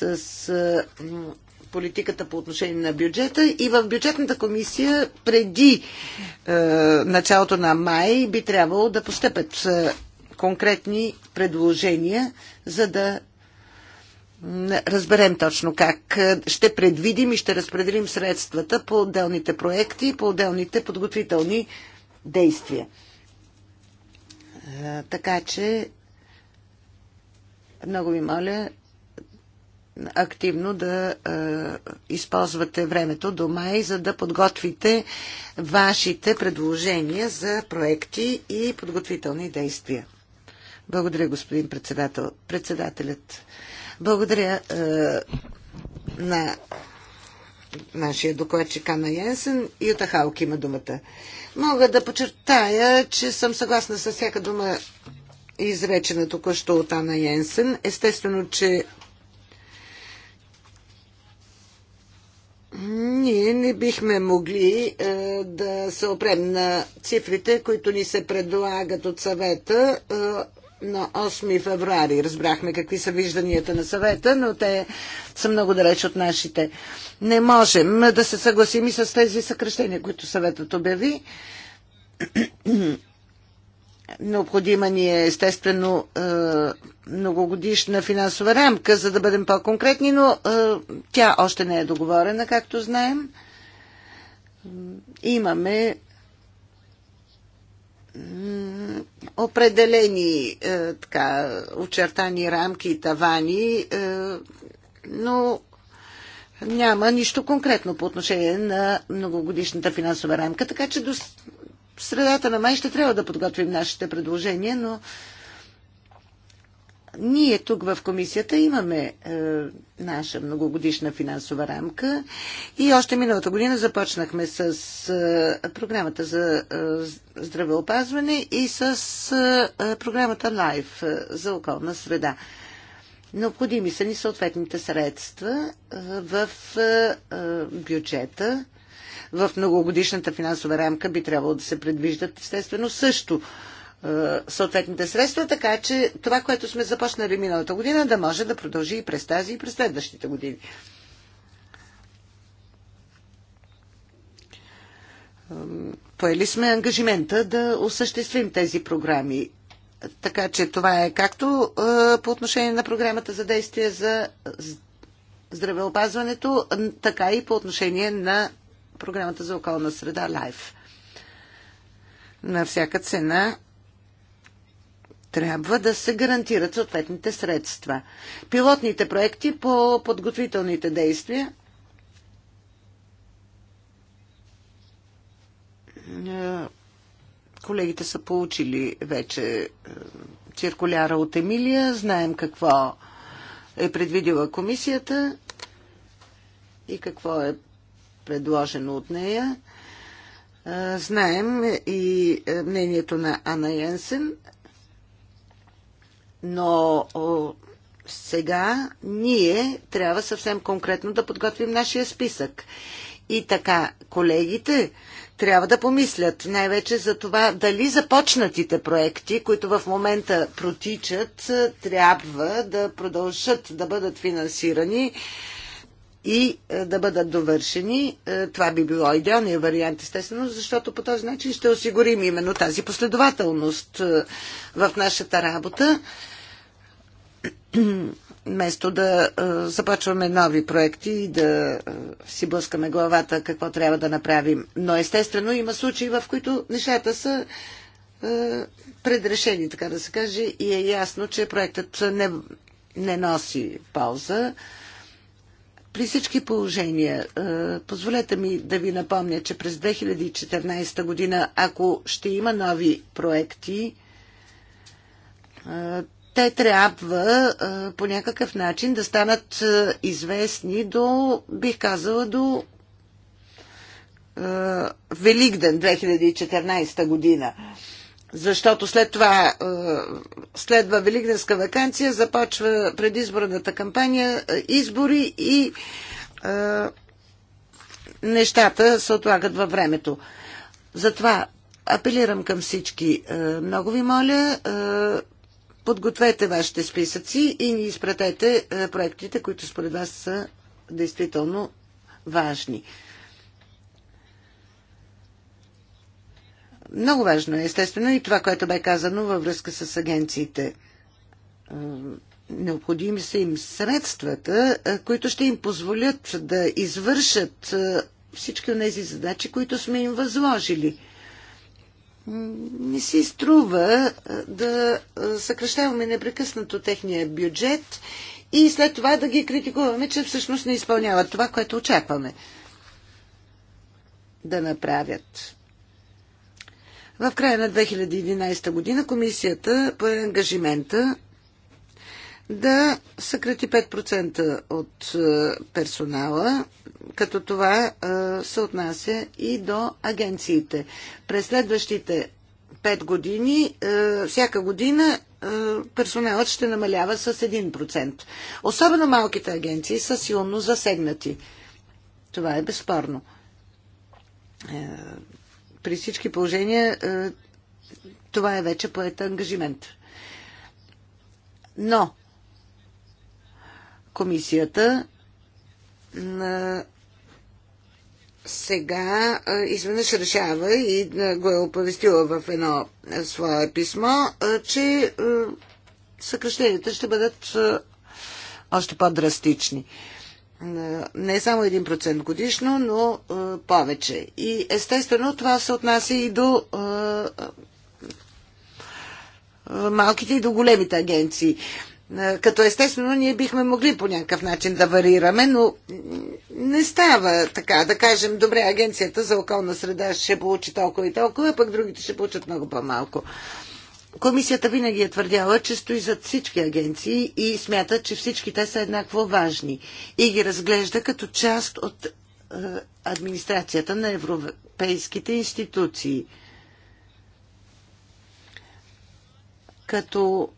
с политиката по отношение на бюджета и в бюджетната комисия преди е, началото на май би трябвало да постъпят е, конкретни предложения, за да разберем точно как е, ще предвидим и ще разпределим средствата по отделните проекти, и по отделните подготвителни действия. Е, така че много ви моля активно да е, използвате времето до май, за да подготвите вашите предложения за проекти и подготвителни действия. Благодаря, господин председател. Председателят. Благодаря е, на нашия докладчик Ана и Юта Ахалки има думата. Мога да подчертая, че съм съгласна с всяка дума изречена току-що от Ана Йенсен. Естествено, че Ние не бихме могли е, да се опрем на цифрите, които ни се предлагат от съвета. Е, на 8 февруари разбрахме какви са вижданията на съвета, но те са много далеч от нашите. Не можем да се съгласим и с тези съкрещения, които съветът обяви. Необходима ни е естествено е, многогодишна финансова рамка, за да бъдем по-конкретни, но е, тя още не е договорена, както знаем. Имаме определени е, така, очертани рамки и тавани, но няма нищо конкретно по отношение на многогодишната финансова рамка, така че средата на май ще трябва да подготвим нашите предложения, но ние тук в комисията имаме е, наша многогодишна финансова рамка и още миналата година започнахме с е, програмата за е, здравеопазване и с е, е програмата LIFE е, за околна среда. Необходими са ни съответните средства е, в е, е бюджета в многогодишната финансова рамка би трябвало да се предвиждат естествено също е, съответните средства, така че това, което сме започнали миналата година, да може да продължи и през тази и през следващите години. Поели сме ангажимента да осъществим тези програми. Така че това е както е, по отношение на програмата за действие за здравеопазването, така и по отношение на програмата за околна среда Лайф. На всяка цена трябва да се гарантират съответните средства. Пилотните проекти по подготвителните действия е, колегите са получили вече е, циркуляра от Емилия. Знаем какво е предвидила комисията и какво е предложено от нея. Знаем и мнението на Ана Янсен, но сега ние трябва съвсем конкретно да подготвим нашия списък. И така, колегите трябва да помислят най-вече за това дали започнатите проекти, които в момента протичат, трябва да продължат да бъдат финансирани и е, да бъдат довършени. Е, това би било идеалният вариант, естествено, защото по този начин ще осигурим именно тази последователност е, в нашата работа. Вместо да започваме нови проекти и да си блъскаме главата какво трябва да направим. Но естествено има случаи, в които нещата са предрешени, така да се каже, и е ясно, че проектът не, не носи полза. При всички положения, позволете ми да ви напомня, че през 2014 година, ако ще има нови проекти, те трябва по някакъв начин да станат известни до, бих казала, до Великден 2014 година защото след това е, следва Великденска вакансия, започва предизборната кампания, е, избори и е, нещата се отлагат във времето. Затова апелирам към всички. Много ви моля, подгответе вашите списъци и ни изпратете проектите, които според вас са действително важни. Много важно е, естествено, и това, което бе казано във връзка с агенциите. Е, необходими са им средствата, е, които ще им позволят да извършат е, всички от тези задачи, които сме им възложили. Не си струва да съкръщаваме непрекъснато техния бюджет и след това да ги критикуваме, че всъщност не изпълняват това, което очакваме да направят. В края на 2011 година комисията пое ангажимента да съкрати 5% от е, персонала, като това е, се отнася и до агенциите. През следващите 5 години, е, всяка година персоналът ще намалява с 1%. Особено малките агенции са силно засегнати. Това е безспорно при всички положения е, това е вече поета ангажимент. Но комисията е, сега е, изведнъж решава и го е оповестила в едно свое писмо, че съкръщенията ще бъдат още по-драстични не само 1% годишно, но е, повече. И естествено това се отнася и до е, е, малките и до големите агенции. Като естествено ние бихме могли по някакъв начин да варираме, но не става така. Да кажем, добре, агенцията за околна среда ще получи толкова и толкова, а пък другите ще получат много по-малко. Комисията винаги е твърдяла, че стои зад всички агенции и смята, че всички те са еднакво важни и ги разглежда като част от е, администрацията на европейските институции. Като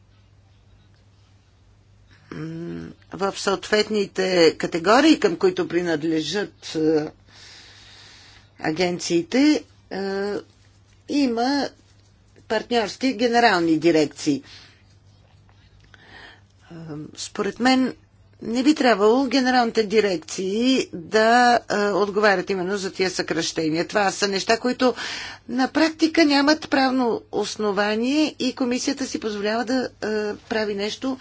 в съответните категории, към които принадлежат е, агенциите, е, има партньорски генерални дирекции. Според мен не би трябвало генералните дирекции да а, е, отговарят именно за тия съкръщения. Това са неща, които на практика нямат правно основание и комисията си позволява да а, е, прави нещо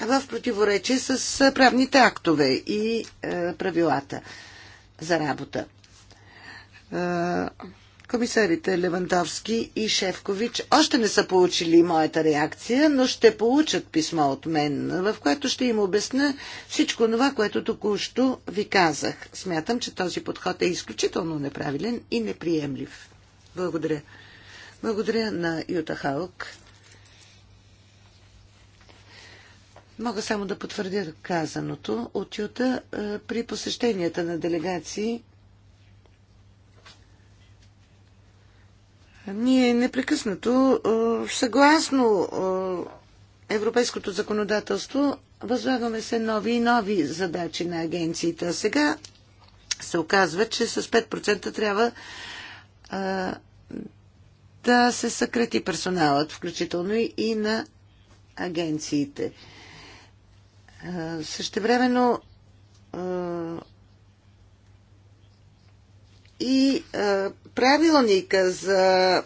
в противоречие с правните актове и а, е, правилата за работа. А, Комисарите Левантовски и Шевкович още не са получили моята реакция, но ще получат писмо от мен, в което ще им обясня всичко това, което току-що ви казах. Смятам, че този подход е изключително неправилен и неприемлив. Благодаря. Благодаря на Юта Халк. Мога само да потвърдя казаното от Юта е, при посещенията на делегации Ние непрекъснато, съгласно европейското законодателство, възлагаме се нови и нови задачи на агенциите. А сега се оказва, че с 5% трябва да се съкрати персоналът, включително и на агенциите. А, същевременно и а, правилника за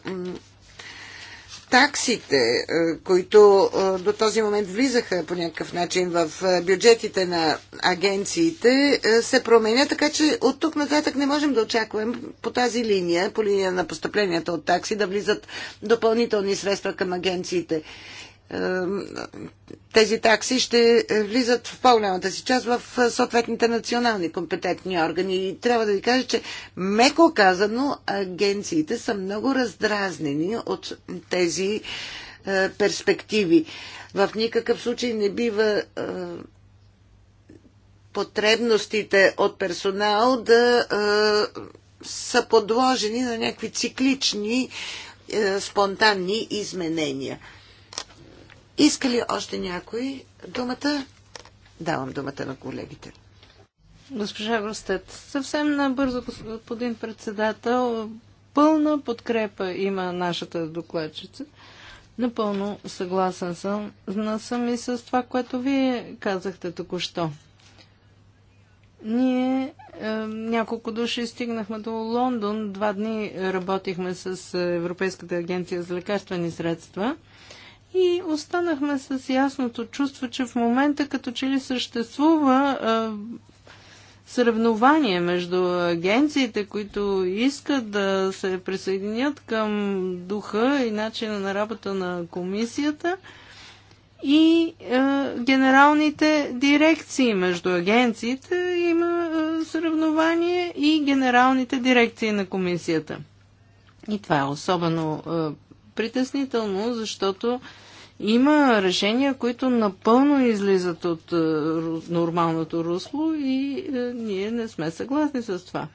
таксите, е, които е, до този момент влизаха по някакъв начин в е, бюджетите на агенциите, се променя, така че от тук нататък не можем да очакваме по тази линия, по линия на постъпленията от такси, да влизат допълнителни средства към агенциите тези такси ще влизат в по-голямата си част в е, съответните национални компетентни органи. И трябва да ви кажа, че меко казано агенциите са много раздразнени от тези е, перспективи. В никакъв случай не бива е, потребностите от персонал да са подложени на някакви циклични, спонтанни изменения. Иска ли още някой думата? Давам думата на колегите. Госпожа Гростет, съвсем набързо, господин председател, пълна подкрепа има нашата докладчица. Напълно съгласен съм, но съм и с това, което вие казахте току-що. Ние е, няколко души стигнахме до Лондон. Два дни работихме с Европейската агенция за лекарствени средства – и останахме с ясното чувство, че в момента като че ли съществува а, съревнование между агенциите, които искат да се присъединят към духа и начина на работа на комисията и е, генералните дирекции между агенциите има е, съревнование и генералните дирекции на комисията. И това е особено притеснително, защото има решения, които напълно излизат от е, нормалното русло и е, ние не сме съгласни с това. Е,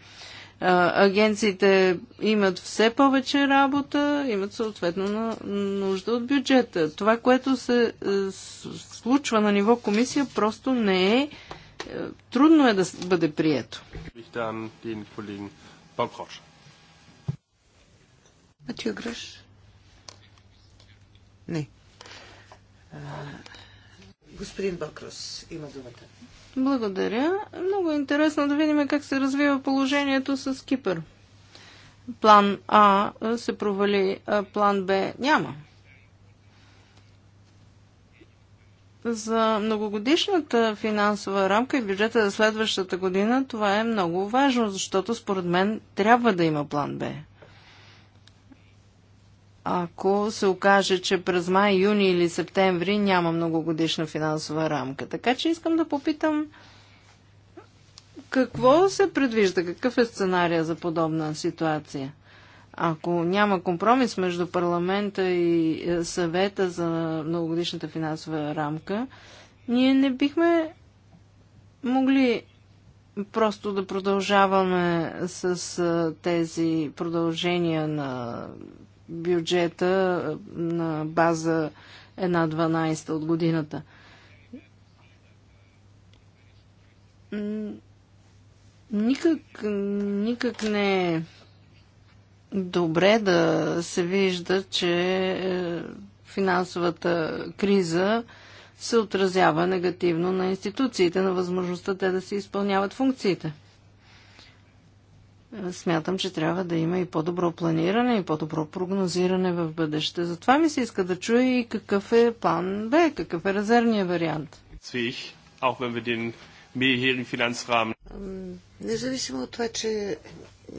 агенциите имат все повече работа, имат съответно нужда от бюджета. Това, което се случва на ниво комисия, просто не е. Трудно е да бъде прието. Матю не. господин Бакрос има думата. Благодаря. Много е интересно да видим как се развива положението с Кипър. План А се провали, а план Б няма. За многогодишната финансова рамка и бюджета за следващата година това е много важно, защото според мен трябва да има план Б ако се окаже, че през май, юни или септември няма многогодишна финансова рамка. Така че искам да попитам какво се предвижда, какъв е сценария за подобна ситуация? Ако няма компромис между парламента и е, съвета за многогодишната финансова рамка, ние не бихме могли просто да продължаваме с е, тези продължения на бюджета на база една 12 от годината. Никак, никак не е добре да се вижда, че е, финансовата криза се отразява негативно на институциите, на възможността те да се изпълняват функциите смятам, че трябва да има и по-добро планиране и по-добро прогнозиране в бъдеще. Затова ми се иска да чуя и какъв е план Б, какъв е резервния вариант. Независимо от това, че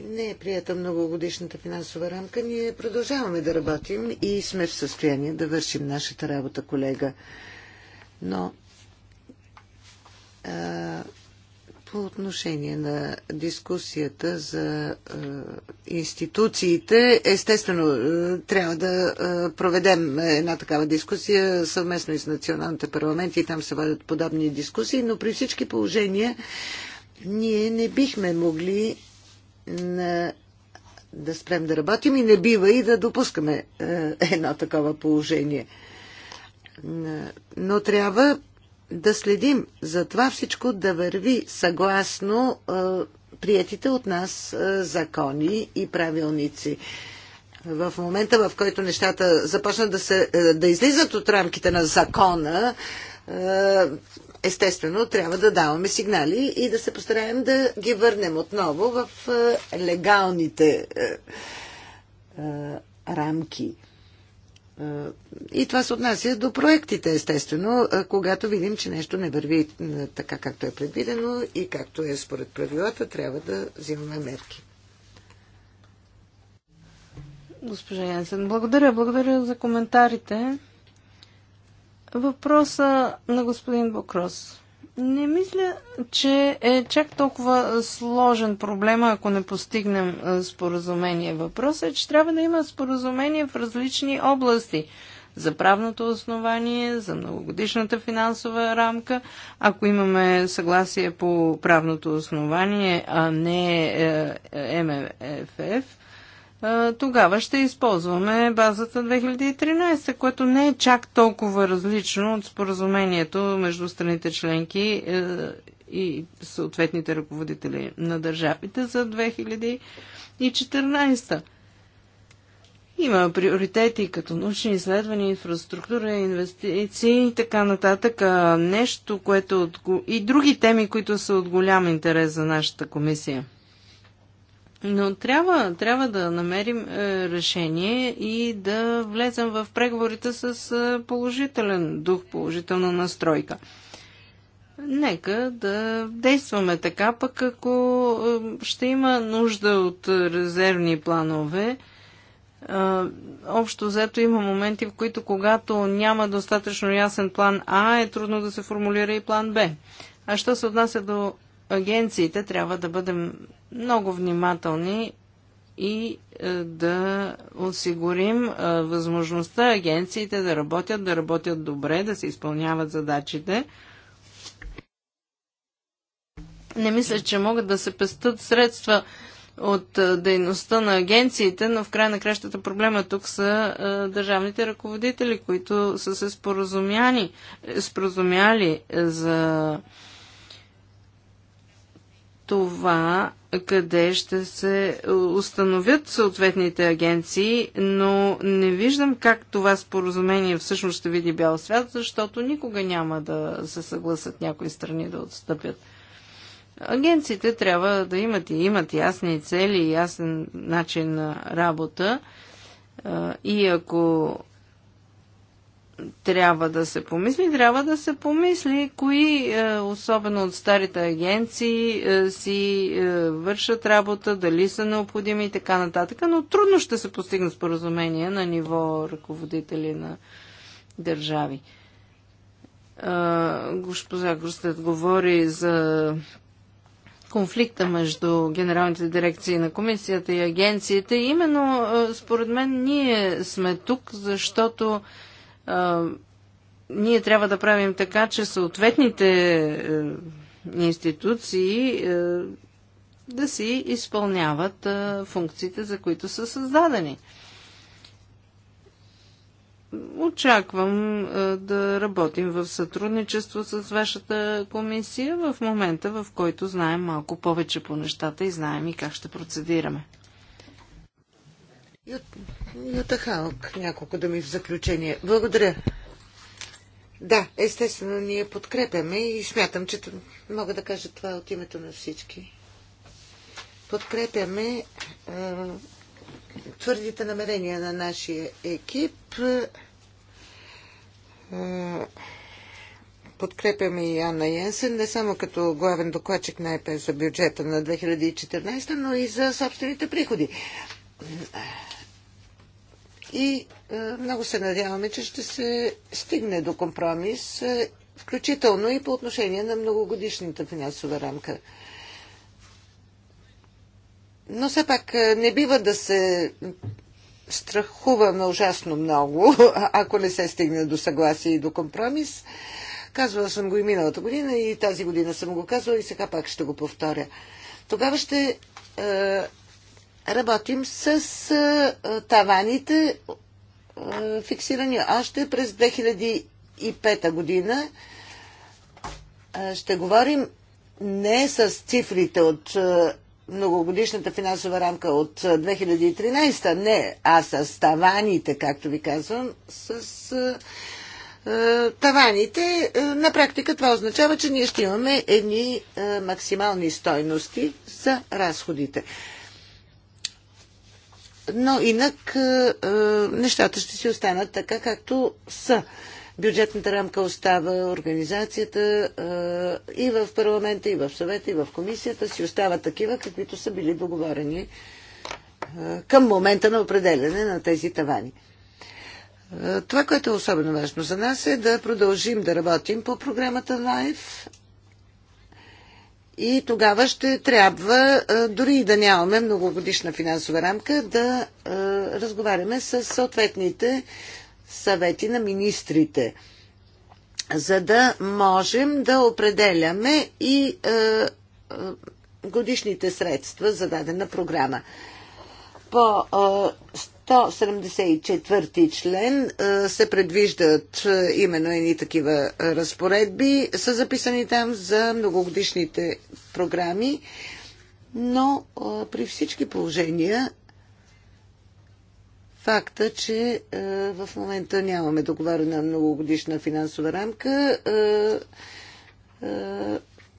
не е прията многогодишната финансова рамка, ние продължаваме да работим и сме в състояние да вършим нашата работа, колега. Но по отношение на дискусията за е, институциите, естествено е, трябва да е, проведем една такава дискусия съвместно и с националните парламенти. и Там се водят подобни дискусии, но при всички положения ние не бихме могли на, да спрем да работим и не бива и да допускаме е, едно такова положение. Е, но трябва да следим за това всичко да върви съгласно приятите от нас закони и правилници. В момента, в който нещата започнат да, се, е, да излизат от рамките на закона, е, естествено трябва да даваме сигнали и да се постараем да ги върнем отново в е, легалните рамки. И това се отнася до проектите, естествено, когато видим, че нещо не върви така, както е предвидено и както е според правилата, трябва да взимаме мерки. Госпожа Янсен, благодаря. Благодаря за коментарите. Въпроса на господин Бокрос. Не мисля, че е чак толкова сложен проблема, ако не постигнем е, споразумение. Въпросът е, че трябва да има споразумение в различни области. За правното основание, за многогодишната финансова рамка. Ако имаме съгласие по правното основание, а не е, е, МФФ, тогава ще използваме базата 2013, което не е чак толкова различно от споразумението между страните членки е, и съответните ръководители на държавите за 2014. Има приоритети като научни изследвания, инфраструктура, инвестиции и така нататък. Нещо, което е и други теми, които са от голям интерес за нашата комисия. Но трябва, трябва да намерим е, решение и да влезем в преговорите с е, положителен дух, положителна настройка. Нека да действаме така, пък ако е, ще има нужда от резервни планове, е, общо взето има моменти, в които когато няма достатъчно ясен план А, е трудно да се формулира и план Б. А що се отнася до агенциите трябва да бъдем много внимателни и е, да осигурим е, възможността агенциите да работят, да работят добре, да се изпълняват задачите. Не мисля, че могат да се пестат средства от е, дейността на агенциите, но в край на кращата проблема тук са държавните ръководители, които са се споразумяли за това къде ще се установят съответните агенции, но не виждам как това споразумение всъщност ще види бял свят, защото никога няма да се съгласат някои страни да отстъпят. Агенциите трябва да имат и имат ясни цели и ясен начин на работа. И ако трябва да се помисли, трябва да се помисли кои, е, особено от старите агенции, е, си е, вършат работа, дали са необходими и така нататък, но трудно ще се постигне споразумение на ниво ръководители на държави. Госпожа Грустет говори за конфликта между генералните дирекции на комисията и агенциите. Именно, според мен, ние сме тук, защото ние трябва да правим така, че съответните е, институции е, да си изпълняват е, функциите, за които са създадени. Очаквам да работим в сътрудничество с вашата комисия в момента, в който знаем малко повече по нещата и знаем и как ще процедираме. Ю... Юта няколко думи в заключение. Благодаря. Да, естествено, ние подкрепяме и смятам, че мога да кажа това от името на всички. Подкрепяме е, твърдите намерения на нашия екип. Е, подкрепяме и Анна Янсен, не само като главен докладчик на ЕП за бюджета на 2014, но и за собствените приходи. И е, много се надяваме, че ще се стигне до компромис, е, включително и по отношение на многогодишната финансова рамка. Но все пак е, не бива да се страхуваме ужасно много, ако не се стигне до съгласие и до компромис. Казвала съм го и миналата година, и тази година съм го казвала, и сега пак ще го повторя. Тогава ще работим с таваните, фиксирани още през 2005 година. Ще говорим не с цифрите от многогодишната финансова рамка от 2013, не, а с таваните, както ви казвам, с таваните, на практика това означава, че ние ще имаме едни максимални стойности за разходите но инак е, е, нещата ще си останат така, както са. Бюджетната рамка остава, организацията е, и в парламента, и в съвета, и в комисията си остават такива, каквито са били договорени към момента на определене на тези тавани. Това, което е особено важно за нас е да продължим да работим по програмата LIFE и тогава ще трябва, дори и да нямаме многогодишна финансова рамка, да разговаряме с съответните съвети на министрите, за да можем да определяме и годишните средства за дадена програма. По 174 член се предвиждат именно едни такива разпоредби, са записани там за многогодишните програми, но при всички положения факта, че в момента нямаме договорена многогодишна финансова рамка,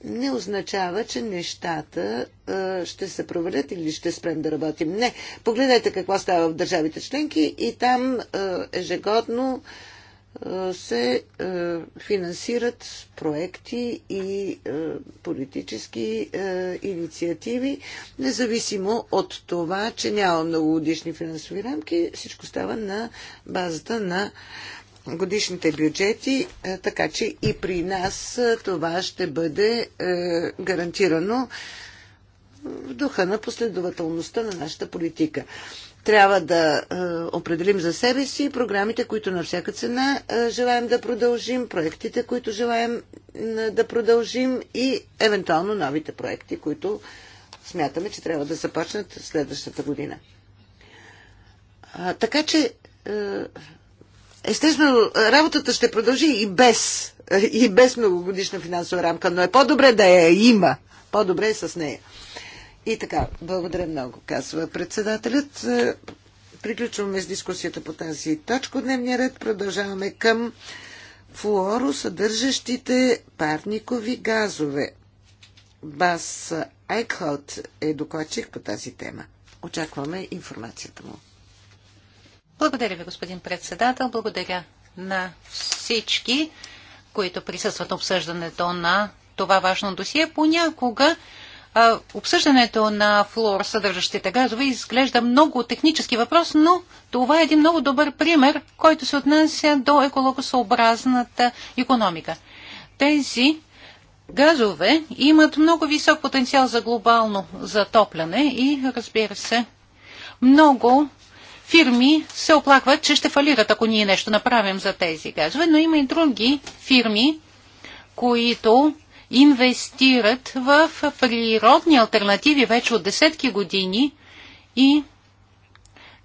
не означава, че нещата а, ще се провалят или ще спрем да работим. Не. Погледнете какво става в държавите членки и там а, ежегодно а, се а, финансират проекти и а, политически а, инициативи, независимо от това, че няма многогодишни финансови рамки. Всичко става на базата на а, годишните бюджети, е, така че и при нас е, това ще бъде е, гарантирано в духа на последователността на нашата политика. Трябва да определим за себе си програмите, които на всяка цена желаем да продължим, проектите, които желаем да продължим и евентуално новите проекти, които смятаме, че трябва да започнат следващата година. така че Естествено, работата ще продължи и без, и без многогодишна финансова рамка, но е по-добре да я има. По-добре е с нея. И така, благодаря много, казва председателят. Приключваме с дискусията по тази точка от дневния ред. Продължаваме към флуоро съдържащите парникови газове. Бас Айкхалт е докладчик по тази тема. Очакваме информацията му. Благодаря ви, господин председател. Благодаря на всички, които присъстват на обсъждането на това важно досие. Понякога а, обсъждането на флор, съдържащите газове, изглежда много технически въпрос, но това е един много добър пример, който се отнася до екологосъобразната економика. Тези газове имат много висок потенциал за глобално затопляне и, разбира се, много фирми се оплакват, че ще фалират, ако ние нещо направим за тези газове, но има и други фирми, които инвестират в природни альтернативи вече от десетки години и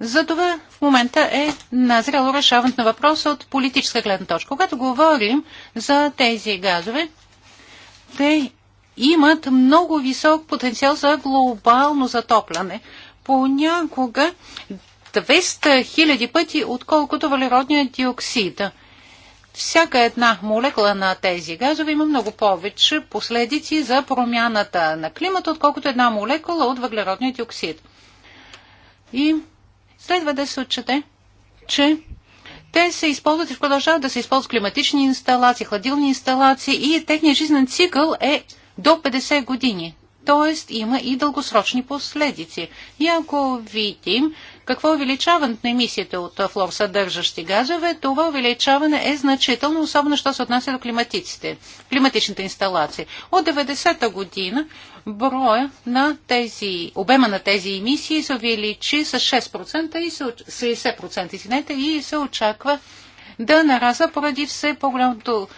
за това в момента е назряло решаването на въпроса от политическа гледна точка. Когато говорим за тези газове, те имат много висок потенциал за глобално затопляне. Понякога 200 хиляди пъти, отколкото въглеродният диоксид. Всяка една молекула на тези газове има много повече последици за промяната на климата, отколкото една молекула от въглеродния диоксид. И следва да се отчете, че те се използват и продължават да се използват климатични инсталации, хладилни инсталации и техният жизнен цикъл е до 50 години. Тоест има и дългосрочни последици. И ако видим, какво е увеличаването на емисиите от флор съдържащи газове? Това увеличаване е значително, особено що се отнася до климатиците, климатичните инсталации. От 90-та година броя на тези, обема на тези емисии се увеличи с 6% и се, 60% извинете, и се очаква да нараса поради все по-голямото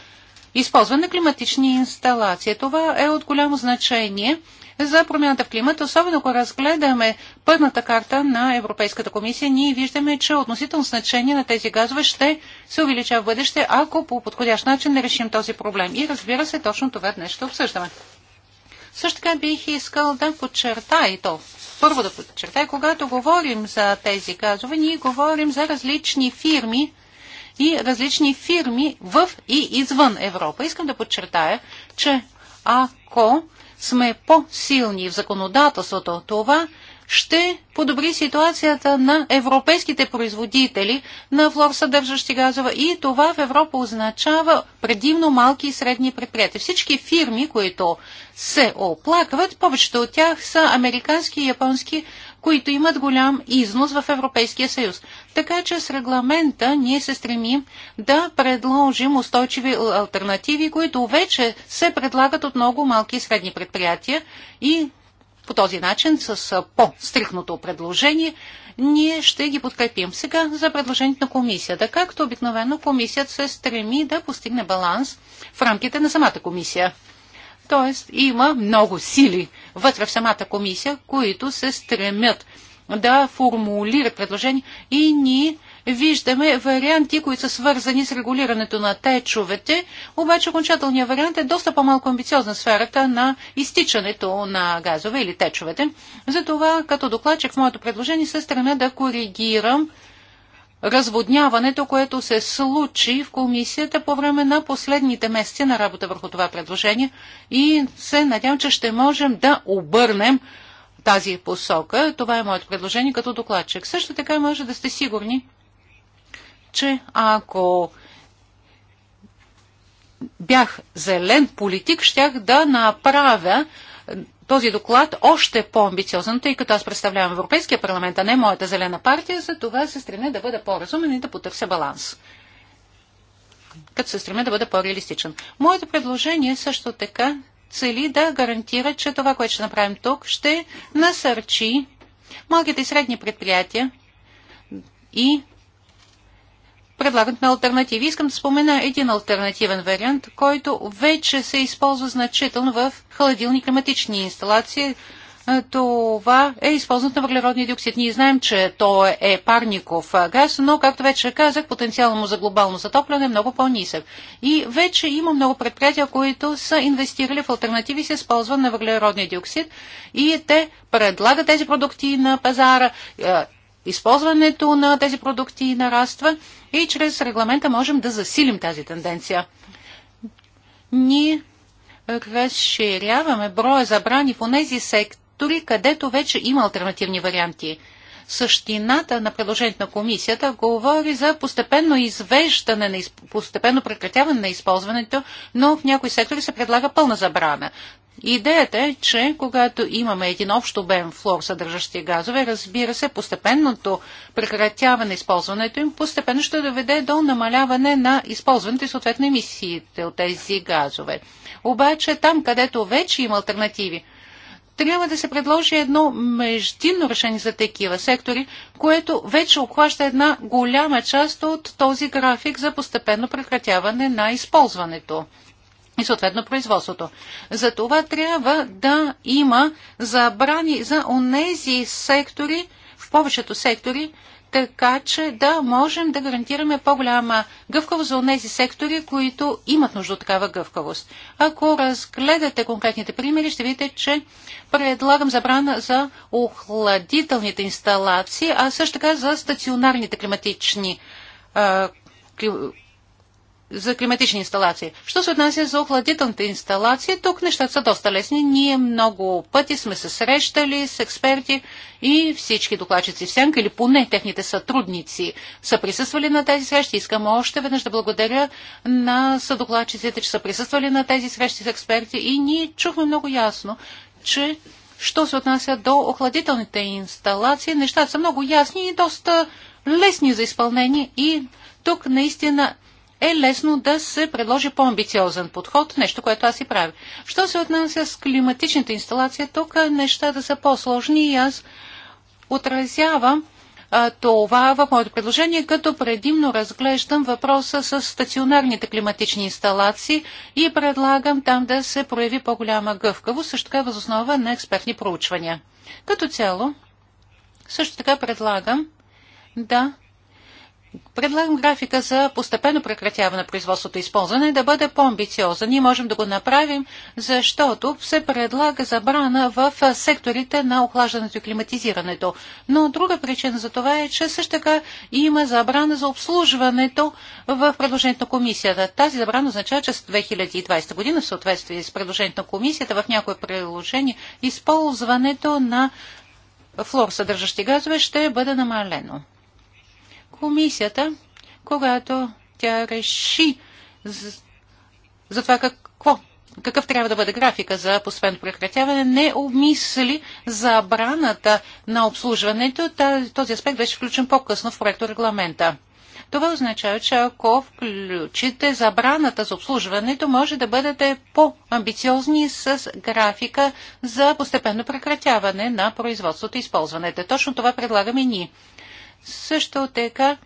използване на климатични инсталации. Това е от голямо значение – за промяната в климата, особено ако разгледаме пътната карта на Европейската комисия, ние виждаме, че относително значение на тези газове ще се увеличава в бъдеще, ако по подходящ начин не решим този проблем. И разбира се, точно това днес ще обсъждаме. Също така бих искал да подчертая и то. Първо да подчертая, когато говорим за тези газове, ние говорим за различни фирми, и различни фирми в и извън Европа. Искам да подчертая, че ако сме по-силни в законодателството, това ще подобри ситуацията на европейските производители на флор съдържащи газове и това в Европа означава предимно малки и средни предприятия. Всички фирми, които се оплакват, повечето от тях са американски и японски които имат голям износ в Европейския съюз. Така че с регламента ние се стремим да предложим устойчиви альтернативи, които вече се предлагат от много малки и средни предприятия и по този начин, с по-стрихното предложение, ние ще ги подкрепим. Сега за предложението на комисията. Както обикновено, комисията се стреми да постигне баланс в рамките на самата комисия. Тоест има много сили вътре в самата комисия, които се стремят да формулират предложения и ние виждаме варианти, които са свързани с регулирането на течовете, обаче окончателният вариант е доста по-малко амбициозна сферата на изтичането на газове или течовете. Затова като докладчик в моето предложение се стремя да коригирам разводняването, което се случи в комисията по време на последните месеци на работа върху това предложение и се надявам, че ще можем да обърнем тази посока. Това е моето предложение като докладчик. Също така може да сте сигурни, че ако бях зелен политик, щях да направя този доклад още по-амбициозен, тъй като аз представлявам Европейския парламент, а не моята зелена партия, за това се стремя да бъда по-разумен и да потърся баланс. Като се стремя да бъда по-реалистичен. Моето предложение също така цели да гарантира, че това, което ще направим тук, ще насърчи малките и средни предприятия и Предлагат на альтернативи. Искам да спомена един альтернативен вариант, който вече се използва значително в хладилни климатични инсталации. Това е използват на въглеродния диоксид. Ние знаем, че то е парников газ, но, както вече казах, потенциалът му за глобално затопляне е много по-нисък. И вече има много предприятия, които са инвестирали в альтернативи с използване на въглеродния диоксид и те предлагат тези продукти на пазара използването на тези продукти нараства и чрез регламента можем да засилим тази тенденция. Ние разширяваме броя забрани в тези сектори, където вече има альтернативни варианти. Същината на предложението на комисията говори за постепенно извеждане, на, постепенно прекратяване на използването, но в някои сектори се предлага пълна забрана. Идеята е, че когато имаме един общ обем флор, съдържащи газове, разбира се, постепенното прекратяване използването им постепенно ще доведе до намаляване на използването и съответно емисиите от тези газове. Обаче там, където вече има альтернативи, трябва да се предложи едно междинно решение за такива сектори, което вече обхваща една голяма част от този график за постепенно прекратяване на използването и съответно производството. За това трябва да има забрани за онези сектори, в повечето сектори, така че да можем да гарантираме по-голяма гъвкавост за тези сектори, които имат нужда от такава гъвкавост. Ако разгледате конкретните примери, ще видите, че предлагам забрана за охладителните инсталации, а също така за стационарните климатични а, за климатични инсталации. Що се отнася за охладителните инсталации, тук нещата са доста лесни. Ние много пъти сме се срещали с експерти и всички докладчици в Сянка, или поне техните сътрудници са присъствали на тези срещи. Искам още веднъж да благодаря на съдокладчиците, че са присъствали на тези срещи с експерти и ние чухме много ясно, че що се отнася до охладителните инсталации, нещата са много ясни и доста лесни за изпълнение и тук наистина е лесно да се предложи по-амбициозен подход, нещо, което аз и правя. Що се отнася с климатичната инсталация, тук нещата са по-сложни и аз отразявам това в моето предложение, като предимно разглеждам въпроса с стационарните климатични инсталации и предлагам там да се прояви по-голяма гъвкавост, също така възоснова на експертни проучвания. Като цяло, също така предлагам да Предлагам графика за постепенно прекратяване на производството и използване да бъде по-амбициозен. Ние можем да го направим, защото се предлага забрана в секторите на охлаждането и климатизирането. Но друга причина за това е, че също така има забрана за обслужването в предложението на комисията. Тази забрана означава, че с 2020 година в съответствие с предложението на комисията в някои приложения използването на флор съдържащи газове ще бъде намалено. Комисията, когато тя реши за, за това какво, какъв трябва да бъде графика за постепенно прекратяване, не обмисли забраната на обслужването. Този аспект беше включен по-късно в проекта регламента. Това означава, че ако включите забраната за обслужването, може да бъдете по-амбициозни с графика за постепенно прекратяване на производството и използването. Точно това предлагаме ние. Също така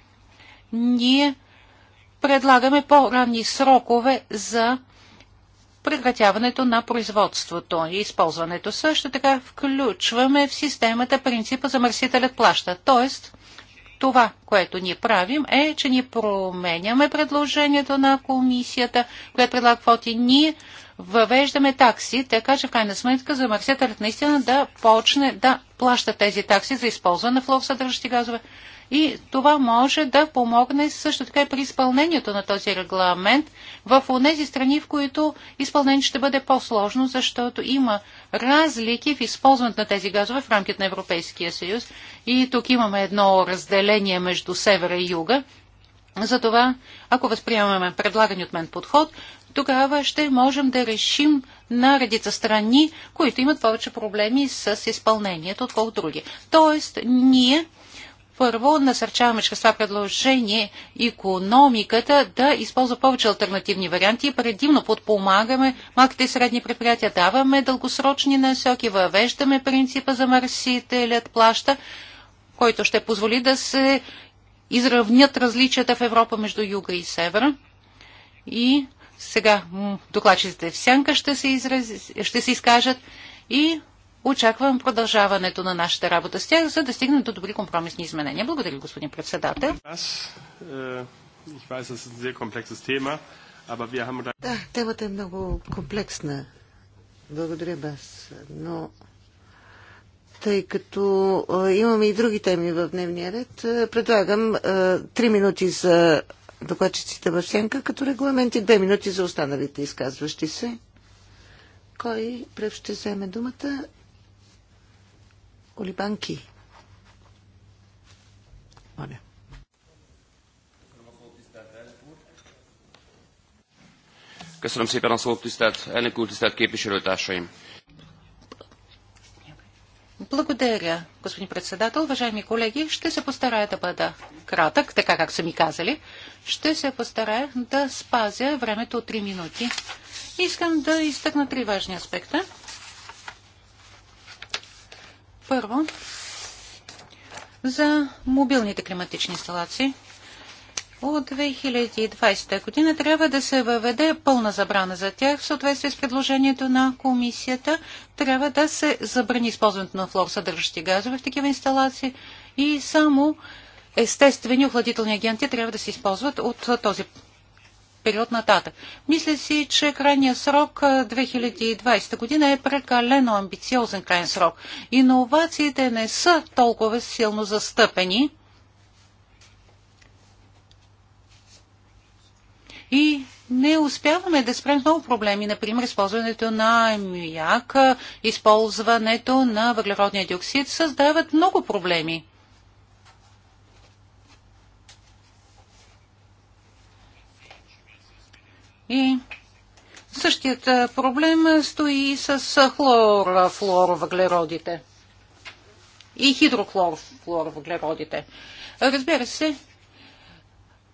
ние предлагаме по-ранни срокове за прекратяването на производството и използването. Също така включваме в системата принципа замърсителят плаща, т.е това, което ние правим, е, че ние променяме предложението на комисията, която предлага квоти. Ние въвеждаме такси, така че в крайна сметка замърсителят наистина да почне да плаща тези такси за използване на флор газове. И това може да помогне също така и при изпълнението на този регламент в тези страни, в които изпълнение ще бъде по-сложно, защото има разлики в използването на тези газове в рамките на Европейския съюз. И тук имаме едно разделение между севера и юга. Затова, ако възприемаме предлагани от мен подход, тогава ще можем да решим на редица страни, които имат повече проблеми с изпълнението, отколкото други. Тоест, ние първо, насърчаваме чрез това предложение економиката да използва повече альтернативни варианти. Предимно подпомагаме малките и средни предприятия, даваме дългосрочни насоки, въвеждаме принципа за мърсителят плаща, който ще позволи да се изравнят различията в Европа между юга и севера. И сега докладчиците в сянка ще се, изрази, ще се изкажат и очаквам продължаването на нашата работа с тях, за да стигнем до добри компромисни изменения. Благодаря, господин председател. Е, да, темата е много комплексна. Благодаря, Бас. Но тъй като е, имаме и други теми в дневния ред, е, предлагам три минути за докладчиците в като регламент и две минути за останалите изказващи се. Кой пръв ще вземе думата? Колибанки. Моля. Köszönöm szépen a szót, tisztelt elnök úr, tisztelt képviselőtársaim! Благодаря, господин председател. Уважаеми колеги, ще се постарая да бъда кратък, така как са ми казали. Ще се постарая да спазя времето от 3 минути. Искам да изтъкна три важни аспекта. Първо, за мобилните климатични инсталации. От 2020 година трябва да се въведе пълна забрана за тях в съответствие с предложението на комисията. Трябва да се забрани използването на флор, съдържащи газове в такива инсталации и само естествени охладителни агенти трябва да се използват от този период нататък. Мисля си, че крайният срок 2020 година е прекалено амбициозен крайен срок. Иновациите не са толкова силно застъпени. И не успяваме да спрем много проблеми, например използването на аммиак, използването на въглеродния диоксид създават много проблеми. И същият проблем стои с хлорофлуоровъглеродите и хидрофлуоровъглеродите. Разбира се,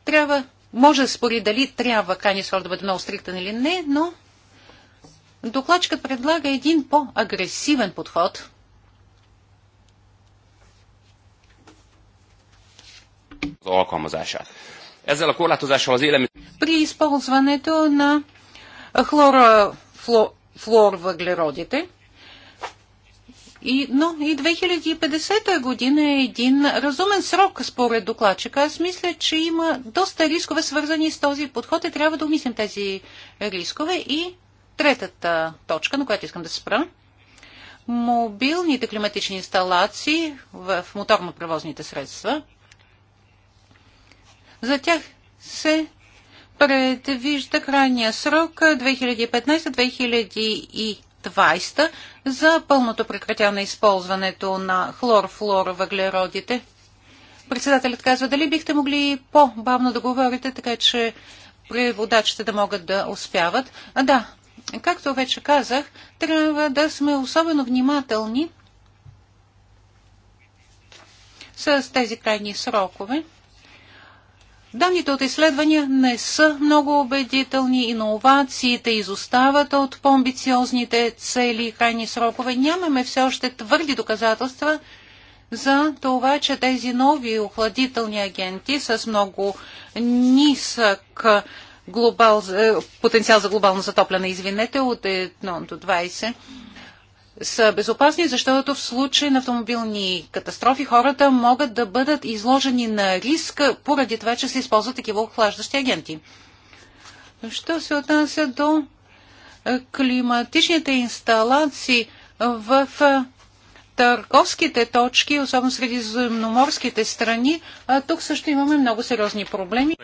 трябва, може да спори дали трябва канисор да бъде много стриктен или не, но докладчикът предлага един по-агресивен подход. Az alkalmazását. Ezzel a korlátozással az élelmi... При използването на хлора, флор и, но и 2050 година е един разумен срок, според докладчика. Аз мисля, че има доста рискове, свързани с този подход и трябва да умислим тези рискове. И третата точка, на която искам да се спра. Мобилните климатични инсталации в моторно-превозните средства – за тях се предвижда крайния срок 2015-2020 за пълното прекратяване използването на въглеродите. Председателят казва, дали бихте могли по-бавно да говорите, така че преводачите да могат да успяват. А да, както вече казах, трябва да сме особено внимателни с тези крайни срокове. Данните от изследвания не са много убедителни, иновациите изостават от по-амбициозните цели и крайни срокове. Нямаме все още твърди доказателства за това, че тези нови охладителни агенти с много нисък глобал, е, потенциал за глобално затопляне, извинете, от 1 до 20, са безопасни, защото в случай на автомобилни катастрофи хората могат да бъдат изложени на риск поради това, че се използват такива охлаждащи агенти. Що се отнася до е, климатичните инсталации в е, търговските точки, особено среди земноморските страни, тук също имаме много сериозни проблеми.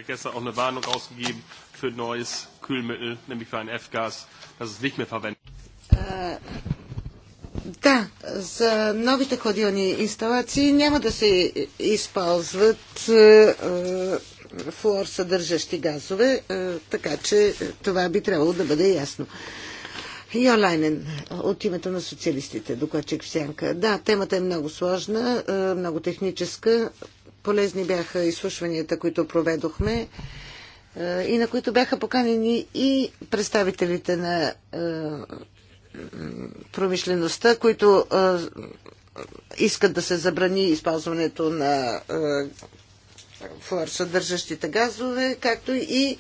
Да, за новите хладилни инсталации няма да се използват е, е флуор съдържащи газове, е, така че това би трябвало да бъде ясно. Йолайнен, от името на социалистите, докладчик в Сянка. Да, темата е много сложна, е, много техническа. Полезни бяха изслушванията, които проведохме е, и на които бяха поканени и представителите на е, промишлеността, които искат да се забрани използването на флуор съдържащите газове, както и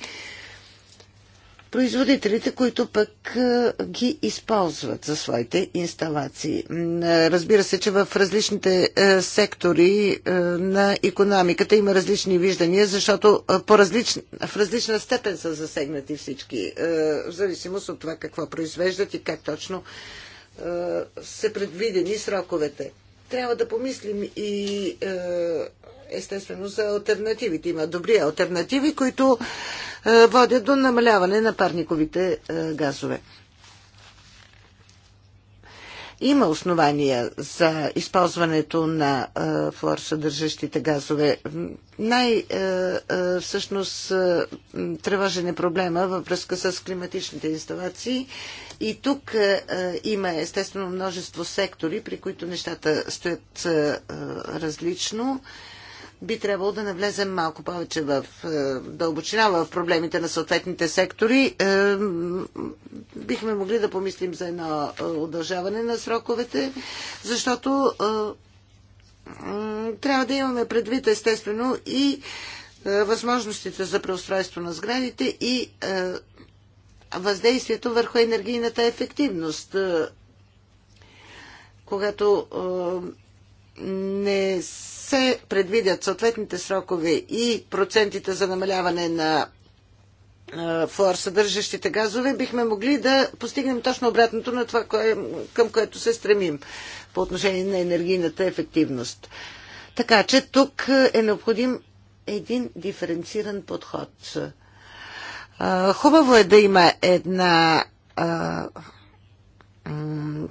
производителите, които пък ги използват за своите инсталации. Разбира се, че в различните сектори на економиката има различни виждания, защото по различ... в различна степен са засегнати всички, в зависимост от това какво произвеждат и как точно са предвидени сроковете. Трябва да помислим и естествено за альтернативите. Има добри альтернативи, които е, водят до намаляване на парниковите е, газове. Има основания за използването на е, флор съдържащите газове. Най- всъщност тревожен е проблема във връзка с климатичните инсталации. И тук има естествено множество сектори, при които нещата стоят различно би трябвало да навлезем малко повече в е, дълбочина в проблемите на съответните сектори. Е, бихме могли да помислим за едно е, удължаване на сроковете, защото трябва да имаме предвид естествено и възможностите за преустройство на сградите и въздействието върху енергийната ефективност. Когато не се предвидят съответните срокове и процентите за намаляване на флор съдържащите газове, бихме могли да постигнем точно обратното на това, кое, към което се стремим по отношение на енергийната ефективност. Така че тук е необходим един диференциран подход. Хубаво е да има една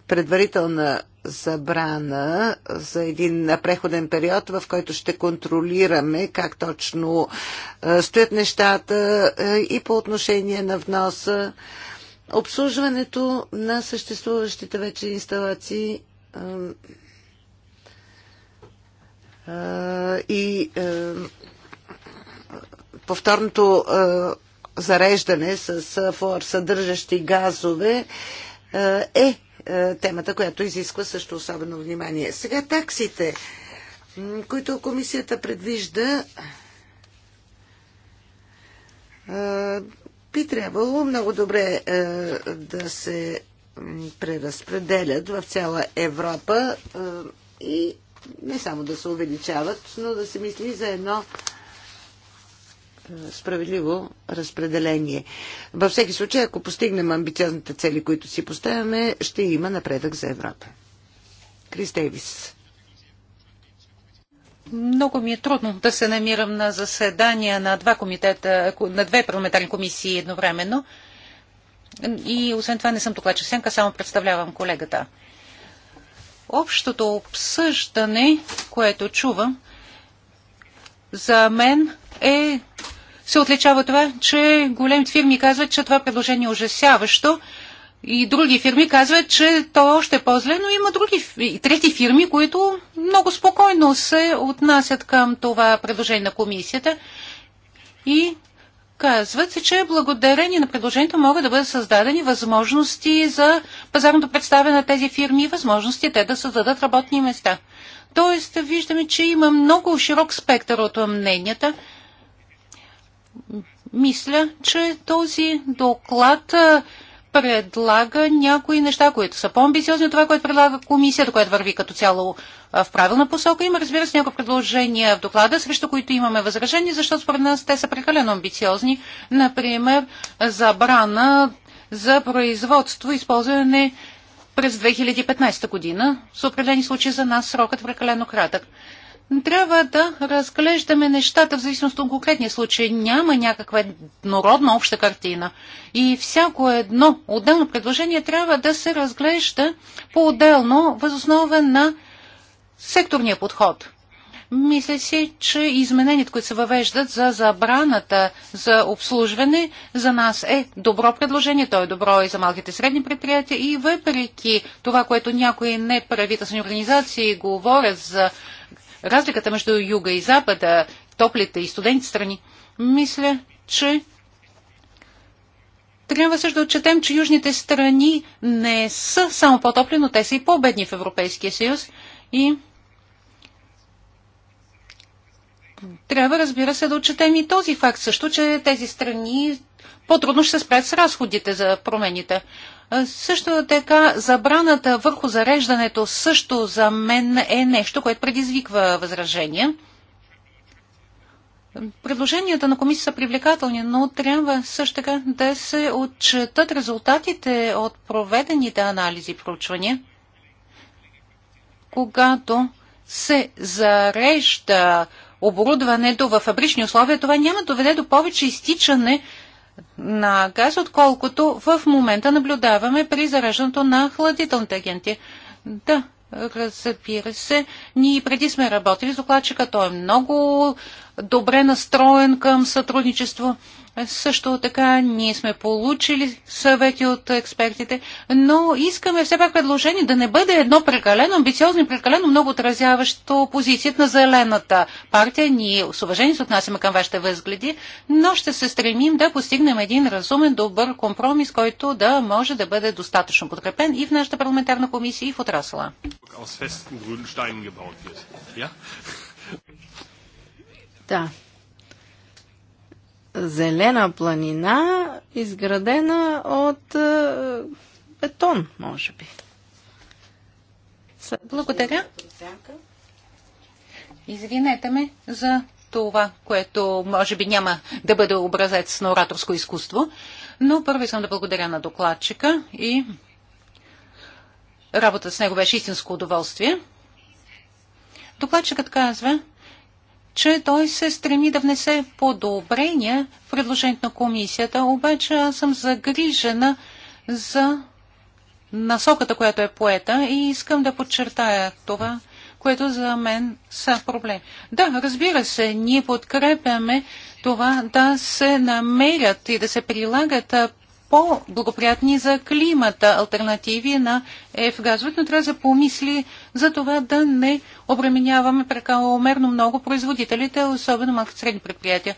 предварителна забрана за един преходен период, в който ще контролираме как точно е, стоят нещата е, и по отношение на вноса. Обслужването на съществуващите вече инсталации е, и повторното зареждане с флор съдържащи газове е, е темата, която изисква също особено внимание. Сега таксите, които комисията предвижда, е, би трябвало много добре е, да се преразпределят в цяла Европа и не само да се увеличават, но да се мисли за едно справедливо разпределение. Във всеки случай, ако постигнем амбициозните цели, които си поставяме, ще има напредък за Европа. Крис Дейвис. Много ми е трудно да се намирам на заседания на два комитета, на две парламентарни комисии едновременно. И освен това не съм докладчик сенка, само представлявам колегата. Общото обсъждане, което чувам, за мен е се отличава това, че големите фирми казват, че това предложение е ужасяващо и други фирми казват, че то още е по-зле, но има други, трети фирми, които много спокойно се отнасят към това предложение на комисията и Казват се, че благодарение на предложението могат да бъдат създадени възможности за пазарното представяне на тези фирми и възможности те да създадат работни места. Тоест, виждаме, че има много широк спектър от мненията мисля, че този доклад предлага някои неща, които са по-амбициозни от това, което предлага комисията, което върви като цяло в правилна посока. Има, разбира се, някои предложения в доклада, срещу които имаме възражения, защото според нас те са прекалено амбициозни. Например, забрана за производство, използване през 2015 година. С определени случаи за нас срокът е прекалено кратък трябва да разглеждаме нещата в зависимост от конкретния случай. Няма някаква еднородна обща картина. И всяко едно отделно предложение трябва да се разглежда по-отделно, възоснова на секторния подход. Мисля си, че измененията, които се въвеждат за забраната за обслужване, за нас е добро предложение. То е добро и за малките и средни предприятия. И въпреки това, което някои неправителствени организации говорят за разликата между юга и запада, топлите и студените страни, мисля, че трябва също да отчетем, че южните страни не са само по-топли, но те са и по-бедни в Европейския съюз. И трябва, разбира се, да отчетем и този факт също, че тези страни по-трудно ще се справят с разходите за промените. Също така, забраната върху зареждането също за мен е нещо, което предизвиква възражения. Предложенията на комисия са привлекателни, но трябва също така да се отчетат резултатите от проведените анализи и проучвания. Когато се зарежда оборудването в фабрични условия, това няма доведе до повече изтичане на газ, отколкото в момента наблюдаваме при зареждането на хладителните агенти. Да, разбира се, ние преди сме работили с докладчика, той е много добре настроен към сътрудничество. Също така ние сме получили съвети от експертите, но искаме все пак предложение да не бъде едно прекалено амбициозно и прекалено много отразяващо позицията на зелената партия. Ние с уважение се отнасяме към вашите възгледи, но ще се стремим да постигнем един разумен, добър компромис, който да може да бъде достатъчно подкрепен и в нашата парламентарна комисия, и в отрасла. Да. Зелена планина, изградена от е, бетон, може би. Благодаря. Извинете ме за това, което може би няма да бъде образец на ораторско изкуство, но първо съм да благодаря на докладчика и Работа с него беше истинско удоволствие. Докладчикът казва, че той се стреми да внесе подобрения в предложението на комисията, обаче аз съм загрижена за насоката, която е поета и искам да подчертая това, което за мен са проблеми. Да, разбира се, ние подкрепяме това да се намерят и да се прилагат по-благоприятни за климата альтернативи на F-газовете, но трябва да помисли за това да не обременяваме прекаломерно много производителите, особено малки средни предприятия.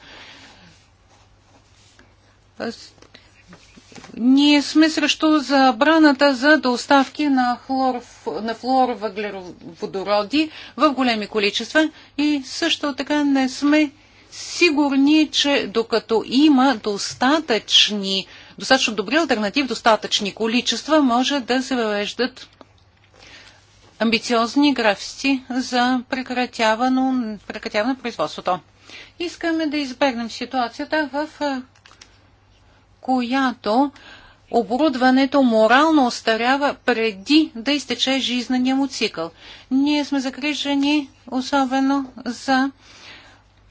Ние сме срещу забраната за доставки на, хлор, на флуоровъглероводороди в големи количества и също така не сме сигурни, че докато има достатъчни, достатъчно добри альтернатив, достатъчни количества, може да се въвеждат амбициозни графици за прекратяване, на производството. Искаме да избегнем ситуацията, в която оборудването морално остарява преди да изтече жизнения му цикъл. Ние сме загрижени особено за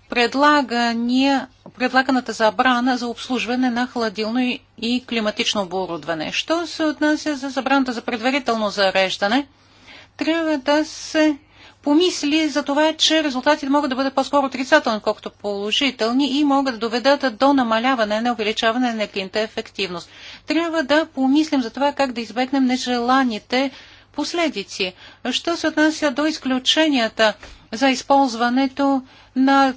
предлаганата забрана за обслужване на хладилно и климатично оборудване. Що се отнася за забраната за предварително зареждане – трябва да се помисли за това, че резултатите могат да бъдат по-скоро отрицателни, колкото положителни и могат да доведат до намаляване, на увеличаване на енергийната ефективност. Трябва да помислим за това как да избегнем нежеланите последици. Що се отнася до изключенията за използването на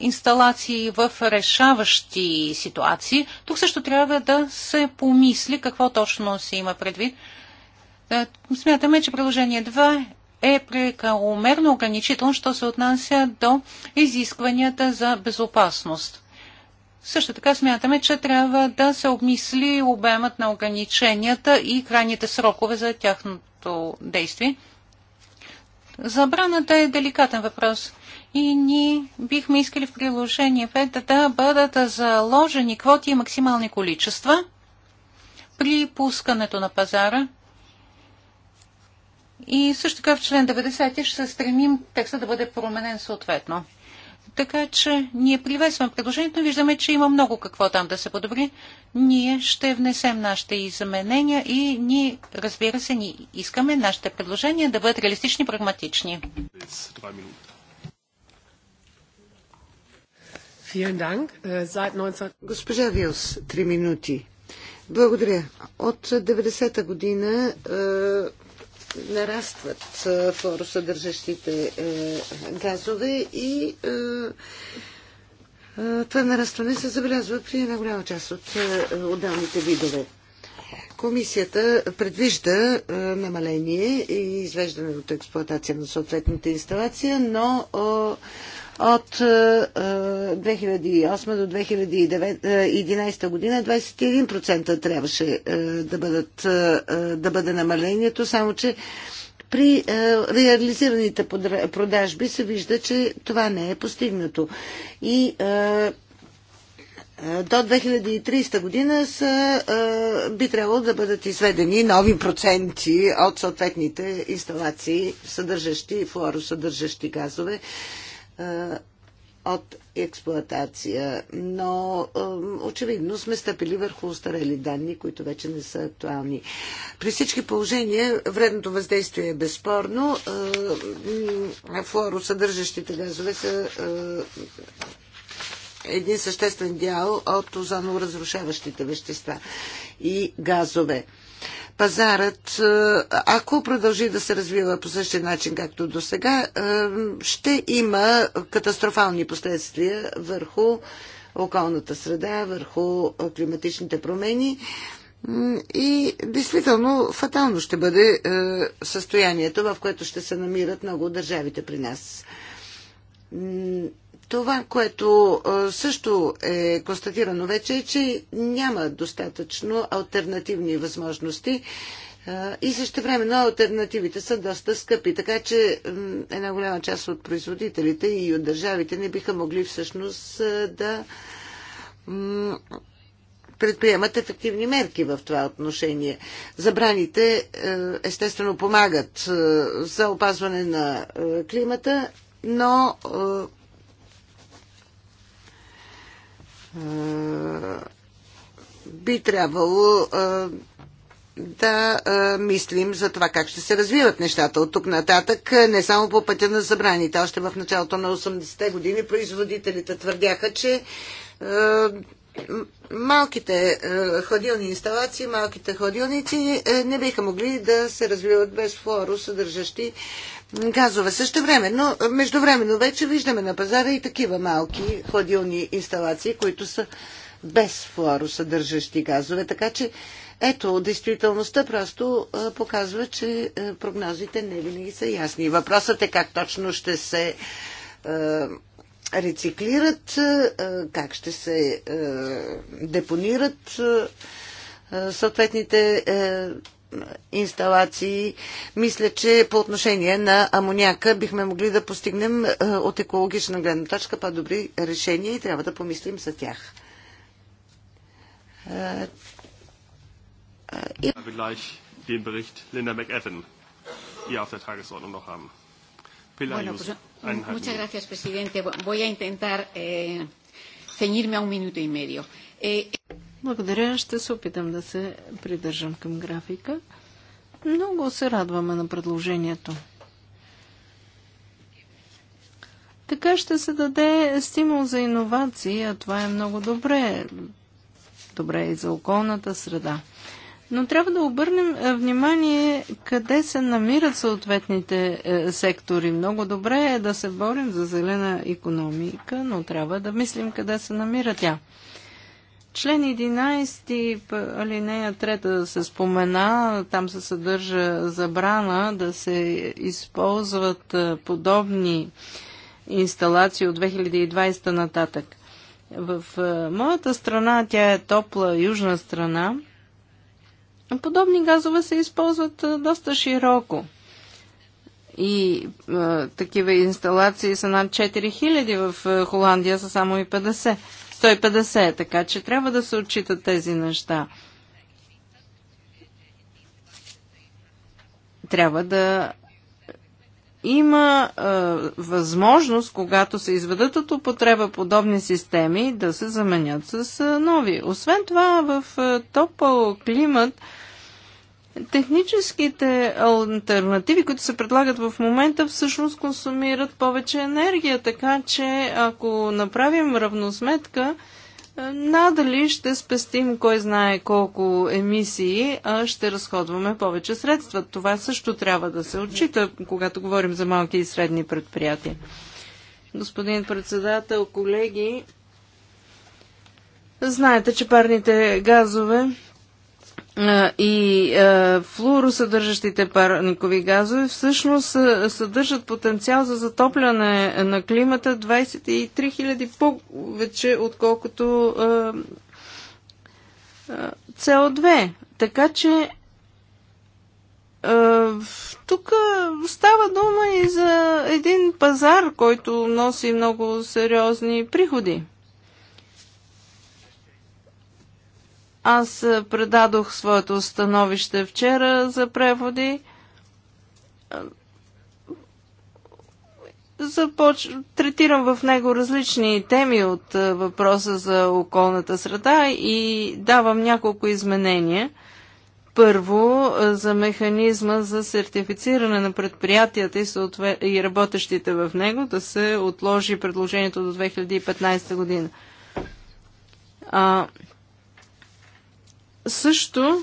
инсталации в решаващи ситуации, тук също трябва да се помисли какво точно се има предвид, е, смятаме, че приложение 2 е прекаломерно ограничително, що се отнася до изискванията за безопасност. Също така смятаме, че трябва да се обмисли обемът на ограниченията и крайните срокове за тяхното действие. Забраната е деликатен въпрос и ние бихме искали в приложение 5 да бъдат заложени квоти и максимални количества при пускането на пазара и също така в член 90 ще се стремим текста да бъде променен съответно. Така че ние приветстваме предложението, но виждаме, че има много какво там да се подобри. Ние ще внесем нашите изменения и ние, разбира се, ние искаме нашите предложения да бъдат реалистични и прагматични. Äh, Госпожа Вилс, три минути. Благодаря. От 90-та година нарастват флоросъдържащите е, газове и е, е, това нарастване се забелязва при една голяма част от отделните видове. Комисията предвижда намаление и извеждане от експлоатация на съответните инсталации, но от 2008 е, е, до 2011 година 21% трябваше е, да, бъдат, да бъде намалението, само че при реализираните продажби се вижда, че това не е постигнато. И до 2030 година са, би трябвало да бъдат изведени нови проценти от съответните инсталации, съдържащи флоросъдържащи газове е, от експлоатация, но е, очевидно сме стъпили върху устарели данни, които вече не са актуални. При всички положения вредното въздействие е безспорно. Е, Флоросъдържащите газове са един съществен дял от озоноразрушаващите вещества и газове пазарът, е, ако продължи да се развива по същия начин, както до сега, е, ще има катастрофални последствия върху околната среда, върху климатичните промени. И действително фатално ще бъде е, състоянието, в което ще се намират много държавите при нас. Това, което също е констатирано вече е, че няма достатъчно альтернативни възможности и също време, но альтернативите са доста скъпи, така че една голяма част от производителите и от държавите не биха могли всъщност да предприемат ефективни мерки в това отношение. Забраните естествено помагат за опазване на климата но е, е, би трябвало е, да мислим за това как ще се развиват нещата от тук нататък, не само по пътя на забраните. Още в началото на 80-те години производителите твърдяха, че малките хладилни инсталации, малките хладилници не биха могли да се развиват без флоро, съдържащи газове. Също време, но междувременно вече виждаме на пазара и такива малки хладилни инсталации, които са без флуоросъдържащи газове. Така че, ето, действителността просто показва, че прогнозите не винаги са ясни. Въпросът е как точно ще се рециклират, как ще се депонират съответните инсталации. Мисля, че по отношение на амоняка бихме могли да постигнем от екологична гледна точка по-добри решения и трябва да помислим за тях. И... den Bericht Linda McEwen hier auf der Tagesordnung noch haben. Bueno, pues, muchas gracias, presidente. Voy a intentar eh, ceñirme a un minuto y medio. Eh... Благодаря. Ще се опитам да се придържам към графика. Много се радваме на предложението. Така ще се даде стимул за иновации, а това е много добре. Добре и за околната среда. Но трябва да обърнем е, внимание къде се намират съответните е, сектори. Много добре е да се борим за зелена економика, но трябва да мислим къде се намира тя. Член 11, алинея 3 се спомена, там се съдържа забрана да се използват подобни инсталации от 2020 нататък. В моята страна, тя е топла южна страна, подобни газове се използват доста широко. И е, такива инсталации са над 4000, в Холандия са само и 50. 150, така че трябва да се отчитат тези неща. Трябва да има е, възможност, когато се изведат от употреба подобни системи, да се заменят с е, нови. Освен това, в е, топъл климат е, Техническите альтернативи, които се предлагат в момента, всъщност консумират повече енергия, така че ако направим равносметка, е, надали ще спестим кой знае колко емисии, а ще разходваме повече средства. Това също трябва да се отчита, когато говорим за малки и средни предприятия. Господин председател, колеги, знаете, че парните газове и флуоросъдържащите парникови газове всъщност съдържат потенциал за затопляне на климата 23 000 повече, отколкото CO2. Така че тук става дума и за един пазар, който носи много сериозни приходи. Аз е, предадох своето становище вчера за преводи. Е, започ... Третирам в него различни теми от е, въпроса за околната среда и давам няколко изменения. Първо, за механизма за сертифициране на предприятията и, съотве... и работещите в него да се отложи предложението до 2015 година. А, също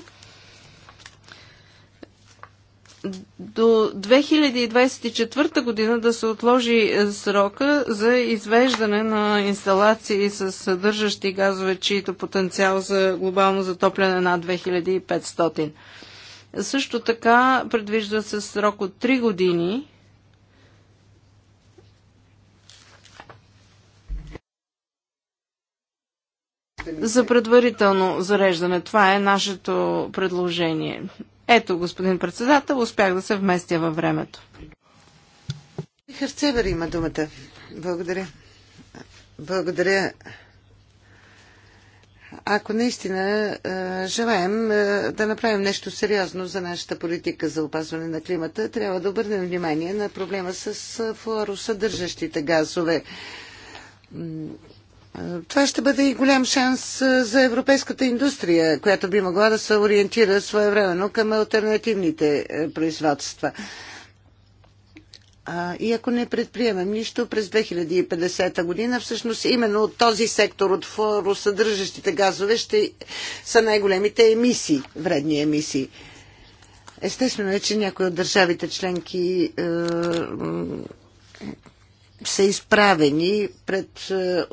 до 2024 година да се отложи срока за извеждане на инсталации с съдържащи газове, чието потенциал за глобално затопляне е над 2500. Също така предвижда се срок от 3 години за предварително зареждане. Това е нашето предложение. Ето, господин председател, успях да се вместя във времето. Харцевър има думата. Благодаря. Благодаря. Ако наистина е, желаем е, да направим нещо сериозно за нашата политика за опазване на климата, трябва да обърнем внимание на проблема с флоросъдържащите газове това ще бъде и голям шанс за европейската индустрия, която би могла да се ориентира своевременно към альтернативните е, производства. А, и ако не предприемем нищо през 2050 година, всъщност именно от този сектор от флоросъдържащите газове ще са най-големите емисии, вредни емисии. Естествено е, че някои от държавите членки е, са изправени пред е,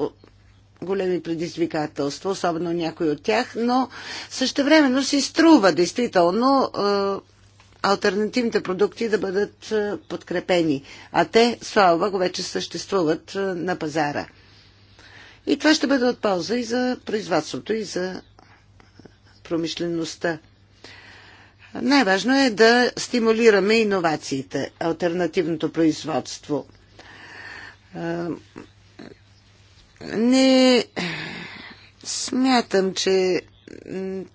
големи предизвикателства, особено някои от тях, но времено си струва действително е, альтернативните продукти да бъдат е, подкрепени. А те, слава го вече съществуват е, на пазара. И това ще бъде от полза и за производството, и за промишлеността. Най-важно е да стимулираме иновациите, альтернативното производство. Не смятам, че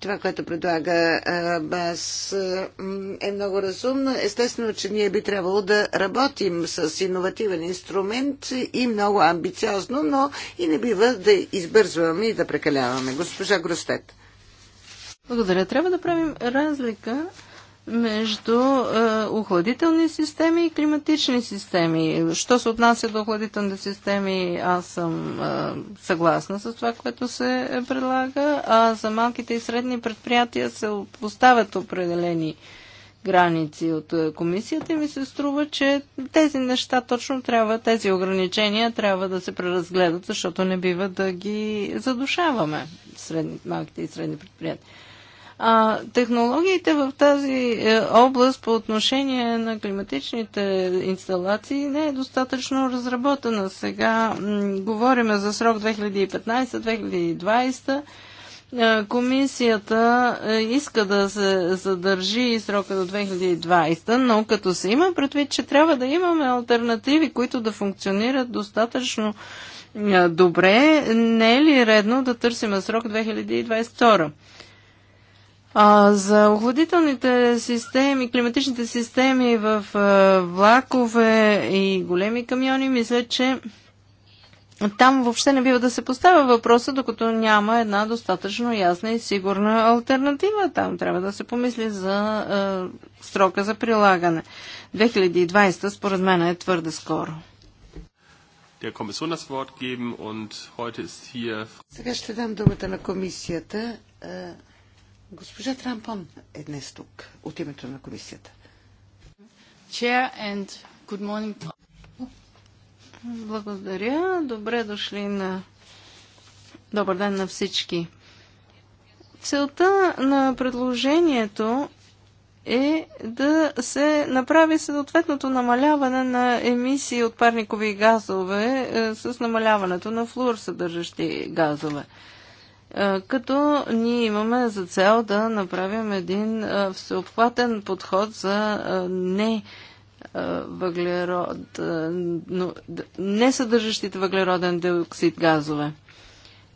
това, което предлага БАС е много разумно. Естествено, че ние би трябвало да работим с иновативен инструмент и много амбициозно, но и не бива да избързваме и да прекаляваме. Госпожа Гростет. Благодаря. Трябва да правим разлика между е, охладителни системи и климатични системи. Що се отнася до охладителните системи, аз съм е, съгласна с това, което се предлага, а за малките и средни предприятия се поставят определени граници от е, комисията и ми се струва, че тези неща точно трябва, тези ограничения трябва да се преразгледат, защото не бива да ги задушаваме средни, малките и средни предприятия. А, технологиите в тази е, област по отношение на климатичните инсталации не е достатъчно разработена. Сега говорим за срок 2015-2020. Е, комисията е, иска да се задържи срока до 2020, но като се има предвид, че трябва да имаме альтернативи, които да функционират достатъчно добре, не е ли редно да търсим срок 2022? А, за охладителните системи, климатичните системи в а, влакове и големи камиони, мисля, че там въобще не бива да се поставя въпроса, докато няма една достатъчно ясна и сигурна альтернатива. Там трябва да се помисли за е, строка за прилагане. 2020 според мен е твърде скоро. Сега ще дам думата на комисията. Госпожа Трампон е днес тук от името на комисията. Благодаря. Добре дошли на... Добър ден на всички. Целта на предложението е да се направи съответното намаляване на емисии от парникови газове е, с намаляването на флуор съдържащи газове. Е, като ние имаме за цел да направим един е, всеобхватен подход за е, не въглерод, не съдържащите въглероден диоксид газове.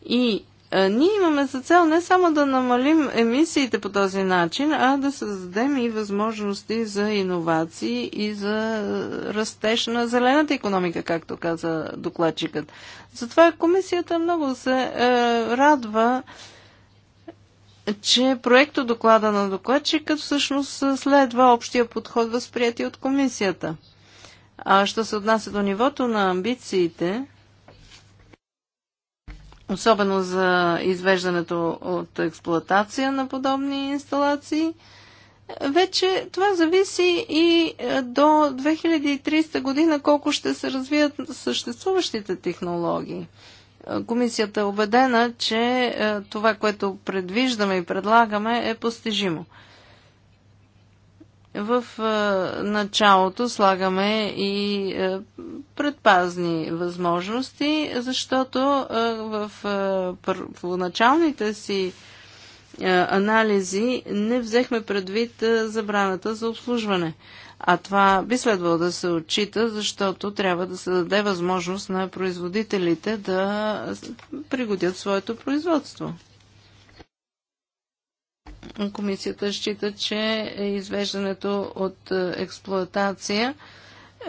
И ние имаме за цел не само да намалим емисиите по този начин, а да създадем и възможности за иновации и за растеж на зелената економика, както каза докладчикът. Затова комисията много се е, радва, че проекто доклада на докладчикът всъщност следва общия подход, възприятие от комисията. А що се отнася до нивото на амбициите, особено за извеждането от експлоатация на подобни инсталации. Вече това зависи и е, до 2300 година колко ще се развият съществуващите технологии. Е, комисията е убедена, че е, това, което предвиждаме и предлагаме, е постижимо. В началото слагаме и предпазни възможности, защото в първоначалните си анализи не взехме предвид забраната за обслужване. А това би следвало да се отчита, защото трябва да се даде възможност на производителите да пригодят своето производство. Комисията счита, че е извеждането от е, експлоатация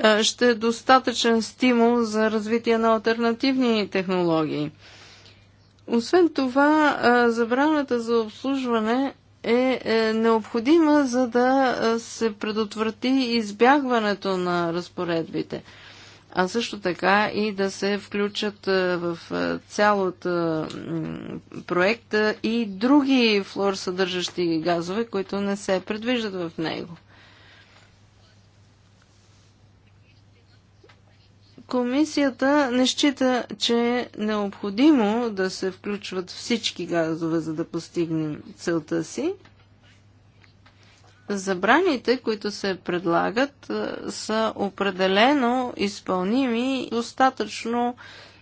е, ще е достатъчен стимул за развитие на альтернативни технологии. Освен това, забраната за обслужване е необходима, за да се предотврати избягването на разпоредбите – а също така и да се включат в цялата проекта и други флор съдържащи газове, които не се предвиждат в него. Комисията не счита, че е необходимо да се включват всички газове, за да постигнем целта си. Забраните, които се предлагат, е, са определено изпълними и достатъчно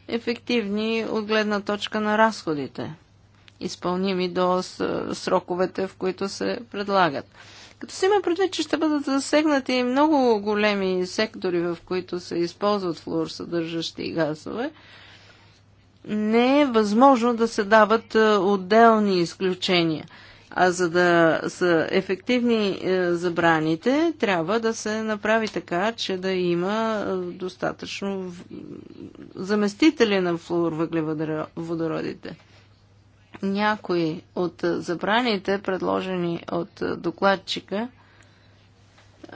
ефективни от гледна точка на разходите, изпълними до е, сроковете, в които се предлагат. Като си има предвид, че ще бъдат засегнати много големи сектори, в които се използват флуор съдържащи газове, не е възможно да се дават е, отделни изключения – а за да са ефективни е, забраните, трябва да се направи така, че да има е, достатъчно заместители на флуорвъглеводородите. Някои от забраните, предложени от докладчика,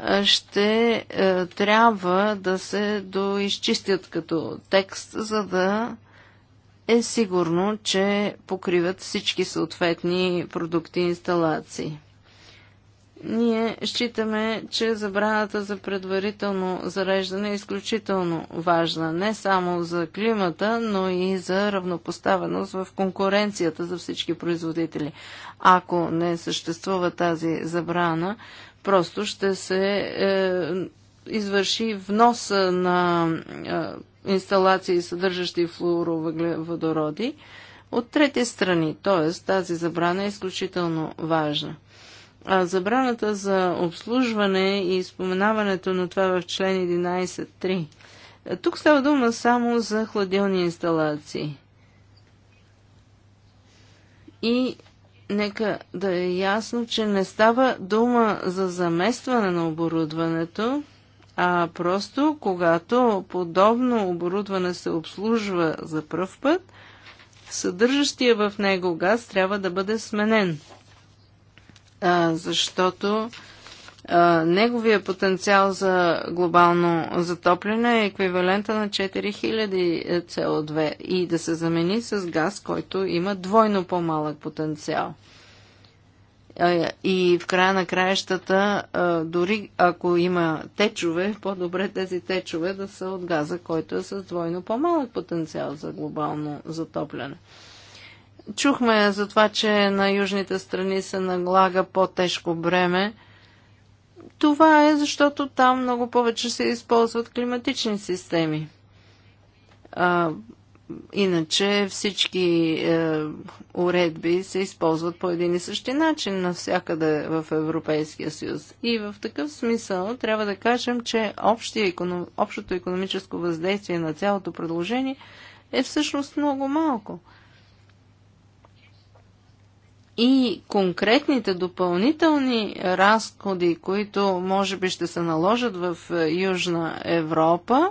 е, ще трябва да се доизчистят като текст, за да е сигурно, че покриват всички съответни продукти и инсталации. Ние считаме, че забраната за предварително зареждане е изключително важна не само за климата, но и за равнопоставеност в конкуренцията за всички производители. Ако не съществува тази забрана, просто ще се е, извърши внос на инсталации, съдържащи флуоровъглеводороди от трети страни. Т.е. тази забрана е изключително важна. А забраната за обслужване и споменаването на това в член 11.3. Тук става дума само за хладилни инсталации. И нека да е ясно, че не става дума за заместване на оборудването, а просто когато подобно оборудване се обслужва за пръв път, съдържащия в него газ трябва да бъде сменен, а, защото а, неговия потенциал за глобално затопляне е еквивалента на 4000 CO2 и да се замени с газ, който има двойно по-малък потенциал – и в края на краищата, дори ако има течове, по-добре тези течове да са от газа, който е с двойно по-малък потенциал за глобално затопляне. Чухме за това, че на южните страни се наглага по-тежко бреме. Това е защото там много повече се използват климатични системи. Иначе всички е, уредби се използват по един и същи начин навсякъде в Европейския съюз. И в такъв смисъл трябва да кажем, че економ... общото економическо въздействие на цялото предложение е всъщност много малко. И конкретните допълнителни разходи, които може би ще се наложат в е, Южна Европа,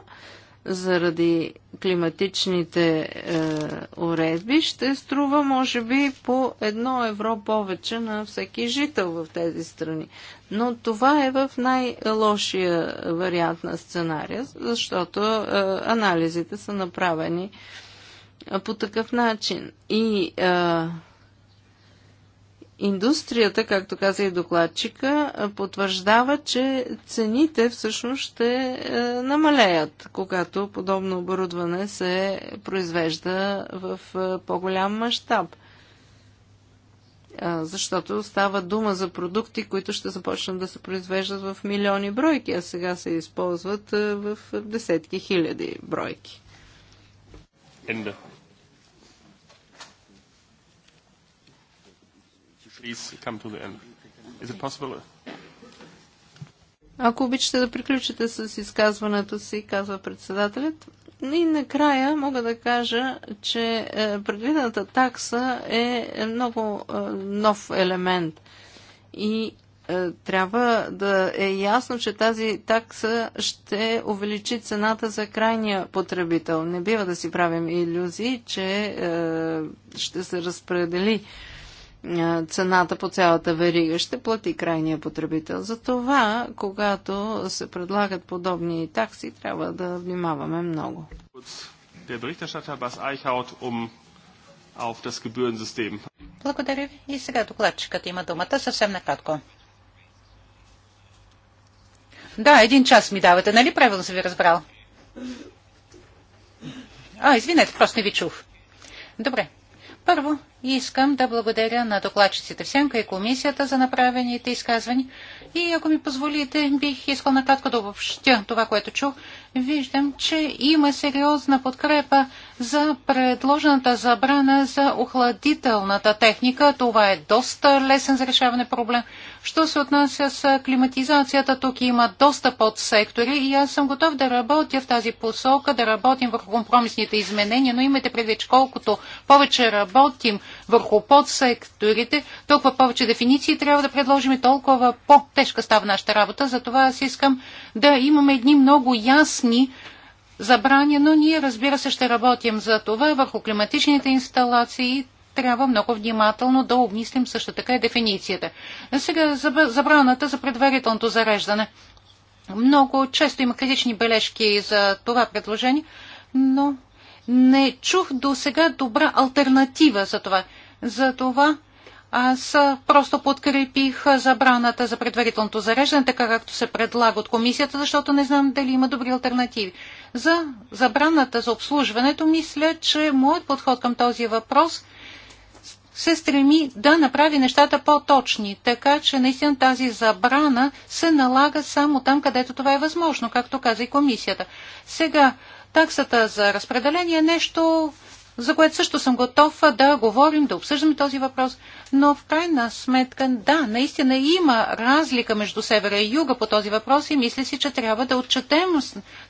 заради климатичните е, уредби, ще струва може би по едно евро повече на всеки жител в тези страни. Но това е в най-лошия вариант на сценария, защото е, анализите са направени по такъв начин. И е, индустрията, както каза и докладчика, потвърждава, че цените всъщност ще е, намалеят, когато подобно оборудване се произвежда в е, по-голям мащаб. Е, защото става дума за продукти, които ще започнат да се произвеждат в милиони бройки, а сега се използват в десетки хиляди бройки. Ende. Please come to the end. Is it possible? Ако обичате да приключите с изказването си, казва председателят. И накрая мога да кажа, че е, предвидената такса е много е, нов елемент. И е, трябва да е ясно, че тази такса ще увеличи цената за крайния потребител. Не бива да си правим иллюзии, че ще се разпредели цената по цялата верига ще плати крайния потребител. Затова, когато се предлагат подобни такси, трябва да внимаваме много. Um Благодаря ви. И сега докладчикът има думата съвсем накратко. Да, един час ми давате, нали правилно съм ви разбрал? А, извинете, просто не ви чух. Добре. Първо, искам да благодаря на докладчиците в Сянка и комисията за направените изказвания. И ако ми позволите, бих искал накратко да обобщя това, което чух. Виждам, че има сериозна подкрепа за предложената забрана за охладителната техника. Това е доста лесен за решаване проблем. Що се отнася с климатизацията, тук има доста подсектори и аз съм готов да работя в тази посока, да работим върху компромисните изменения, но имайте предвид, че колкото повече работим върху подсекторите, толкова повече дефиниции трябва да предложим и толкова по-те тежка става нашата работа, затова аз искам да имаме едни много ясни забрания, но ние, разбира се, ще работим за това върху климатичните инсталации. Трябва много внимателно да обмислим също така и дефиницията. Сега забраната за предварителното зареждане. Много често има критични бележки за това предложение, но не чух до сега добра альтернатива за това. За това аз просто подкрепих забраната за предварителното зареждане, така както се предлага от комисията, защото не знам дали има добри альтернативи. За забраната за обслужването, мисля, че моят подход към този въпрос се стреми да направи нещата по-точни, така че наистина тази забрана се налага само там, където това е възможно, както каза и комисията. Сега, таксата за разпределение е нещо за което също съм готов да говорим, да обсъждаме този въпрос. Но в крайна сметка, да, наистина има разлика между севера и юга по този въпрос и мисля си, че трябва да отчетем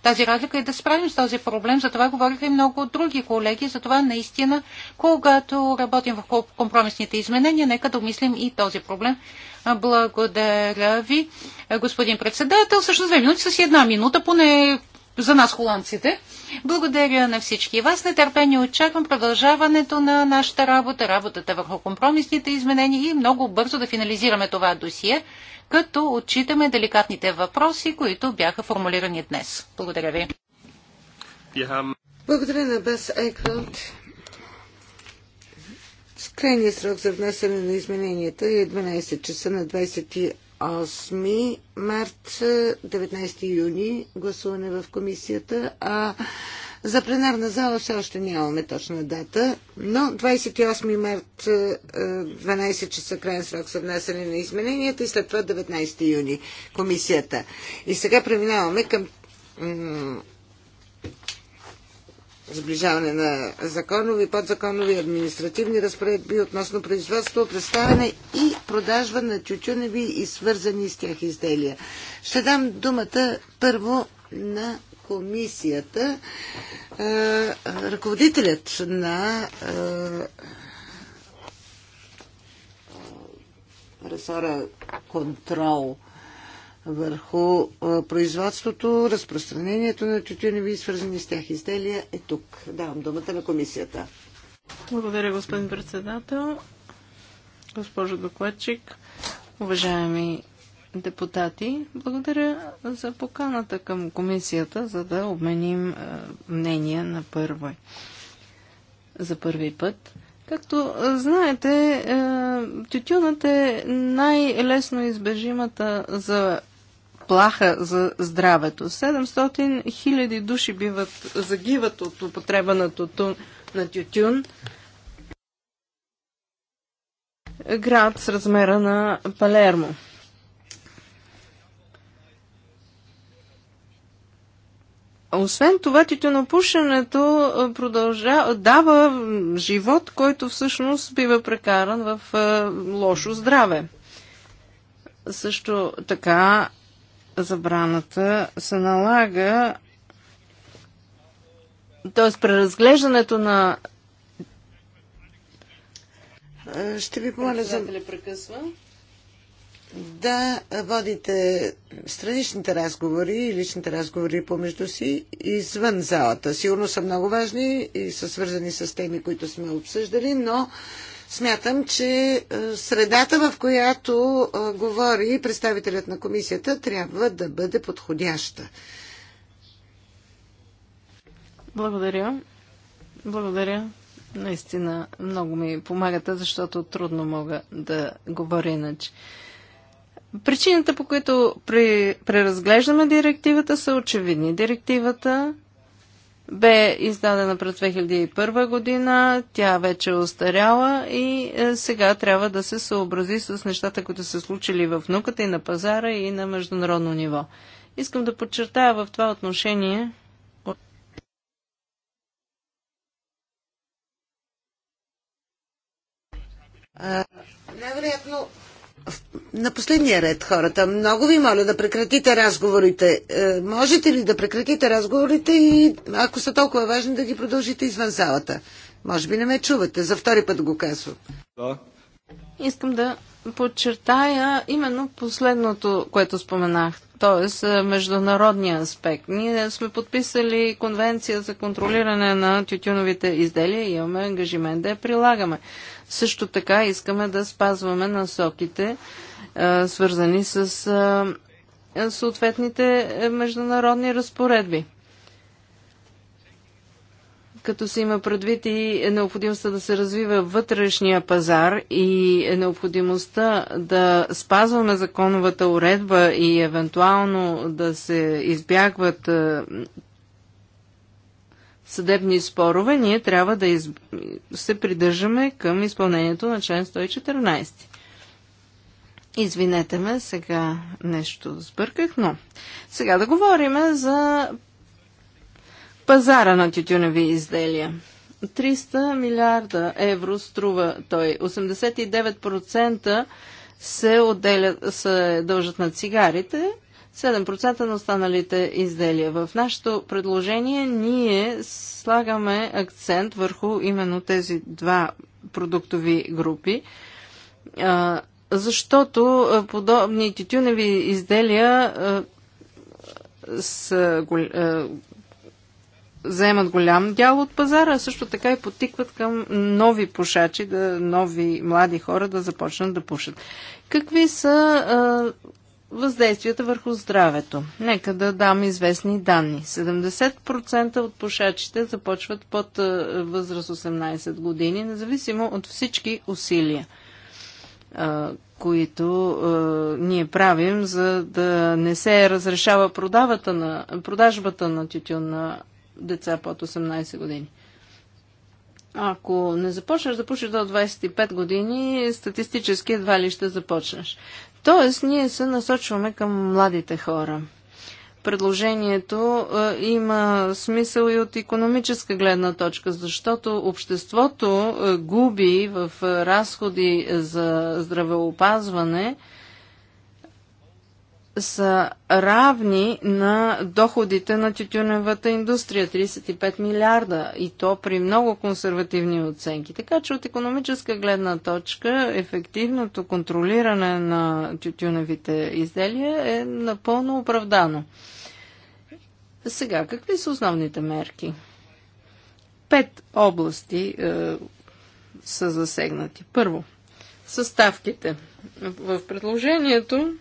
тази разлика и да справим с този проблем. За това говориха и много други колеги. За това наистина, когато работим в компромисните изменения, нека да умислим и този проблем. Благодаря ви, господин председател. Също две минути с една минута, поне за нас холандците. Благодаря на всички вас. Нетърпение очаквам продължаването на нашата работа, работата върху компромисните изменения и много бързо да финализираме това досие, като отчитаме деликатните въпроси, които бяха формулирани днес. Благодаря ви. Благодаря на Бес Ейклот. Крайният срок за внасяне на измененията е 12 часа на 28 8 март, 19 е, юни гласуване в комисията, а за пленарна зала все още нямаме точна дата, но 28 март 12 е, е, часа крайен срок за внасяне на измененията и след това 19 юни комисията. И сега преминаваме към сближаване на законови, подзаконови, административни разпоредби относно производство, представяне и продажба на тютюневи и свързани с тях изделия. Ще дам думата първо на комисията. Е, ръководителят на е, ресора контрол върху производството, разпространението на тютюневи и свързани с тях изделия е тук. Давам думата на комисията. Благодаря, господин председател. Госпожо докладчик, уважаеми депутати, благодаря за поканата към комисията, за да обменим мнение на първо. За първи път. Както знаете, тютюнът е най-лесно избежимата за заплаха за здравето. 700 хиляди души биват, загиват от употреба на, тютюн. на тютюн. Град с размера на Палермо. Освен това, тютюнопушенето продължа, дава живот, който всъщност бива прекаран в лошо здраве. Също така забраната се налага, т.е. преразглеждането на ще ви помоля за... Да водите страничните разговори и личните разговори помежду си извън залата. Сигурно са много важни и са свързани с теми, които сме обсъждали, но Смятам, че е, средата, в която е, говори представителят на комисията, трябва да бъде подходяща. Благодаря. Благодаря. Наистина много ми помагате, защото трудно мога да говоря иначе. Причината, по която преразглеждаме директивата, са очевидни. Директивата бе издадена през 2001 година, тя вече е остаряла и е, сега трябва да се съобрази с нещата, които са случили в науката и на пазара и на международно ниво. Искам да подчертая в това отношение, Най-вероятно на последния ред хората. Много ви моля да прекратите разговорите. Е, можете ли да прекратите разговорите и ако са толкова важни да ги продължите извън залата? Може би не ме чувате. За втори път го казвам. Да. Искам да подчертая именно последното, което споменах, т.е. международния аспект. Ние сме подписали конвенция за контролиране на тютюновите изделия и имаме ангажимент да я прилагаме. Също така искаме да спазваме насоките свързани с съответните е, международни разпоредби. Като се има предвид и необходимостта да се развива вътрешния пазар и необходимостта да спазваме законовата уредба и евентуално да се избягват е, съдебни спорове, ние трябва да се придържаме към изпълнението на член 114. Извинете ме, сега нещо сбърках, но сега да говорим за пазара на тютюневи изделия. 300 милиарда евро струва той. 89% се отделят, се дължат на цигарите, 7% на останалите изделия. В нашето предложение ние слагаме акцент върху именно тези два продуктови групи защото подобни тютюневи изделия с, гол... заемат голям дял от пазара, а също така и потикват към нови пушачи, да, нови млади хора да започнат да пушат. Какви са а, въздействията върху здравето? Нека да дам известни данни. 70% от пушачите започват под а, възраст 18 години, независимо от всички усилия които е, ние правим, за да не се разрешава продавата на, продажбата на тютюн на деца под 18 години. Ако не започнеш да пушиш до 25 години, статистически едва ли ще започнеш. Тоест, ние се насочваме към младите хора – предложението е, има смисъл и от економическа гледна точка, защото обществото е, губи в е, разходи за здравеопазване – са равни на доходите на тютюневата индустрия 35 милиарда и то при много консервативни оценки. Така че от економическа гледна точка ефективното контролиране на тютюневите изделия е напълно оправдано. Сега, какви са основните мерки? Пет области е, са засегнати. Първо, съставките. В предложението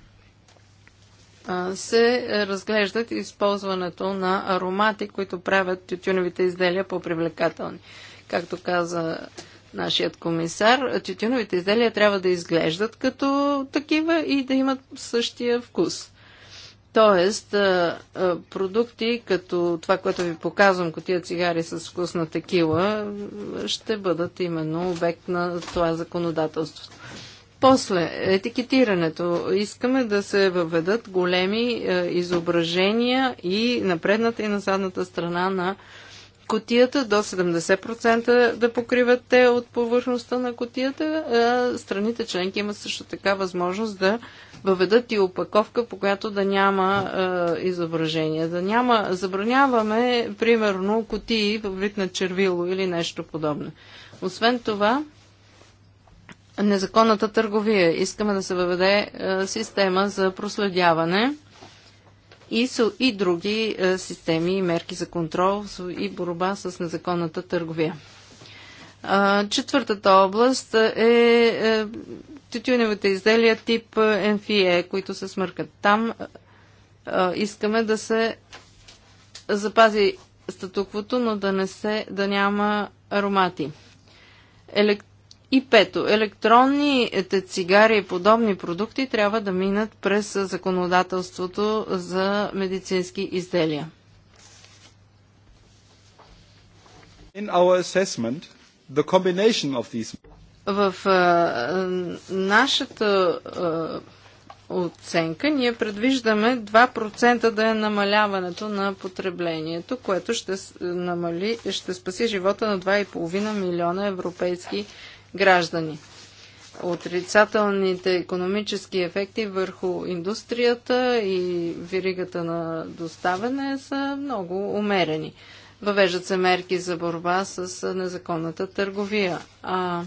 се разглеждат използването на аромати, които правят тютюневите изделия по-привлекателни. Както каза нашият комисар, тютюновите изделия трябва да изглеждат като такива и да имат същия вкус. Тоест, продукти като това, което ви показвам, котия цигари с вкус на текила, ще бъдат именно обект на това законодателство. После, етикетирането. Искаме да се въведат големи е, изображения и на предната и на задната страна на котията, до 70% да покриват те от повърхността на котията. Е, страните членки имат също така възможност да въведат и опаковка, по която да няма е, изображения. Да няма, забраняваме, примерно, котии в вид на червило или нещо подобно. Освен това, незаконната търговия. Искаме да се въведе е, система за проследяване и, со, и други е, системи и мерки за контрол и борба с незаконната търговия. четвъртата област е, е, тютюневите изделия тип МФИЕ, които се смъркат. Там искаме да се запази статуквото, но да, не се, да няма аромати. Елект... И пето, електронните цигари и подобни продукти трябва да минат през законодателството за медицински изделия. In our assessment, the combination of these... В а, нашата а, оценка ние предвиждаме 2% да е намаляването на потреблението, което ще, намали, ще спаси живота на 2,5 милиона европейски а, граждани. Отрицателните економически ефекти върху индустрията и виригата на доставяне са много умерени. Въвеждат се мерки за борба с незаконната търговия. А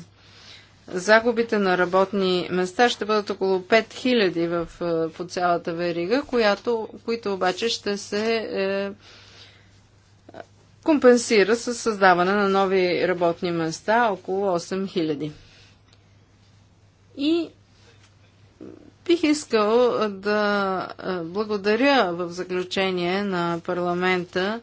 загубите на работни места ще бъдат около 5000 в, е, по цялата верига, която, които обаче ще се е, компенсира с създаване на нови работни места около 8000. И бих искал да благодаря в заключение на парламента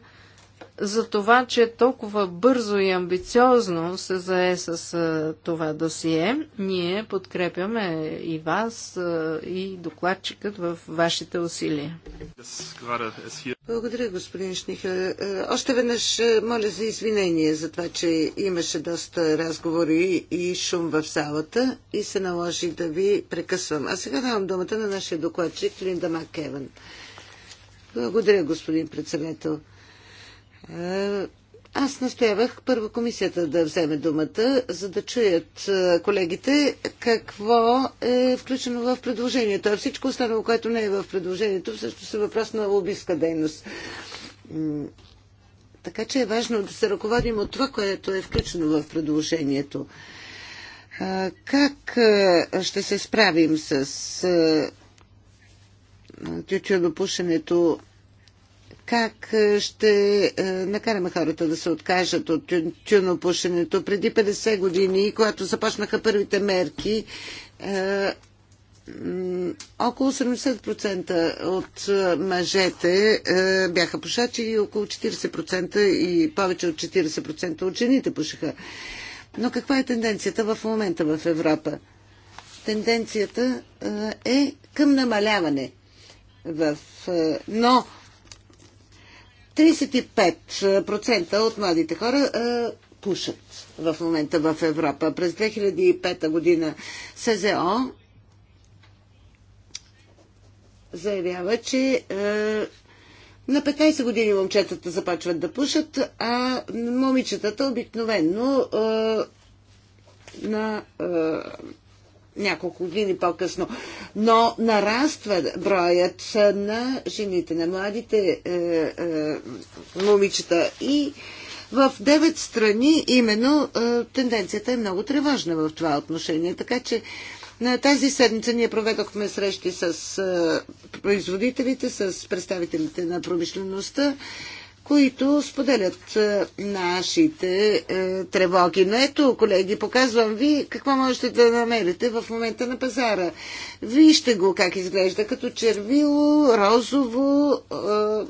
за това, че толкова бързо и амбициозно се зае с това досие. Ние подкрепяме и вас, и докладчикът в вашите усилия. Благодаря, господин Шнихер. Е, още веднъж е, моля за извинение за това, че имаше доста разговори и шум в залата и се наложи да ви прекъсвам. А сега давам думата на нашия докладчик Линда Макеван. Благодаря, господин председател. Е, аз настоявах първо комисията да вземе думата, за да чуят е, колегите какво е включено в предложението. А всичко останало, което не е в предложението, всъщност са е въпрос на лобистка дейност. Така че е важно да се ръководим от това, което е включено в предложението. Как ще се справим с тютюнопушенето пушенето как е, ще е, накараме хората да се откажат от тюнопушенето. Преди 50 години, когато започнаха първите мерки, е, около 70% от мъжете бяха пушачи и около 40% и повече от 40% от жените пушеха. Но каква е тенденцията в момента в Европа? Тенденцията е към намаляване. В, но 35% от младите хора пушат в момента в Европа. През 2005 година СЗО заявява, че а, на 15 години момчетата започват да пушат, а момичетата обикновенно а, на няколко години по-късно. Но нараства броят на жените, на младите е, е, момичета. И в девет страни именно е, тенденцията е много тревожна в това отношение. Така че на тази седмица ние проведохме срещи с е, производителите, с представителите на промишлеността. Е, които споделят е, нашите е, тревоги. Но ето, колеги, показвам ви какво можете да намерите в момента на пазара. Вижте го как изглежда, като червило, розово. Е, е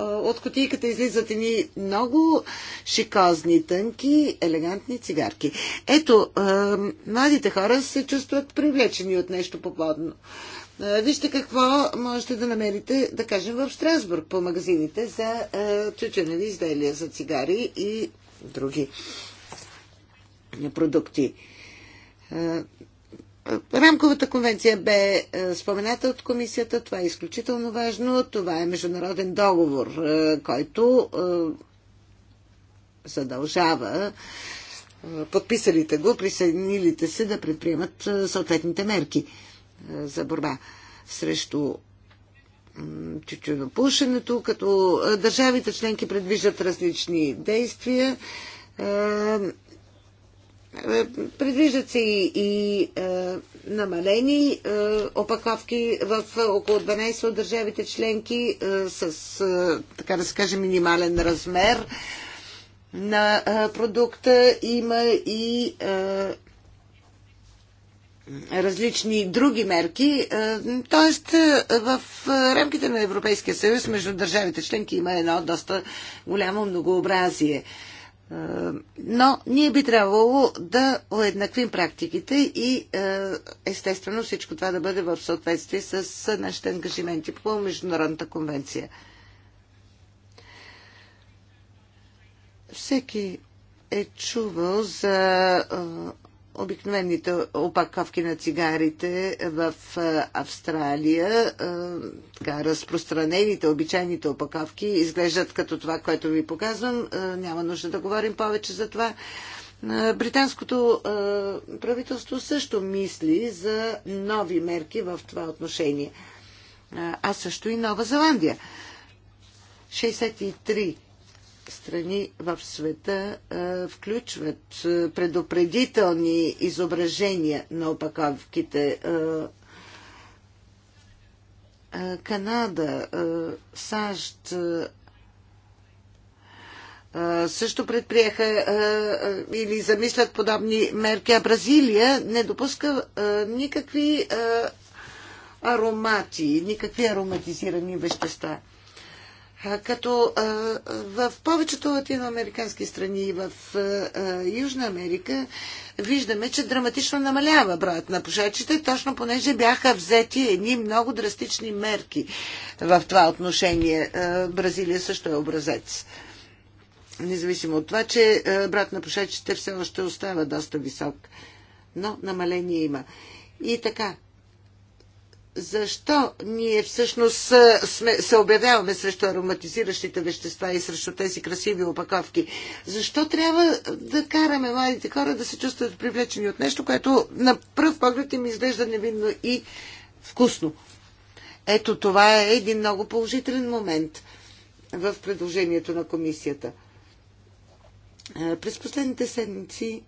от котийката излизат едни много шикозни, тънки, елегантни цигарки. Ето, е, младите хора се чувстват привлечени от нещо по-плодно. Вижте какво можете да намерите, да кажем, в Страсбург по магазините за тютюневи изделия, за цигари и други продукти. Рамковата конвенция бе спомената от комисията. Това е изключително важно. Това е международен договор, който задължава подписалите го, присъединилите се да предприемат съответните мерки за борба срещу тютюнопушенето, като държавите членки предвиждат различни действия. Предвиждат се и, и е, намалени е, опаковки в около 12 от държавите членки е, с, е, така да се каже, минимален размер на е, продукта. Има и е, различни други мерки. Е, тоест, е, в рамките на Европейския съюз между държавите членки има едно доста голямо многообразие. Е, но ние би трябвало да уеднаквим практиките и естествено всичко това да бъде в съответствие с нашите ангажименти по Международната конвенция. Всеки е чувал за обикновените опаковки на цигарите в Австралия, така, разпространените, обичайните опаковки изглеждат като това, което ви показвам. Няма нужда да говорим повече за това. Британското правителство също мисли за нови мерки в това отношение. А също и Нова Зеландия. 63 страни в света включват предупредителни изображения на опаковките. Канада, САЩ също предприеха или замислят подобни мерки, а Бразилия не допуска никакви аромати, никакви ароматизирани вещества. Като в повечето латиноамерикански страни и в Южна Америка виждаме, че драматично намалява броят на пушачите, точно понеже бяха взети едни много драстични мерки в това отношение. Бразилия също е образец. Независимо от това, че брат на пушачите все още остава доста висок, но намаление има. И така, защо ние всъщност сме, се обявяваме срещу ароматизиращите вещества и срещу тези красиви опаковки? Защо трябва да караме младите хора да се чувстват привлечени от нещо, което на пръв поглед им изглежда невинно и вкусно? Ето това е един много положителен момент в предложението на комисията. През последните седмици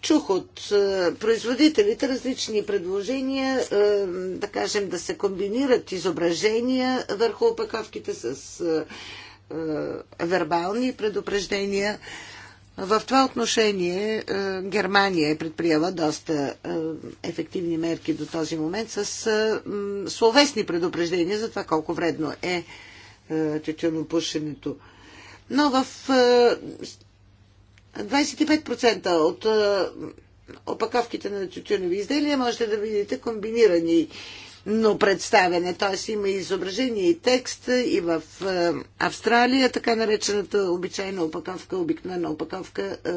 чух от е, производителите различни предложения, е, да кажем, да се комбинират изображения върху опаковките с е, вербални предупреждения. В това отношение Германия е предприела доста ефективни мерки до този момент с словесни предупреждения за това колко вредно е тютюнопушенето. Но в 25% от е, опаковките на тютюневи изделия можете да видите комбинирани но представяне, т.е. има изображение и текст и в е, Австралия, така наречената обичайна опаковка, обикновена опаковка е,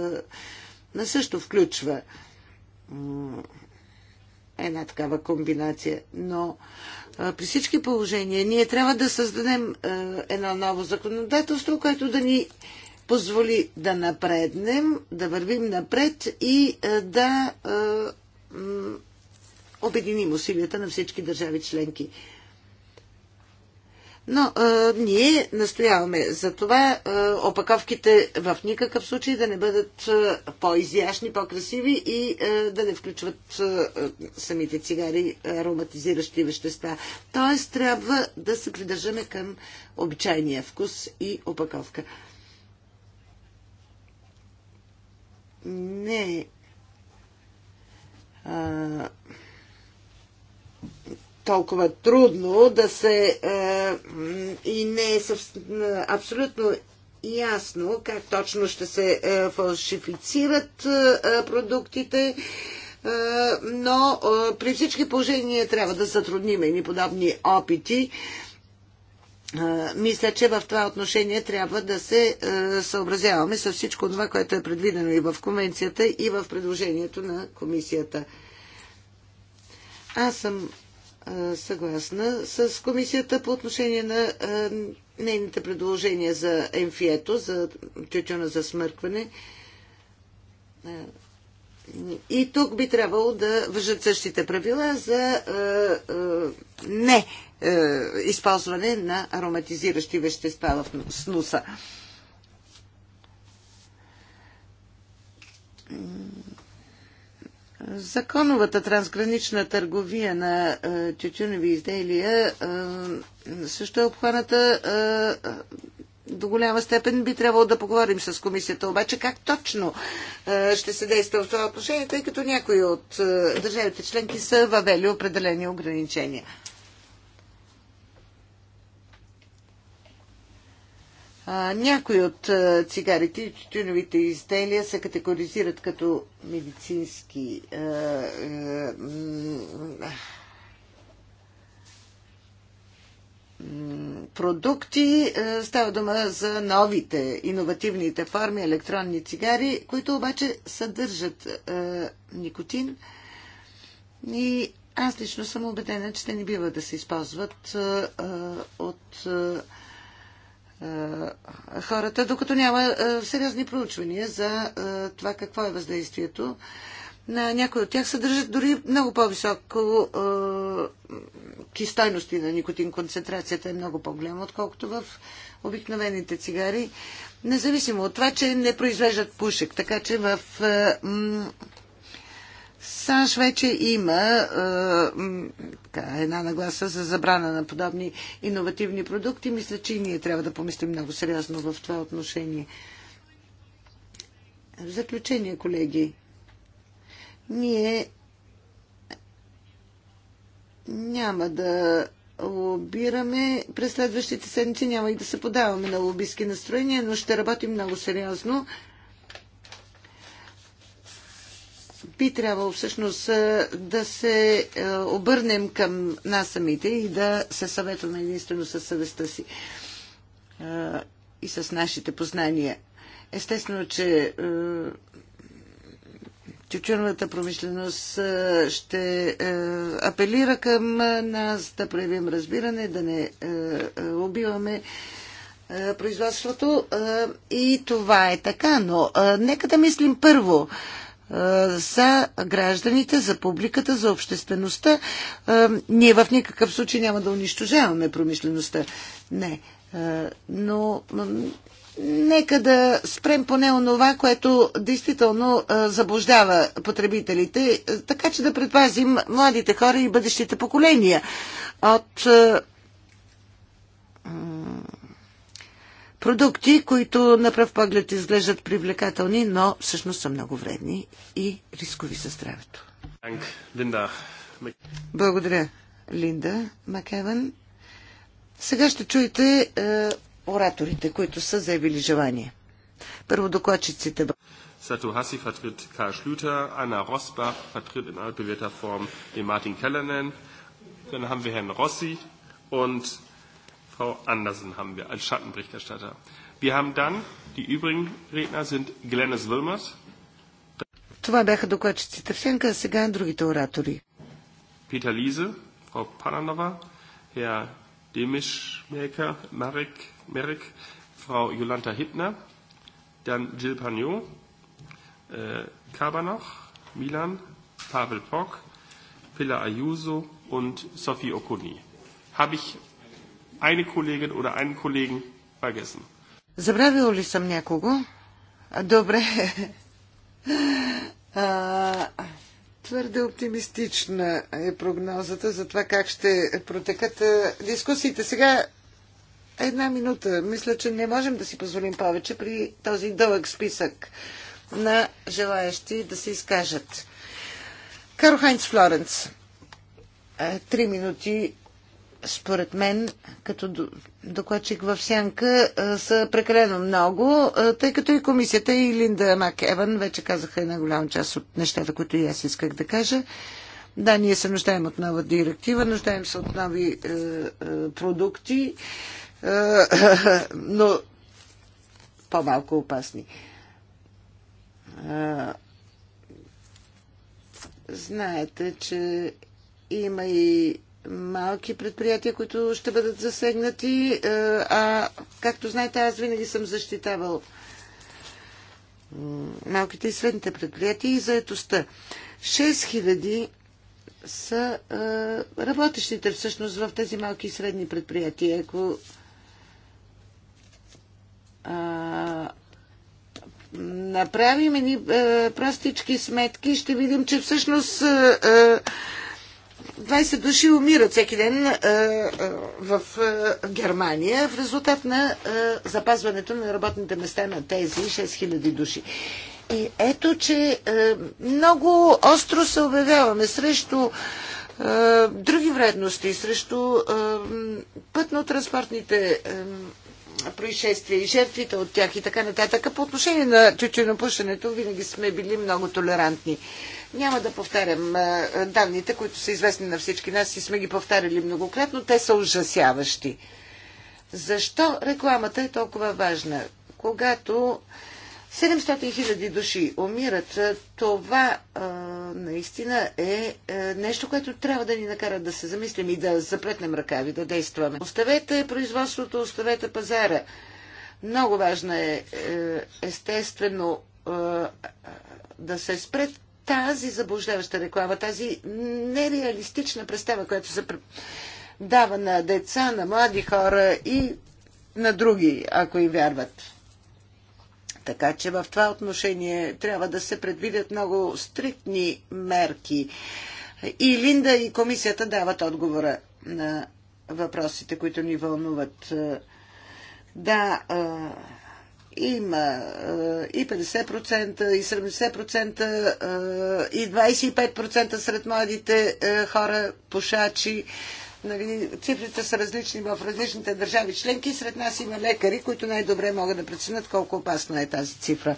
на също включва една такава комбинация. Но при всички положения ние трябва да създадем едно ново законодателство, което да ни позволи да напреднем, да вървим напред и е, да е, обединим усилията на всички държави членки. Но а, е, ние настояваме за това а, опаковките в никакъв случай да не бъдат по-изящни, по-красиви и а, да не включват а, самите цигари ароматизиращи вещества. Тоест трябва да се придържаме към обичайния вкус и опаковка. не е толкова трудно да се а, и не е съв, абсолютно ясно как точно ще се а, фалшифицират а, продуктите, но при всички положения трябва да затрудним и подобни опити мисля, че в това отношение трябва да се съобразяваме с всичко това, което е предвидено и в конвенцията, и в предложението на комисията. Аз съм съгласна с комисията по отношение на нейните предложения за МФИЕТО, за тютюна за смъркване. И тук би трябвало да въжат същите правила за не е, използване на ароматизиращи вещества в снуса. Законовата трансгранична търговия на е, тютюневи изделия е, също е обхваната е, до голяма степен. Би трябвало да поговорим с комисията, обаче как точно е, ще се действа в това отношение, тъй като някои от е, държавите членки са въвели определени ограничения. Някои от цигарите и тютюновите изделия се категоризират като медицински продукти. Става дума за новите, иновативните форми електронни цигари, които обаче съдържат никотин. И аз лично съм убедена, че те не бива да се използват от е, хората, докато няма е, сериозни проучвания за е, това какво е въздействието. На някои от тях съдържат дори много по-високо е, стойности на никотин. Концентрацията е много по-голяма, отколкото в обикновените цигари. Независимо от това, че не произвеждат пушек. Така че в е, САЩ вече има така, една нагласа за забрана на подобни иновативни продукти. Мисля, че и ние трябва да помислим много сериозно в това отношение. В заключение, колеги, ние няма да лобираме през следващите седмици, няма и да се подаваме на лобистки настроения, но ще работим много сериозно. би трябвало всъщност да се обърнем към нас самите и да се съветваме единствено с съвестта си и с нашите познания. Естествено, че тютюновата промишленост ще апелира към нас да проявим разбиране, да не убиваме производството и това е така, но нека да мислим първо за гражданите, за публиката, за обществеността. Ние в никакъв случай няма да унищожаваме промишлеността. Не. Но нека да спрем поне онова, което действително заблуждава потребителите, така че да предпазим младите хора и бъдещите поколения от продукти, които на пръв поглед изглеждат привлекателни, но всъщност са много вредни и рискови за здравето. Благодаря, Линда Макеван. Сега ще чуете е, ораторите, които са заявили желание. Първо докладчиците. Сато Хаси фатрит Карл Шлютер, Анна Rosbach фатрит в altbewährter Form den Martin Kellernen, dann haben wir Herrn Rossi und Frau Andersen haben wir als Schattenberichterstatter. Wir haben dann, die übrigen Redner sind Glennis Wilmers. Това бяха докладчици в а сега другите оратори. Питер Лизе, Фрау Пананова, Хер Демиш Marek, Merek, Frau Фрау Hittner, Хитнер, Дан Джил Паньо, Кабанох, Милан, Павел Пок, Pilar Аюзо und Софи Окуни. Habe ich eine Kollegin oder einen Kollegen vergessen. Забравил ли съм някого? Добре. А, твърде оптимистична е прогнозата за това как ще протекат дискусиите. Сега една минута. Мисля, че не можем да си позволим повече при този дълъг списък на желаящи да се изкажат. Каро Хайнц Флоренц. Е, три минути според мен, като докладчик в сянка, са прекалено много, тъй като и комисията и Линда Мак Еван вече казаха една голяма част от нещата, които и аз исках да кажа. Да, ние се нуждаем от нова директива, нуждаем се от нови е, е, продукти, е, но по-малко опасни. Е, знаете, че има и малки предприятия, които ще бъдат засегнати. Е, а, както знаете, аз винаги съм защитавал малките и средните предприятия и заетостта. 6000 са е, работещите всъщност в тези малки и средни предприятия. Ако а, направим и е, простички сметки, ще видим, че всъщност 20 души умират всеки ден в Германия в резултат на запазването на работните места на тези 6000 души. И ето, че много остро се обявяваме срещу други вредности, срещу пътно-транспортните происшествия и жертвите от тях и така нататък. По отношение на тютюнопушенето винаги сме били много толерантни. Няма да повтарям данните, които са известни на всички нас и сме ги повтаряли многократно. Те са ужасяващи. Защо рекламата е толкова важна? Когато 700 хиляди души умират, това а, наистина е а, нещо, което трябва да ни накара да се замислим и да запретнем ръкави, да действаме. Оставете производството, оставете пазара. Много важно е, е естествено, да се спрет тази заблуждаваща реклама, тази нереалистична представа, която се дава на деца, на млади хора и на други, ако им вярват. Така че в това отношение трябва да се предвидят много стриктни мерки. И Линда и комисията дават отговора на въпросите, които ни вълнуват. Да, има е, и 50%, и 70%, е, и 25% сред младите е, хора, пушачи. Нали, цифрите са различни в различните държави членки. Сред нас има лекари, които най-добре могат да преценят колко опасна е тази цифра.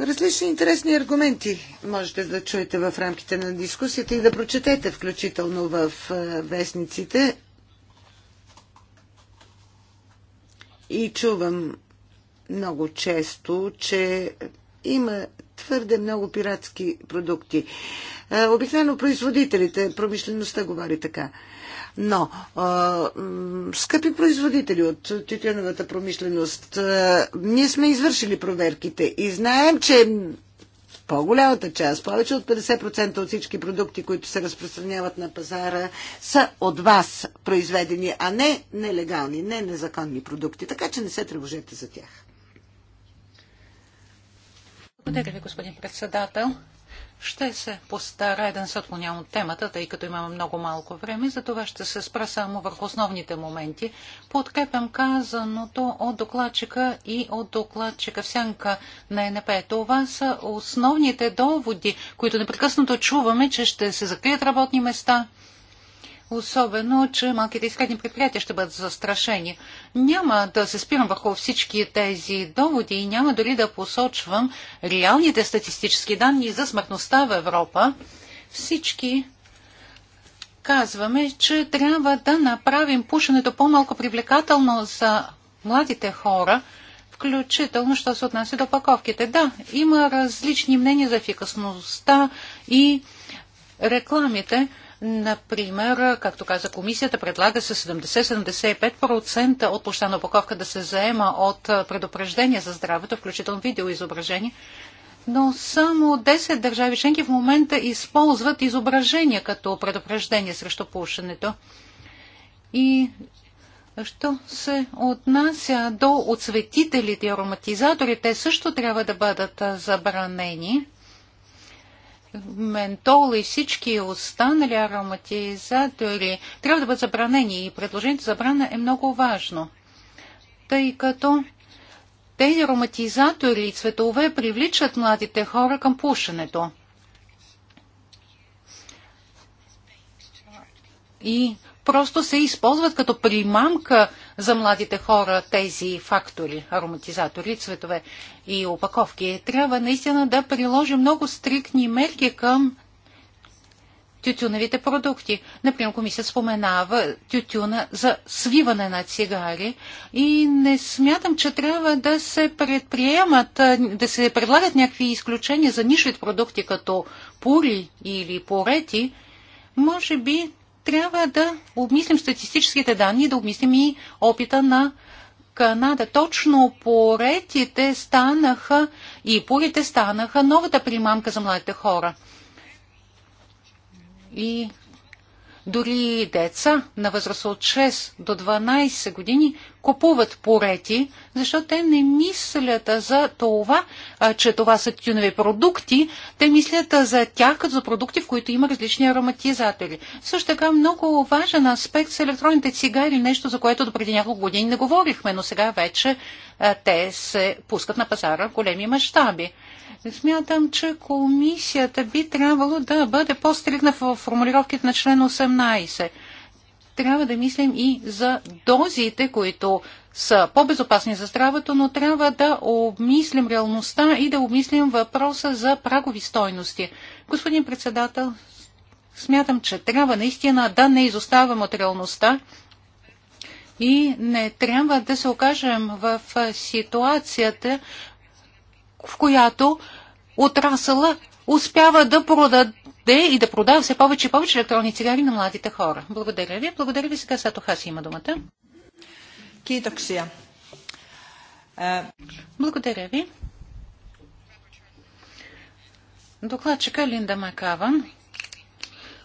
Различни интересни аргументи можете да чуете в рамките на дискусията и да прочетете включително в вестниците. И чувам много често, че има твърде много пиратски продукти. Обикновено производителите, промишлеността говори така. Но, а, скъпи производители от тютюновата промишленост, а, ние сме извършили проверките и знаем, че по-голямата част, повече от 50% от всички продукти, които се разпространяват на пазара, са от вас произведени, а не нелегални, не незаконни продукти. Така че не се тревожете за тях. Благодаря ви, господин председател. Ще се постарая да не се отклонявам от темата, тъй като имаме много малко време, за това ще се спра само върху основните моменти. Подкрепям казаното от докладчика и от докладчика в сянка на НП. Това са основните доводи, които непрекъснато чуваме, че ще се закрият работни места – особено, че малките и средни предприятия ще бъдат застрашени. Няма да се спирам върху всички тези доводи и няма дори да посочвам реалните статистически данни за смъртността в Европа. Всички казваме, че трябва да направим пушенето по-малко привлекателно за младите хора, включително, що се отнася до паковките. Да, има различни мнения за ефикасността и рекламите, Например, както каза комисията, предлага се 70-75% от площа на упаковка да се заема от предупреждения за здравето, включително видеоизображение. Но само 10 държави членки в момента използват изображения като предупреждение срещу пушенето. И Що се отнася до отсветителите и ароматизаторите, те също трябва да бъдат забранени ментол и всички останали ароматизатори трябва да бъдат забранени и предложението за забрана е много важно, тъй като тези ароматизатори и цветове привличат младите хора към пушенето. И просто се използват като примамка за младите хора тези фактори, ароматизатори, цветове и опаковки. Трябва наистина да приложим много стрикни мерки към тютюновите продукти. Например, се споменава тютюна за свиване на цигари и не смятам, че трябва да се предприемат, да се предлагат някакви изключения за нишите продукти, като пури или порети. Може би трябва да обмислим статистическите данни, да обмислим и опита на Канада. Точно поретите станаха и порите станаха новата примамка за младите хора. И дори деца на възраст от 6 до 12 години купуват порети, защото те не мислят за това, че това са тюнови продукти. Те мислят за тях като за продукти, в които има различни ароматизатори. Също така много важен аспект с електронните цигари, нещо за което до преди няколко години не говорихме, но сега вече те се пускат на пазара в големи мащаби. Смятам, че комисията би трябвало да бъде по-стригна в формулировките на член 18. Трябва да мислим и за дозите, които са по-безопасни за здравето, но трябва да обмислим реалността и да обмислим въпроса за прагови стойности. Господин председател, смятам, че трябва наистина да не изоставям от реалността и не трябва да се окажем в ситуацията, в която отрасъла успява да продаде и да продава все повече и повече електронни цигари на младите хора. Благодаря ви. Благодаря ви. Сега Сато Хаси има думата. Китоксия. Е, Благодаря ви. Докладчика Линда Макаван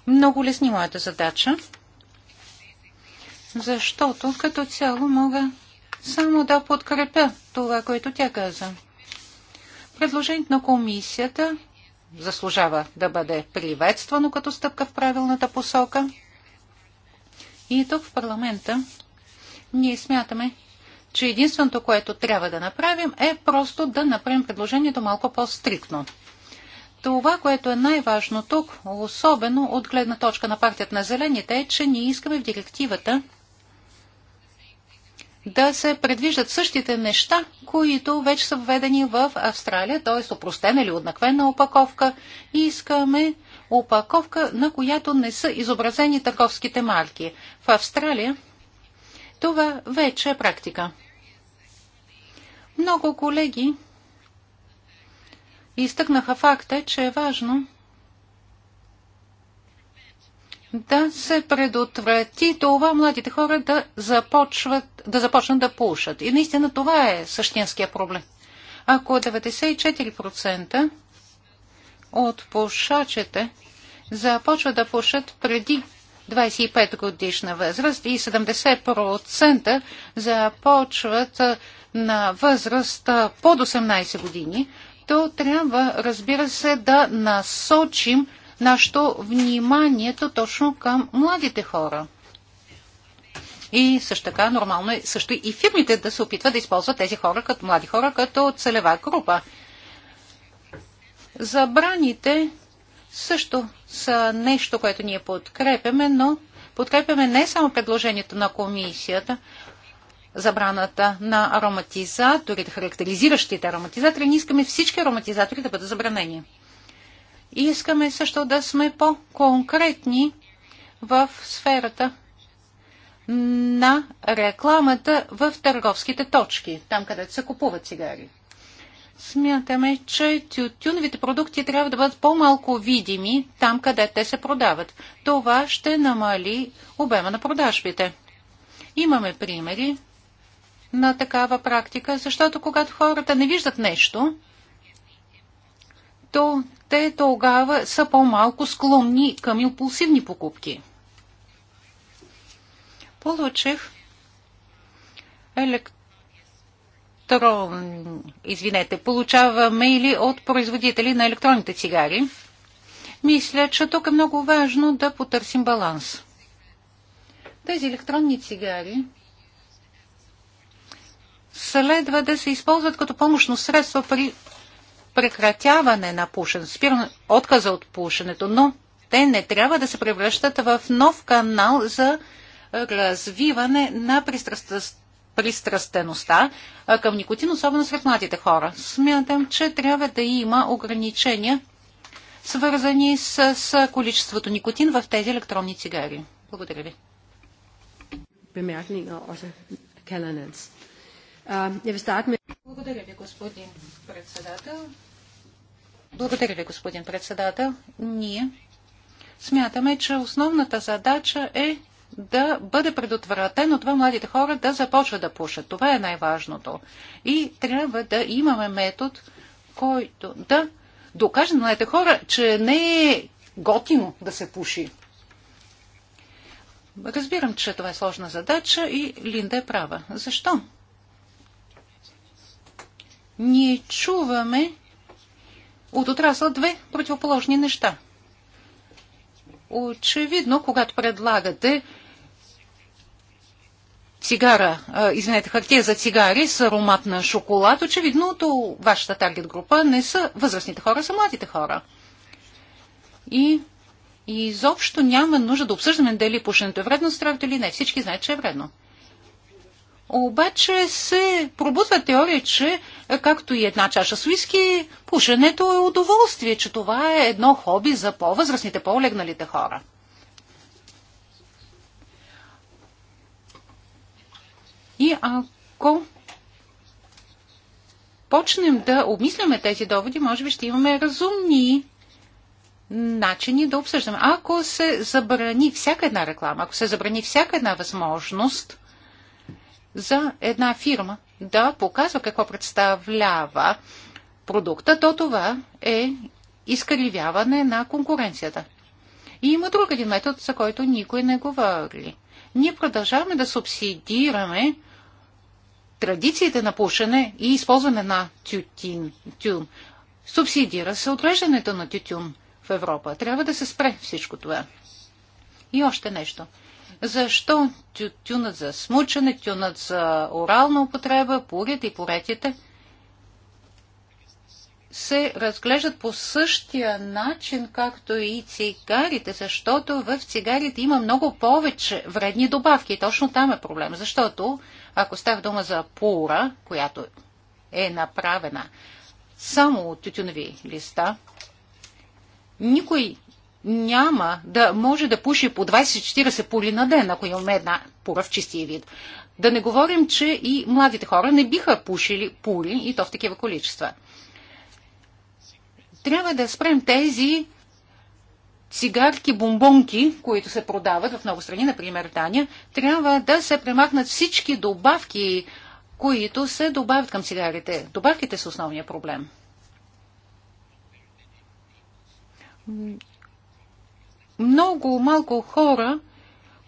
много лесни моята задача, защото като цяло мога само да подкрепя това, което тя каза. Предложението на комисията заслужава да бъде приветствано като стъпка в правилната посока. И тук в парламента ние смятаме, че единственото, което трябва да направим, е просто да направим предложението малко по-стрикно. Това, което е най-важно тук, особено от гледна точка на партията на зелените, е, че ние искаме в директивата да се предвиждат същите неща, които вече са введени в Австралия, т.е. опростена или однаквена опаковка. И искаме опаковка, на която не са изобразени търговските марки. В Австралия това вече е практика. Много колеги изтъкнаха факта, че е важно да се предотврати това младите хора да, започват, да започнат да пушат. И наистина това е същинския проблем. Ако 94% от пушачите започват да пушат преди 25 годишна възраст и 70% започват на възраст под 18 години, то трябва, разбира се, да насочим нашето вниманието точно към младите хора. И също така нормално е също и фирмите да се опитват да използват тези хора като млади хора, като целева група. Забраните също са нещо, което ние подкрепяме, но подкрепяме не само предложението на комисията, забраната на ароматизаторите, характеризиращите ароматизатори. Ние искаме всички ароматизатори да бъдат забранени. Искаме също да сме по-конкретни в сферата на рекламата в търговските точки, там където се купуват цигари. Смятаме, че тютюновите продукти трябва да бъдат по-малко видими там, къде те се продават. Това ще намали обема на продажбите. Имаме примери на такава практика, защото когато хората не виждат нещо, то те тогава са по-малко склонни към импулсивни покупки. Получих електрон... Извинете, получава мейли от производители на електронните цигари. Мисля, че тук е много важно да потърсим баланс. Тези електронни цигари следва да се използват като помощно средство при прекратяване на пушенето. спиране, отказа от пушенето, но те не трябва да се превръщат в нов канал за развиване на пристрастеността към никотин, особено сред младите хора. Смятам, че трябва да има ограничения, свързани с, с количеството никотин в тези електронни цигари. Благодаря ви. Благодаря ви, господин председател. Благодаря ви, господин председател. Ние смятаме, че основната задача е да бъде предотвратено това младите хора да започват да пушат. Това е най-важното. И трябва да имаме метод, който да докаже на младите хора, че не е готино да се пуши. Разбирам, че това е сложна задача и Линда е права. Защо? Ние чуваме от отрасъл две противоположни неща. Очевидно, когато предлагате цигара, извинете, хартия за цигари с аромат на шоколад, очевидно, то вашата таргет група не са възрастните хора, са младите хора. И, и изобщо няма нужда да обсъждаме дали пушенето е вредно здравето или не. Всички знаят, че е вредно. Обаче се пробудва теория, че е, както и една чаша с уиски, пушенето е удоволствие, че това е едно хоби за по-възрастните, по-олегналите хора. И ако почнем да обмисляме тези доводи, може би ще имаме разумни начини да обсъждаме. Ако се забрани всяка една реклама, ако се забрани всяка една възможност за една фирма да показва какво представлява продукта, то това е изкривяване на конкуренцията. И има друг един метод, за който никой не говори. Ние продължаваме да субсидираме традициите на пушене и използване на тютин, тюн. Субсидира се отреждането на тютюн в Европа. Трябва да се спре всичко това. И още нещо защо тюнат за смучане, тюнат за орална употреба, пурите и поретите се разглеждат по същия начин, както и цигарите, защото в цигарите има много повече вредни добавки. Точно там е проблем, защото ако става дума за пура, която е направена само от тютюнови листа, никой няма да може да пуши по 20-40 пули на ден, ако имаме една пура в чистия вид. Да не говорим, че и младите хора не биха пушили пули и то в такива количества. Трябва да спрем тези цигарки, бомбонки, които се продават в много страни, например Дания, трябва да се премахнат всички добавки, които се добавят към цигарите. Добавките са основния проблем много малко хора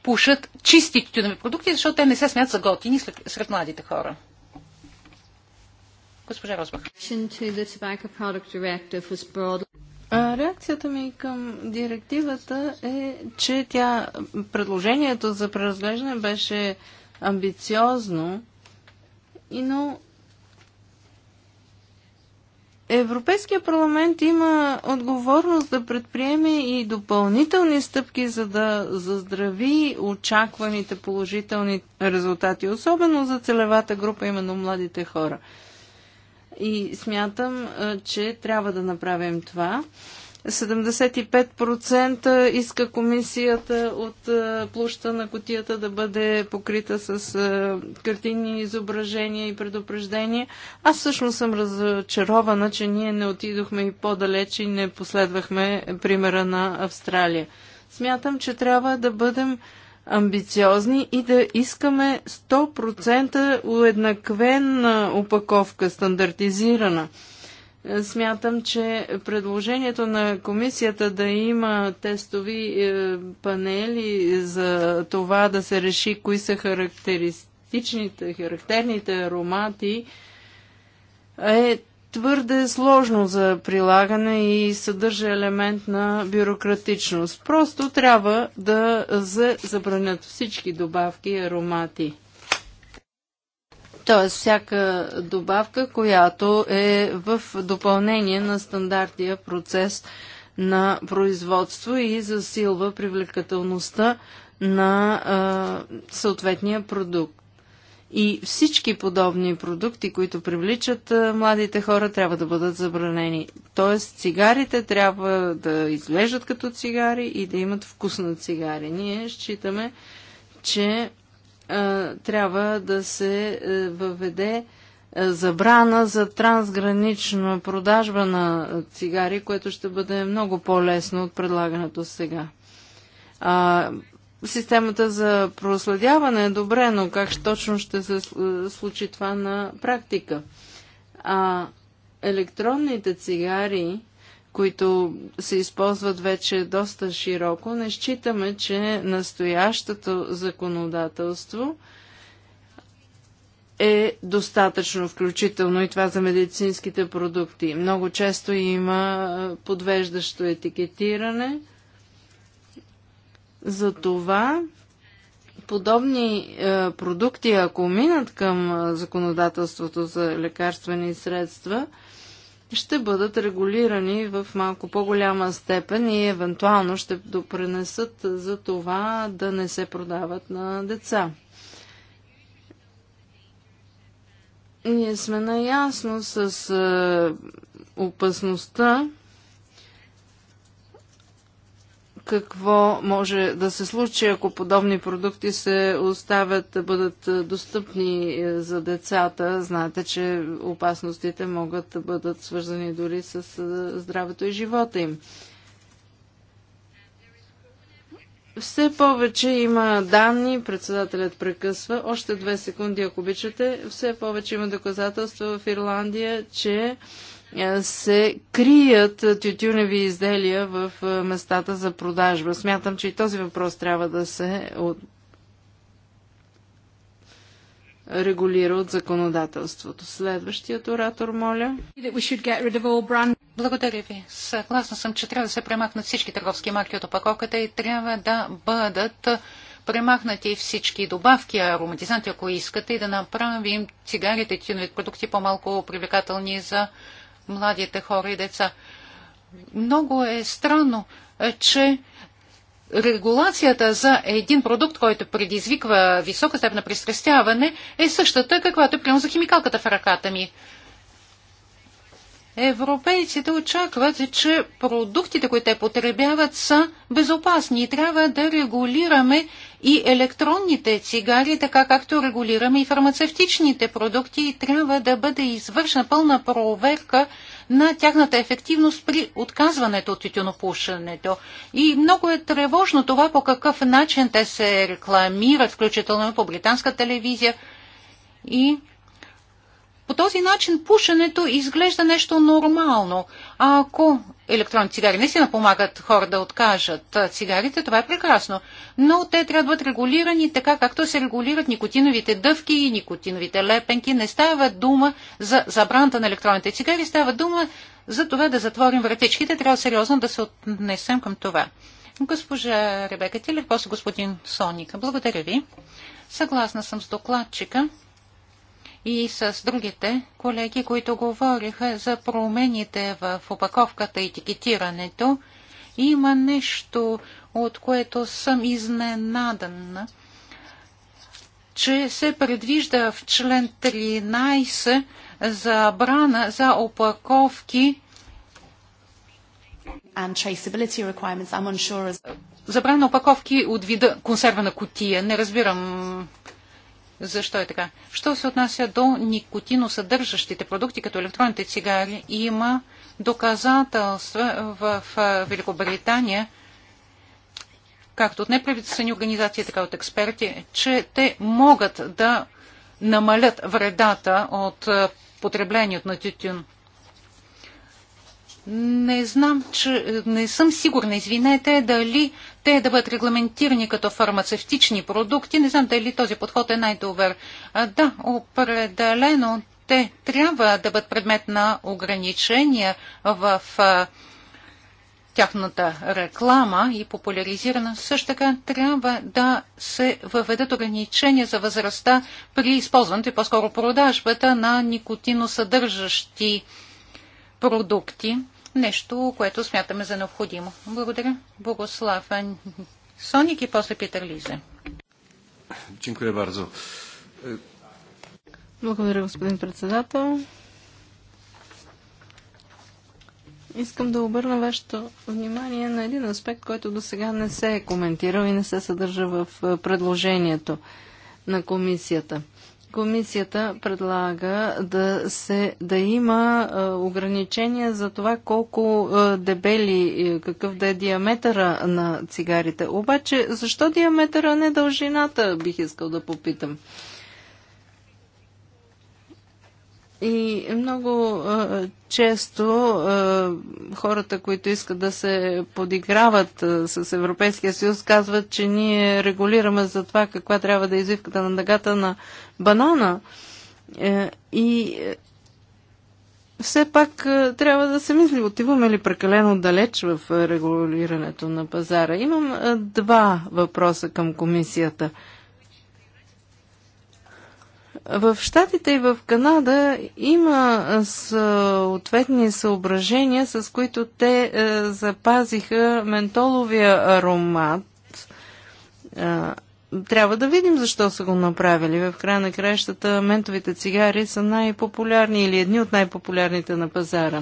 пушат чисти тютюнови продукти, защото те не се смятат за готини сред младите хора. Госпожа Розбах. Реакцията ми към директивата е, че тя, предложението за преразглеждане беше амбициозно, но Европейския парламент има отговорност да предприеме и допълнителни стъпки, за да заздрави очакваните положителни резултати, особено за целевата група, именно младите хора. И смятам, че трябва да направим това. 75% иска комисията от е, площа на котията да бъде покрита с е, картинни изображения и предупреждения. Аз всъщност съм разочарована, че ние не отидохме и по-далеч и не последвахме примера на Австралия. Смятам, че трябва да бъдем амбициозни и да искаме 100% уеднаквена упаковка, стандартизирана – Смятам, че предложението на комисията да има тестови е, панели за това да се реши кои са характеристичните, характерните аромати е твърде сложно за прилагане и съдържа елемент на бюрократичност. Просто трябва да забранят всички добавки и аромати т.е. всяка добавка, която е в допълнение на стандартния процес на производство и засилва привлекателността на а, съответния продукт. И всички подобни продукти, които привличат а, младите хора, трябва да бъдат забранени. Тоест, цигарите трябва да изглеждат като цигари и да имат вкус на цигари. Ние считаме, че трябва да се е, въведе е, забрана за трансгранична продажба на цигари, което ще бъде много по-лесно от предлагането сега. системата за проследяване е добре, но как точно ще се е, случи това на практика? А електронните цигари които се използват вече доста широко, не считаме, че настоящото законодателство е достатъчно, включително и това за медицинските продукти. Много често има подвеждащо етикетиране. Затова подобни е, продукти, ако минат към законодателството за лекарствени средства, е, ще бъдат регулирани в малко по-голяма степен и евентуално ще допренесат за това да не се продават на деца. Ние сме наясно с е, опасността какво може да се случи, ако подобни продукти се оставят да бъдат е, достъпни е, за децата. Знаете, че опасностите могат да бъдат свързани дори с е, здравето и живота им. Все повече има данни, председателят прекъсва. Още две секунди, ако обичате. Все повече има доказателства в Ирландия, че е, се крият е, тютюневи изделия в е, местата за продажба. Смятам, че и този въпрос трябва да се от... регулира от законодателството. Следващият оратор, моля. Благодаря ви. Съгласна съм, че трябва да се премахнат всички търговски марки от опаковката и трябва да бъдат премахнати всички добавки, ароматизанти, ако искате, и да направим цигарите и тюневите продукти по-малко привлекателни за младите хора и деца. Много е странно, е, че регулацията за един продукт, който предизвиква висока степен на пристрастяване, е същата, каквато е прямо за химикалката в ръката ми европейците очакват, че продуктите, които те потребяват, са безопасни и трябва да регулираме и електронните цигари, така както регулираме и фармацевтичните продукти и трябва да бъде извършена пълна проверка на тяхната ефективност при отказването от тютюнопушенето. И много е тревожно това по какъв начин те се рекламират, включително по британска телевизия. И по този начин пушенето изглежда нещо нормално. А ако електронни цигари не си напомагат хора да откажат цигарите, това е прекрасно. Но те трябва да бъдат регулирани така, както се регулират никотиновите дъвки и никотиновите лепенки. Не става дума за забраната на електронните цигари, става дума за това да затворим вратичките. Трябва сериозно да се отнесем към това. Госпожа Ребека Тилер, после господин Соника. Благодаря ви. Съгласна съм с докладчика и с другите колеги, които говориха за промените в упаковката и етикетирането. Има нещо, от което съм изненадан, че се предвижда в член 13 забрана за опаковки Забрана опаковки от вида консервена котия. Не разбирам защо е така? Що се отнася до никотиносъдържащите продукти, като електронните цигари, има доказателства в Великобритания, както от неправителствени организации, така от експерти, че те могат да намалят вредата от потреблението на тютюн. Не знам, че не съм сигурна, извинете, дали те да бъдат регламентирани като фармацевтични продукти. Не знам дали този подход е най-добър. Да, определено те трябва да бъдат предмет на ограничения в тяхната реклама и популяризирана, също така трябва да се въведат ограничения за възрастта при използването и по-скоро продажбата на никотиносъдържащи продукти нещо, което смятаме за необходимо. Благодаря. Богослав Соник и после Питър Лизе. бързо. Благодаря, господин председател. Искам да обърна вашето внимание на един аспект, който до сега не се е коментирал и не се съдържа в предложението на комисията. Комисията предлага да, се, да има ограничения за това колко дебели, какъв да е диаметъра на цигарите. Обаче, защо диаметъра не дължината, бих искал да попитам. И много често хората, които искат да се подиграват с Европейския съюз, казват, че ние регулираме за това каква трябва да е извивката на дъгата на банана. Е, и е, все пак трябва да се мисли, отиваме ли прекалено далеч в регулирането на пазара. Имам два въпроса към комисията. В Штатите и в Канада има съответни съображения, с които те е, запазиха ментоловия аромат. Е, трябва да видим защо са го направили. В края на краищата ментовите цигари са най-популярни или едни от най-популярните на пазара.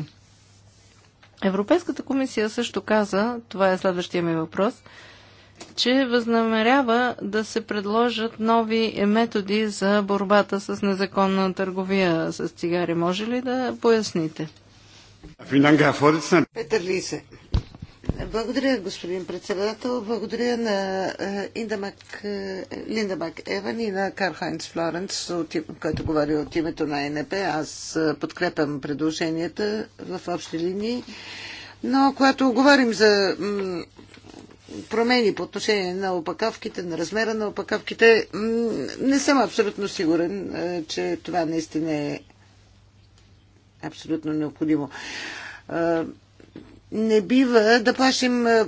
Европейската комисия също каза, това е следващия ми въпрос – че възнамерява да се предложат нови методи за борбата с незаконна търговия с цигари. Може ли да поясните? Петър Лисе. Благодаря, господин председател. Благодаря на е, Индамак, е, Линдамак Еван и на Карл Хайнц Флоренц, който говори от името на НП. Аз е, подкрепям предложенията в общи линии. Но когато говорим за промени по отношение на опаковките, на размера на опаковките. Не съм абсолютно сигурен, е, че това наистина е абсолютно необходимо. Е, не бива да плашим е,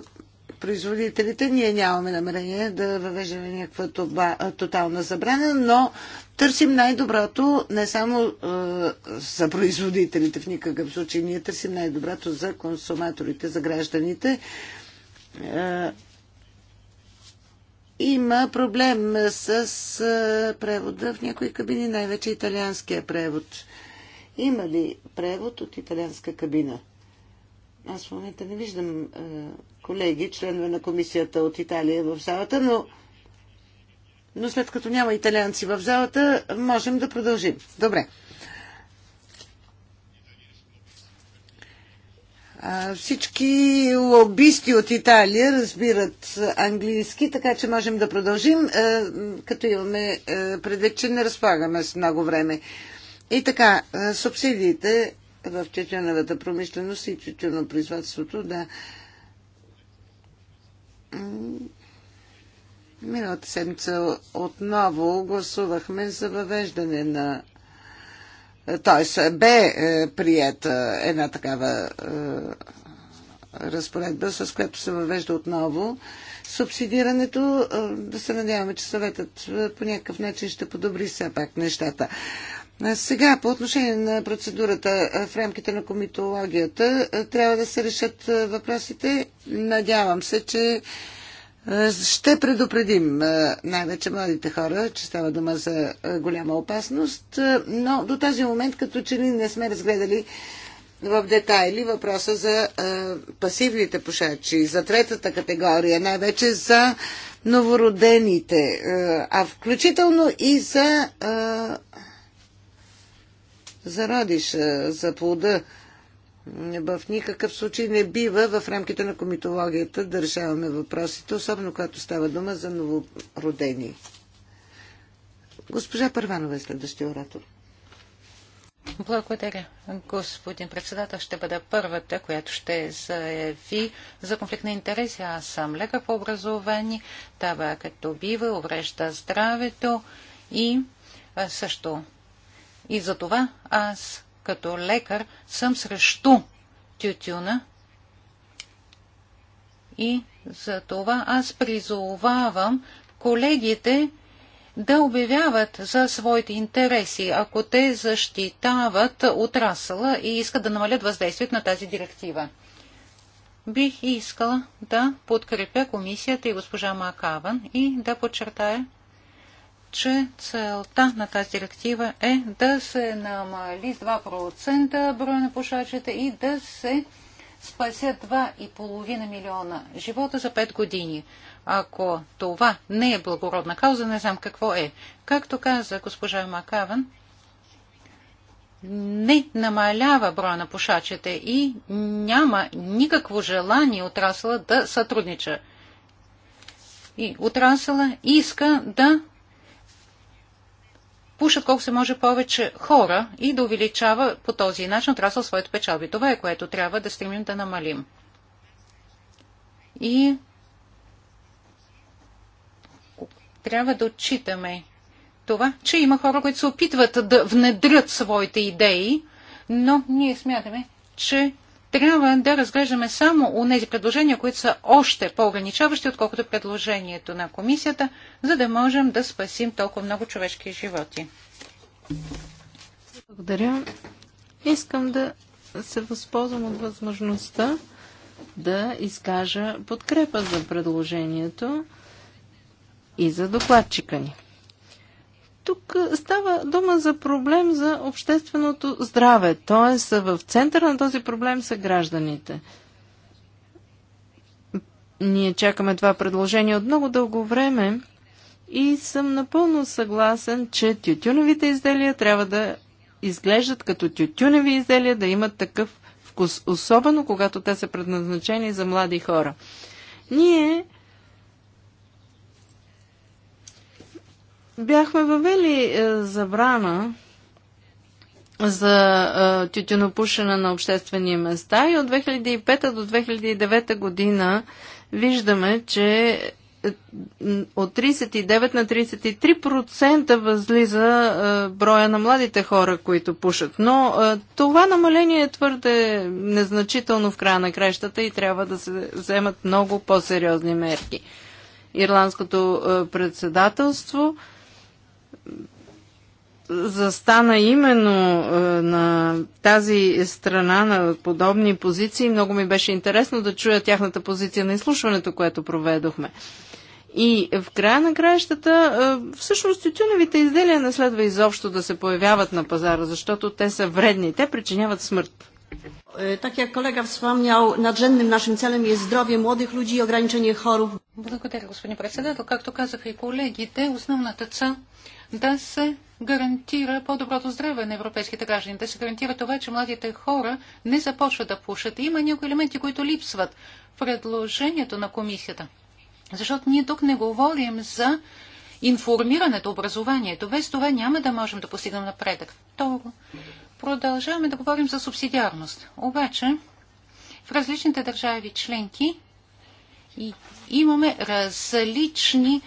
производителите. Ние нямаме намерение да въвеждаме някаква тоба, тотална забрана, но търсим най-доброто не само е, за производителите в никакъв случай. Ние търсим най-доброто за консуматорите, за гражданите. Е, е, има проблем с превода в някои кабини, най-вече италианския превод. Има ли превод от италианска кабина? Аз в момента не виждам колеги, членове на комисията от Италия в залата, но, но след като няма италианци в залата, можем да продължим. Добре. Всички лобисти от Италия разбират английски, така че можем да продължим, е, като имаме е, предвид, че не разполагаме с много време. И така, е, субсидиите в четюновата промишленост и производството да. Миналата седмица отново гласувахме за въвеждане на т.е. бе е, приета една такава е, разпоредба, с която се въвежда отново субсидирането. Е, да се надяваме, че съветът по някакъв начин ще подобри все пак нещата. Сега, по отношение на процедурата в рамките на комитологията, трябва да се решат въпросите. Надявам се, че е, ще предупредим е, най-вече младите хора, че става дума за е, голяма опасност, но до този момент като че ли не сме разгледали в детайли въпроса за пасивните пушачи, за третата категория, най-вече за новородените, а включително и за зародиша, за плода. В никакъв случай не бива в рамките на комитологията да решаваме въпросите, особено когато става дума за новородени. Госпожа Първанова е следващия оратор. Благодаря. Господин председател, ще бъда първата, която ще заяви за конфликт на интереси. Аз съм лекар по образование, като бива, уврежда здравето и също. И за това аз като лекар съм срещу тютюна и за това аз призовавам колегите да обявяват за своите интереси, ако те защитават отрасъла и искат да намалят въздействието на тази директива. Бих искала да подкрепя комисията и госпожа Макаван и да подчертая, че целта на тази директива е да се намали с 2% броя на пушачите и да се спасят 2,5 милиона живота за 5 години. Ако това не е благородна кауза, не знам какво е. Както каза госпожа Макаван, не намалява броя на пушачите и няма никакво желание отрасла да сътруднича. И отрасъла иска да пушат колко се може повече хора и да увеличава по този начин отрасъл своите печалби. Това е което трябва да стремим да намалим. И трябва да отчитаме това, че има хора, които се опитват да внедрят своите идеи, но ние смятаме, че трябва да разглеждаме само у нези предложения, които са още по-ограничаващи, отколкото предложението на комисията, за да можем да спасим толкова много човешки животи. Благодаря. Искам да се възползвам от възможността да изкажа подкрепа за предложението и за докладчика ни. Тук става дума за проблем за общественото здраве, т.е. в центъра на този проблем са гражданите. Ние чакаме това предложение от много дълго време и съм напълно съгласен, че тютюневите изделия трябва да изглеждат като тютюневи изделия, да имат такъв вкус, особено когато те са предназначени за млади хора. Ние бяхме въвели е, забрана за е, тютюнопушене на обществени места и от 2005 до 2009 година виждаме, че е, от 39 на 33% възлиза броя на младите хора, които пушат. Но това намаление е твърде незначително в края на кращата и трябва да се вземат много по-сериозни мерки. Ирландското председателство застана именно е, на тази страна на подобни позиции. Много ми беше интересно да чуя тяхната позиция на изслушването, което проведохме. И в края на краищата, е, всъщност, тютюневите изделия не следва изобщо да се появяват на пазара, защото те са вредни, те причиняват смърт. Tak jak kolega wspomniał, nadrzędnym naszym celem jest zdrowie młodych ludzi i ograniczenie chorób. Благодаря, господин председател. Както казаха и колегите, основната цел да се гарантира по-доброто здраве на европейските граждани, да се гарантира това, че младите хора не започват да пушат. Има някои елементи, които липсват в предложението на комисията. Защото ние тук не говорим за информирането, образованието. Без това няма да можем да постигнем напредък. Второ, продължаваме да говорим за субсидиарност. Обаче, в различните държави членки и имаме различни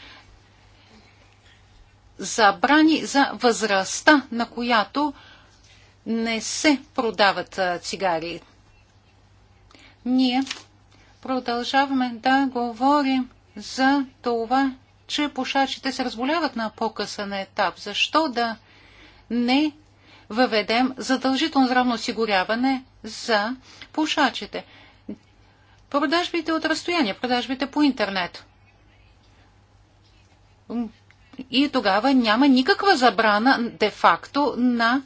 забрани за възрастта, на която не се продават цигари. Ние продължаваме да говорим за това, че пушачите се разболяват на по-късен етап. Защо да не въведем задължително здравно осигуряване за пушачите? Продажбите от разстояние, продажбите по интернет и тогава няма никаква забрана де-факто на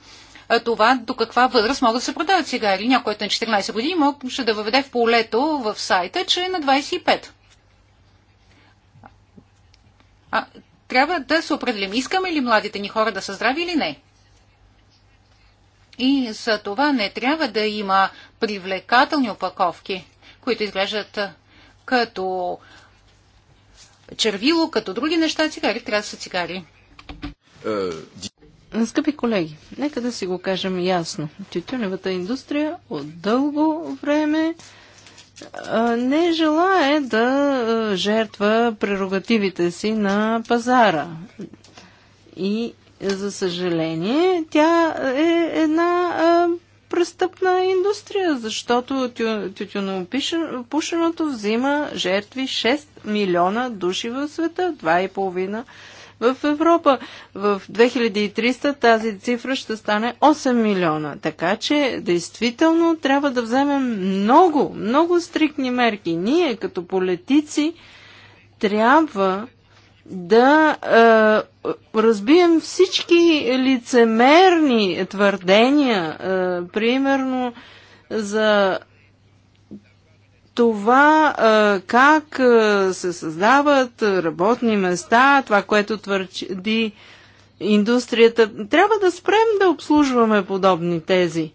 това до каква възраст могат да се продават цигари. Някой, който е на 14 години, може да въведе в полето в сайта, че е на 25. А, трябва да се определим, искаме ли младите ни хора да са здрави или не. И за това не трябва да има привлекателни опаковки, които изглеждат като червило, като други неща, цигари трябва да са цигари. Е, скъпи колеги, нека да си го кажем ясно. Тютюневата индустрия от дълго време не желае да жертва прерогативите си на пазара. И, за съжаление, тя е една престъпна индустрия, защото тютюнопушеното взима жертви 6 милиона души в света, 2,5 в Европа. В 2300 тази цифра ще стане 8 милиона. Така че, действително, трябва да вземем много, много стрикни мерки. Ние, като политици, трябва да е, разбием всички лицемерни твърдения, е, примерно за това е, как е, се създават работни места, това, което твърди индустрията. Трябва да спрем да обслужваме подобни тези.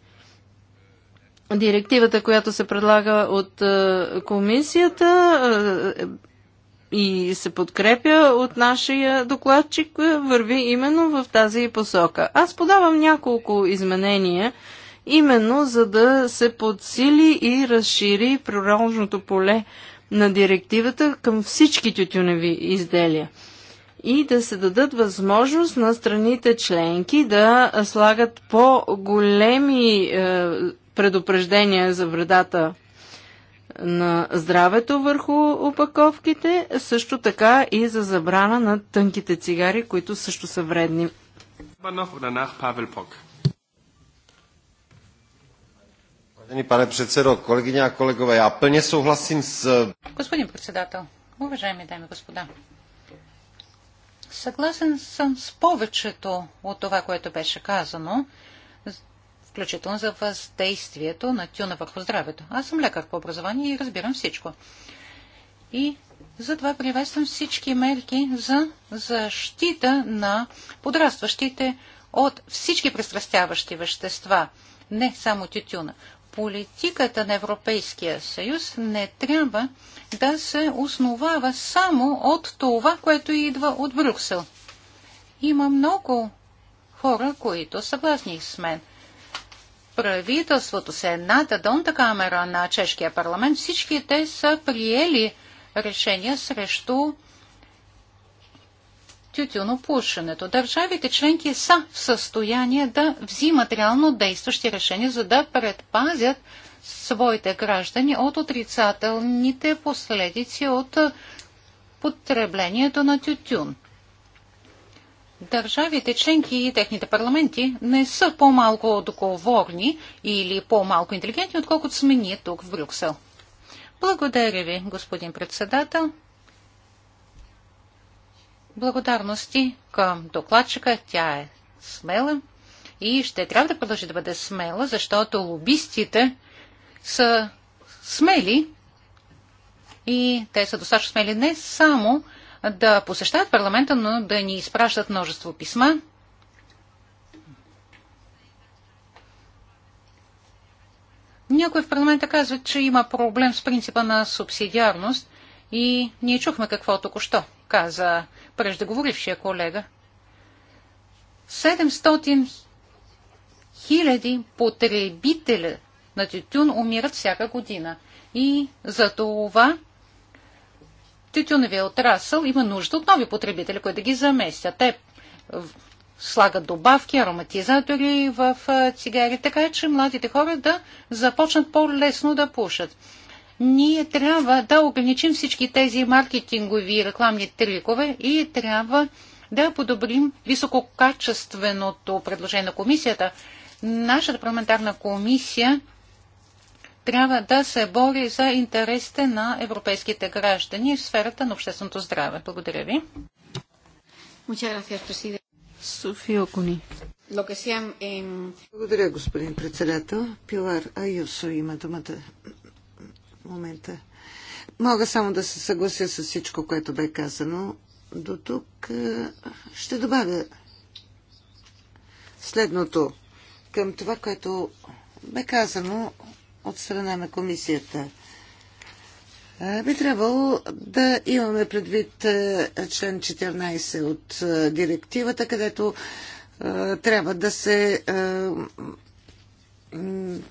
Директивата, която се предлага от е, комисията, е, и се подкрепя от нашия докладчик, върви именно в тази посока. Аз подавам няколко изменения, именно за да се подсили и разшири приложното поле на директивата към всички тютюневи изделия и да се дадат възможност на страните членки да слагат по-големи е, предупреждения за вредата на здравето върху опаковките, също така и за забрана на тънките цигари, които също са вредни. Pane předsedo, kolegyně a kolegové, já plně souhlasím с... Господин председател, уважаеми дами и господа, съгласен съм с повечето от това, което беше казано, включително за въздействието на тюна върху здравето. Аз съм лекар по образование и разбирам всичко. И затова приветствам всички мерки за защита на подрастващите от всички пристрастяващи вещества, не само тютюна. Политиката на Европейския съюз не трябва да се основава само от това, което идва от Брюксел. Има много хора, които съгласни с мен – правителството, Сената, Долната камера на чешкия парламент, всички те са приели решения срещу тютюнопушенето. Държавите членки са в състояние да взимат реално действащи решения, за да предпазят своите граждани от отрицателните последици от потреблението на тютюн. Държавите членки и техните парламенти не са по-малко договорни или по-малко интелигентни, отколкото сме ние тук в Брюксел. Благодаря ви, господин председател. Благодарности към докладчика. Тя е смела и ще трябва да продължи да бъде смела, защото лобистите са смели и те са достатъчно смели не само да посещават парламента, но да ни изпращат множество писма. Някой в парламента казват, че има проблем с принципа на субсидиарност и ние чухме какво току-що каза преждеговорившия колега. 700 хиляди потребителя на тютюн умират всяка година. И за това тютюневия отрасъл има нужда от нови потребители, които да ги заместят. Те слагат добавки, ароматизатори в цигари, така че младите хора да започнат по-лесно да пушат. Ние трябва да ограничим всички тези маркетингови и рекламни трикове и трябва да подобрим висококачественото предложение на комисията. Нашата парламентарна комисия трябва да се бори за интересите на европейските граждани в сферата на общественото здраве. Благодаря ви. София Благодаря, господин председател. Пилар Аюсо има думата момента. Мога само да се съглася с всичко, което бе казано. До тук е, ще добавя следното към това, което бе казано от страна на комисията. Би трябвало да имаме предвид член 14 от директивата, където трябва да се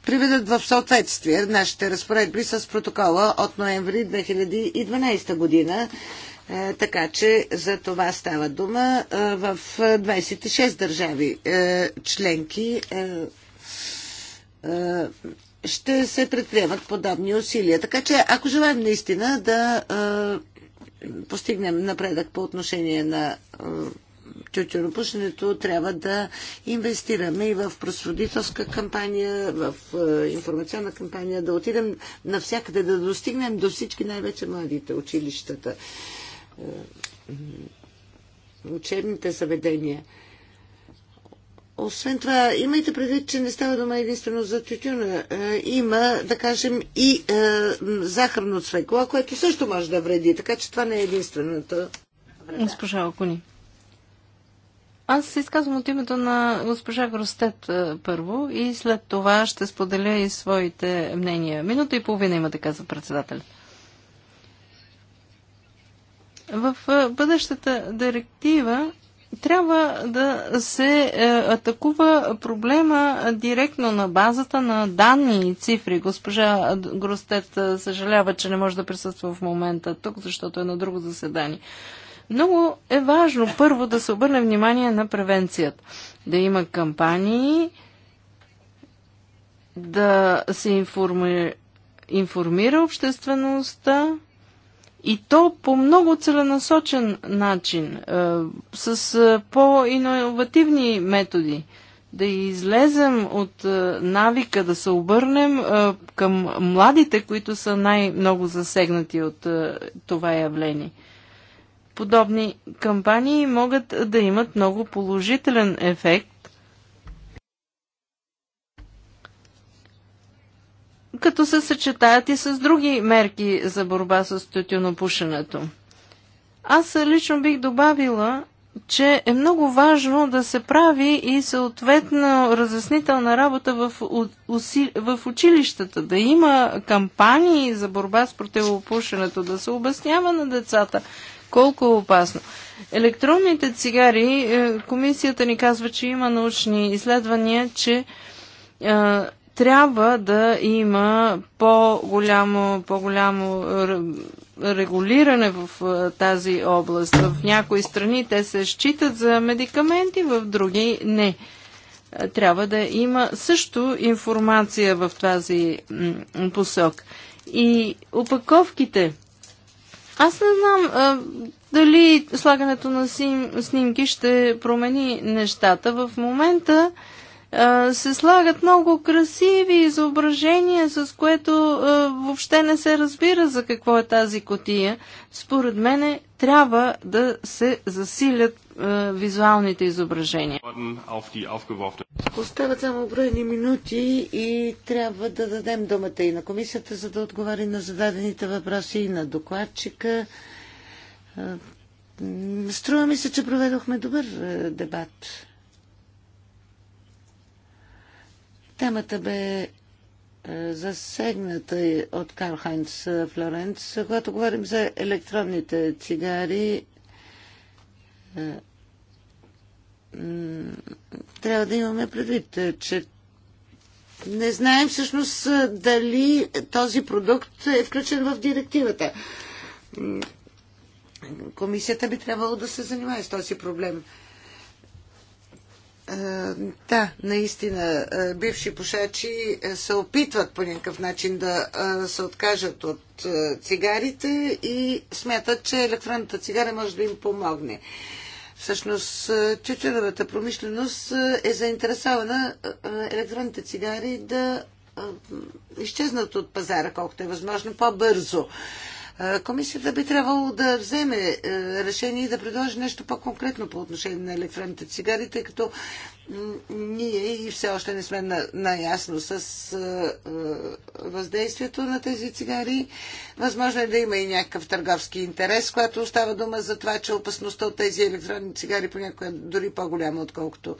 приведат в съответствие нашите разпоредби с протокола от ноември 2012 година. Така че за това става дума в 26 държави членки ще се предприемат подобни усилия. Така че, ако желаем наистина да е, постигнем напредък по отношение на е, тютюропушенето, трябва да инвестираме и в просводителска кампания, в е, информационна кампания, да отидем навсякъде, да достигнем до всички, най-вече младите училищата, е, учебните заведения. Освен това, имайте предвид, че не става дума единствено за тютюна. Е, има, да кажем, и е, захарно цвекло, което също може да вреди, така че това не е единственото. Госпожа Окуни. Аз се изказвам от името на госпожа Гростет е, първо и след това ще споделя и своите мнения. Минута и половина има да казва председател. В е, бъдещата директива трябва да се е, атакува проблема директно на базата на данни и цифри. Госпожа Гростет е, съжалява, че не може да присъства в момента тук, защото е на друго заседание. Много е важно първо да се обърне внимание на превенцията. Да има кампании, да се информира, информира обществеността, и то по много целенасочен начин, е, с е, по-инновативни методи. Да излезем от е, навика, да се обърнем към младите, които са най-много засегнати от това явление. Подобни кампании могат да имат много положителен ефект като се съчетаят и с други мерки за борба с тютюнопушенето. Аз лично бих добавила, че е много важно да се прави и съответно разяснителна работа в, уси, в училищата, да има кампании за борба с противопушенето, да се обяснява на децата колко е опасно. Електронните цигари, е, комисията ни казва, че има научни изследвания, че е, трябва да има по-голямо, по-голямо регулиране в тази област. В някои страни те се считат за медикаменти, в други не. Трябва да има също информация в тази посок. И опаковките. Аз не знам а, дали слагането на снимки ще промени нещата. В момента а, се слагат много красиви изображения, с което въобще не се разбира за какво е тази котия. Според мене трябва да се засилят визуалните изображения. Остават само броени минути и трябва да дадем думата и на комисията, за да отговори на зададените въпроси и на докладчика. Струва ми се, че проведохме добър дебат. Темата бе е, засегната от Карл Хайнц е, Флоренц. Когато говорим за електронните цигари, е, трябва да имаме предвид, че не знаем всъщност дали този продукт е включен в директивата. Комисията би трябвало да се занимае с този проблем. Е, да, наистина, е, бивши пушачи е, се опитват по някакъв начин да се откажат от цигарите и смятат, че електронната цигара може да им помогне. Всъщност, чеченовата промишленост е заинтересована електронните цигари да изчезнат от пазара, колкото е възможно по-бързо. Комисията би трябвало да вземе е, решение и да предложи нещо по-конкретно по отношение на електронните цигари, тъй като ние и все още не сме наясно с е, е, въздействието на тези цигари. Възможно е да има и някакъв търговски интерес, когато остава дума за това, че опасността от тези електронни цигари понякога е дори по-голяма, отколкото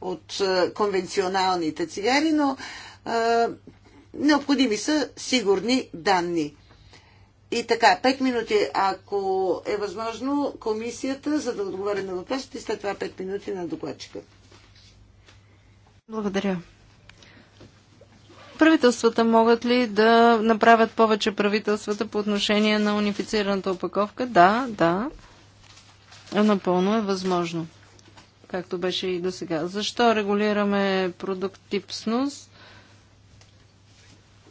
от конвенционалните цигари, но необходими са сигурни данни. И така, 5 минути, ако е възможно, комисията, за да отговори на въпросите, след това 5 минути на докладчика. Благодаря. Правителствата могат ли да направят повече правителствата по отношение на унифицираната опаковка? Да, да. Напълно е възможно. Както беше и до сега. Защо регулираме продуктивност?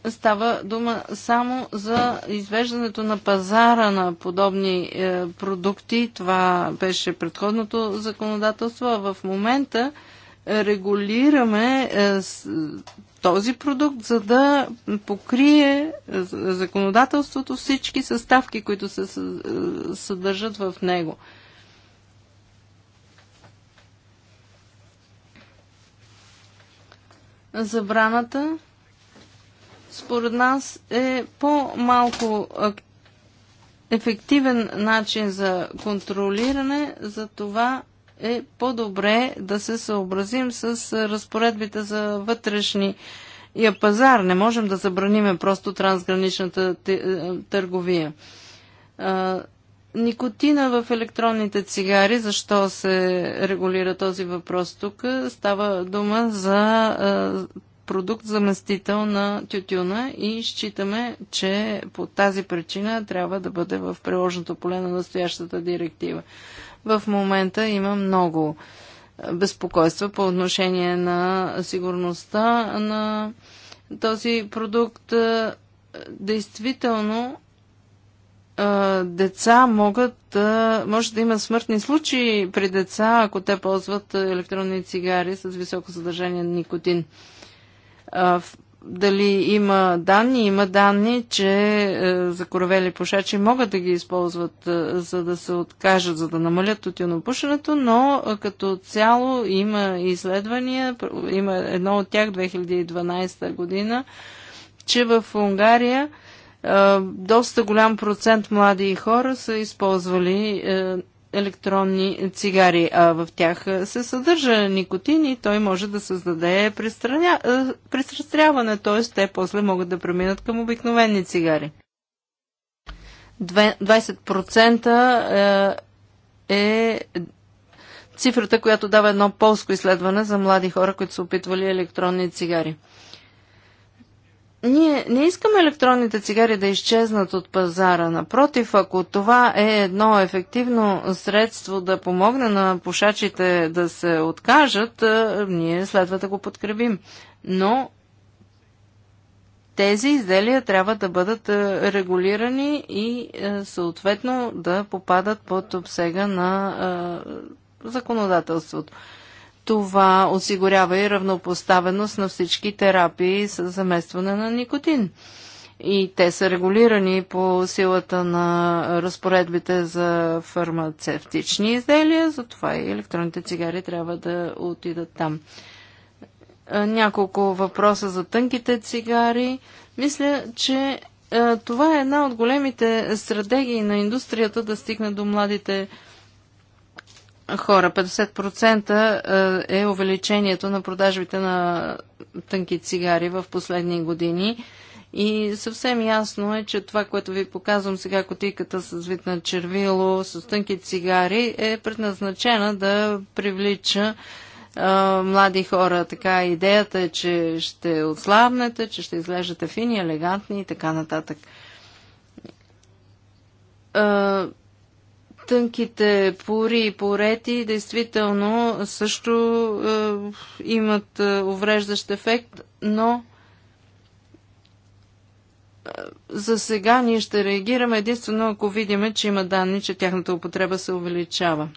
става дума само за извеждането на пазара на подобни е, продукти. Това беше предходното законодателство. А в момента регулираме е, с, този продукт, за да покрие е, законодателството всички съставки, които се е, съдържат в него. Забраната според нас е по-малко ефективен начин за контролиране, за това е по-добре да се съобразим с разпоредбите за вътрешни и пазар. Не можем да забраниме просто трансграничната е, търговия. Никотина в електронните цигари, защо се регулира този въпрос тук? Става дума за продукт заместител на тютюна и считаме, че по тази причина трябва да бъде в приложното поле на настоящата директива. В момента има много е, безпокойства по отношение на сигурността на този продукт. Е, действително, е, деца могат да, може да има смъртни случаи при деца, ако те ползват електронни цигари с високо съдържание на никотин дали има данни? Има данни, че е, за пушачи могат да ги използват, е, за да се откажат, за да намалят тютюнопушенето, но е, като цяло има изследвания, има едно от тях 2012 година, че в Унгария доста голям процент млади хора са използвали електронни цигари, а в тях се съдържа никотин и той може да създаде пристрастряване, т.е. те после могат да преминат към обикновени цигари. 20% е, е цифрата, която дава едно полско изследване за млади хора, които са опитвали електронни цигари. Ние не искаме електронните цигари да изчезнат от пазара. Напротив, ако това е едно ефективно средство да помогне на пушачите да се откажат, ние следва да го подкрепим. Но тези изделия трябва да бъдат регулирани и съответно да попадат под обсега на законодателството. Това осигурява и равнопоставеност на всички терапии с заместване на никотин. И те са регулирани по силата на разпоредбите за фармацевтични изделия, затова и електронните цигари трябва да отидат там. Няколко въпроса за тънките цигари. Мисля, че това е една от големите стратегии на индустрията да стигне до младите хора. 50% е, е увеличението на продажбите на тънки цигари в последни години. И съвсем ясно е, че това, което ви показвам сега, котиката с вид на червило, с тънки цигари, е предназначена да привлича а, млади хора. Така идеята е, че ще отслабнете, че ще изглеждате фини, елегантни и така нататък. А, тънките пори и порети действително също е, имат е, увреждащ ефект, но е, за сега ние ще реагираме единствено ако видиме, че има данни, че тяхната употреба се увеличава.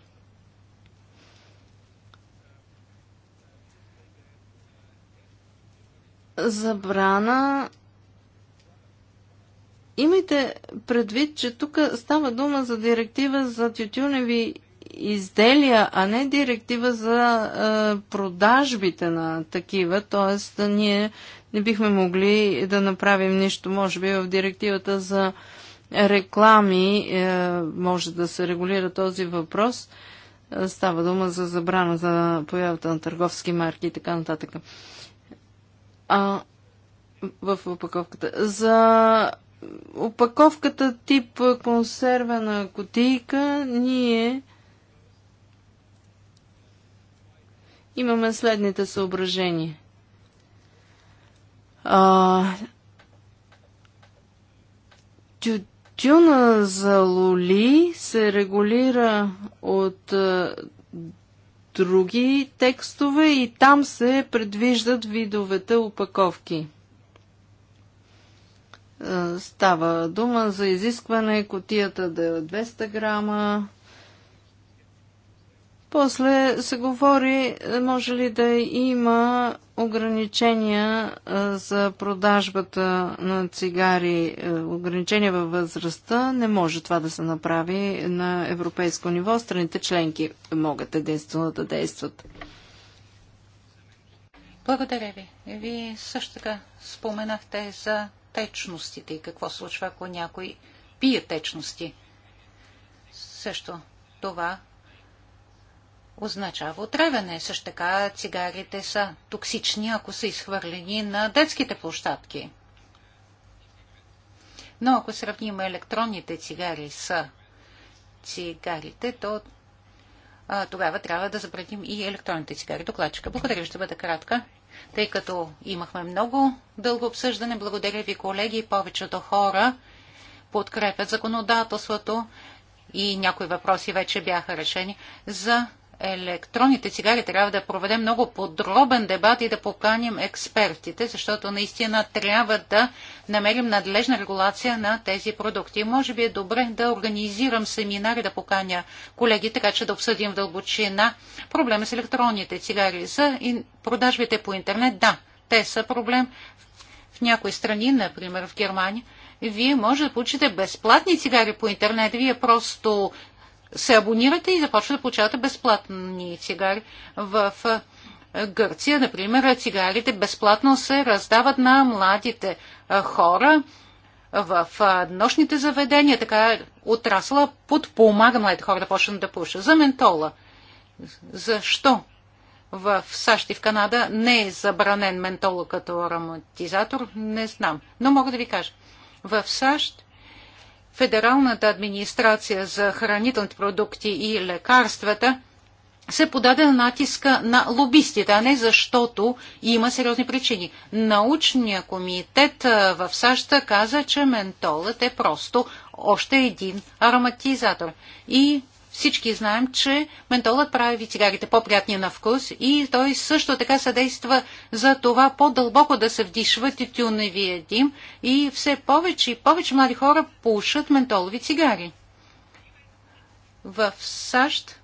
Забрана Имайте предвид, че тук става дума за директива за тютюневи изделия, а не директива за е, продажбите на такива, да ние не бихме могли да направим нищо. Може би в директивата за реклами е, може да се регулира този въпрос. Е, става дума за забрана за появата на търговски марки и така нататък. А, в опаковката. За опаковката тип консервена кутийка ние имаме следните съображения. А, тютюна за лули се регулира от а, други текстове и там се предвиждат видовете опаковки. Е, става дума за изискване котията да е 200 грама. После се говори, е, може ли да има ограничения е, за продажбата на цигари, ограничения във възрастта. Не може това да се направи на европейско ниво. Страните членки могат единствено да действат. Благодаря ви. Вие също така споменахте за течностите и какво случва, ако някой пие течности. Също това означава отравяне. Също така цигарите са токсични, ако са изхвърлени на детските площадки. Но ако сравним електронните цигари с цигарите, то а, тогава трябва да забраним и електронните цигари. Докладчика, благодаря, ще бъда кратка тъй като имахме много дълго обсъждане. Благодаря ви, колеги. Повечето хора подкрепят законодателството и някои въпроси вече бяха решени. За електронните цигари трябва да проведем много подробен дебат и да поканим експертите, защото наистина трябва да намерим надлежна регулация на тези продукти. Може би е добре да организирам семинари, да поканя колеги, така че да обсъдим в дълбочина проблема с електронните цигари. За продажбите по интернет, да, те са проблем. В някои страни, например в Германия, вие може да получите безплатни цигари по интернет. Вие просто се абонирате и започвате да получавате безплатни цигари. В Гърция, например, цигарите безплатно се раздават на младите хора в нощните заведения, така отрасла подпомага младите хора да почнат да пушат. За ментола. Защо в САЩ и в Канада не е забранен ментола като ароматизатор, не знам. Но мога да ви кажа. В САЩ Федералната администрация за хранителните продукти и лекарствата се подаде на натиска на лобистите, а не защото има сериозни причини. Научният комитет в САЩ каза, че ментолът е просто още един ароматизатор. И всички знаем, че ментолът прави цигарите по-приятни на вкус и той също така съдейства за това по-дълбоко да се вдишва тютюневия дим и все повече и повече млади хора пушат ментолови цигари. В САЩ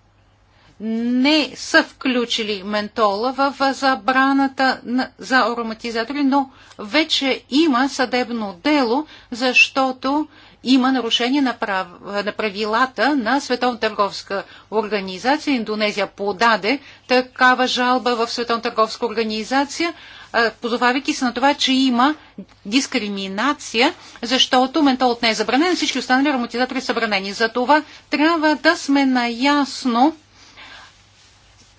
не са включили ментола в забраната за ароматизатори, но вече има съдебно дело, защото има нарушение на, прав... на правилата на Световната търговска организация. Индонезия подаде такава жалба в Световна търговска организация, позовавайки се на това, че има дискриминация, защото ментолът не е забранен, всички останали ароматизатори са забранени. За това трябва да сме наясно,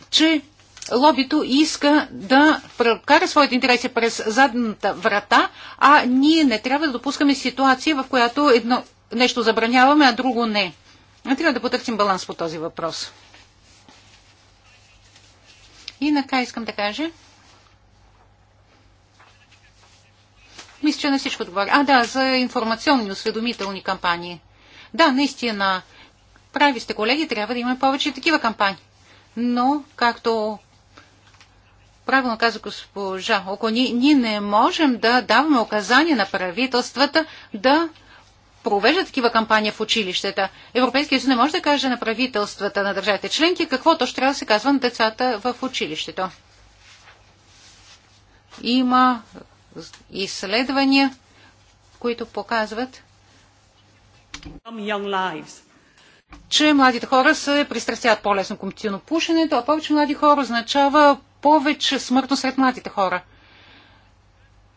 че лобито иска да прокара своите интереси през задната врата, а ние не трябва да допускаме ситуация, в която едно нещо забраняваме, а друго не. Трябва да потърсим баланс по този въпрос. И накрая искам да кажа. Мисля, че на всичко отговоря. А, да, за информационни, осведомителни кампании. Да, наистина, прави сте колеги, трябва да имаме повече такива кампании. Но, както правилно каза госпожа Окони, ние не можем да даваме указания на правителствата да провеждат такива кампания в училищата. Европейския съюз не може да каже на правителствата на държавите членки какво точно трябва да се казва на децата в училището. Има изследвания, които показват, че младите хора се пристрастяват по-лесно към пушенето, а повече млади хора означава повече смъртно сред младите хора.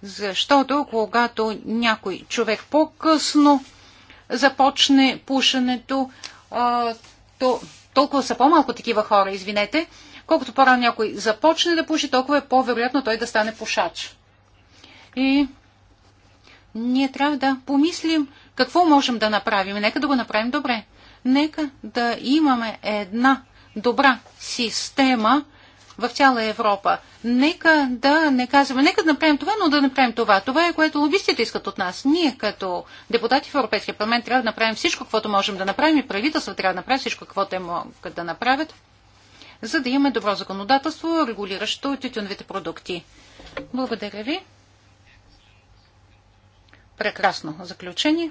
Защото когато някой човек по-късно започне пушенето, а, то, толкова са по-малко такива хора, извинете, колкото по-рано някой започне да пуши, толкова е по-вероятно той да стане пушач. И ние трябва да помислим какво можем да направим. Нека да го направим добре. Нека да имаме една добра система в цяла Европа. Нека да не казваме, нека да направим това, но да направим това. Това е което лобистите искат от нас. Ние като депутати в Европейския парламент трябва да направим всичко, каквото можем да направим и правителство трябва да направи всичко, каквото те могат да направят, за да имаме добро законодателство, регулиращо тютюновите продукти. Благодаря ви. Прекрасно заключение.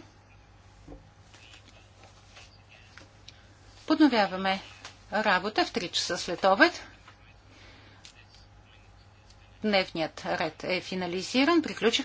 Подновяваме работа в 3 часа след обед. Дневният ред е финализиран. Приключих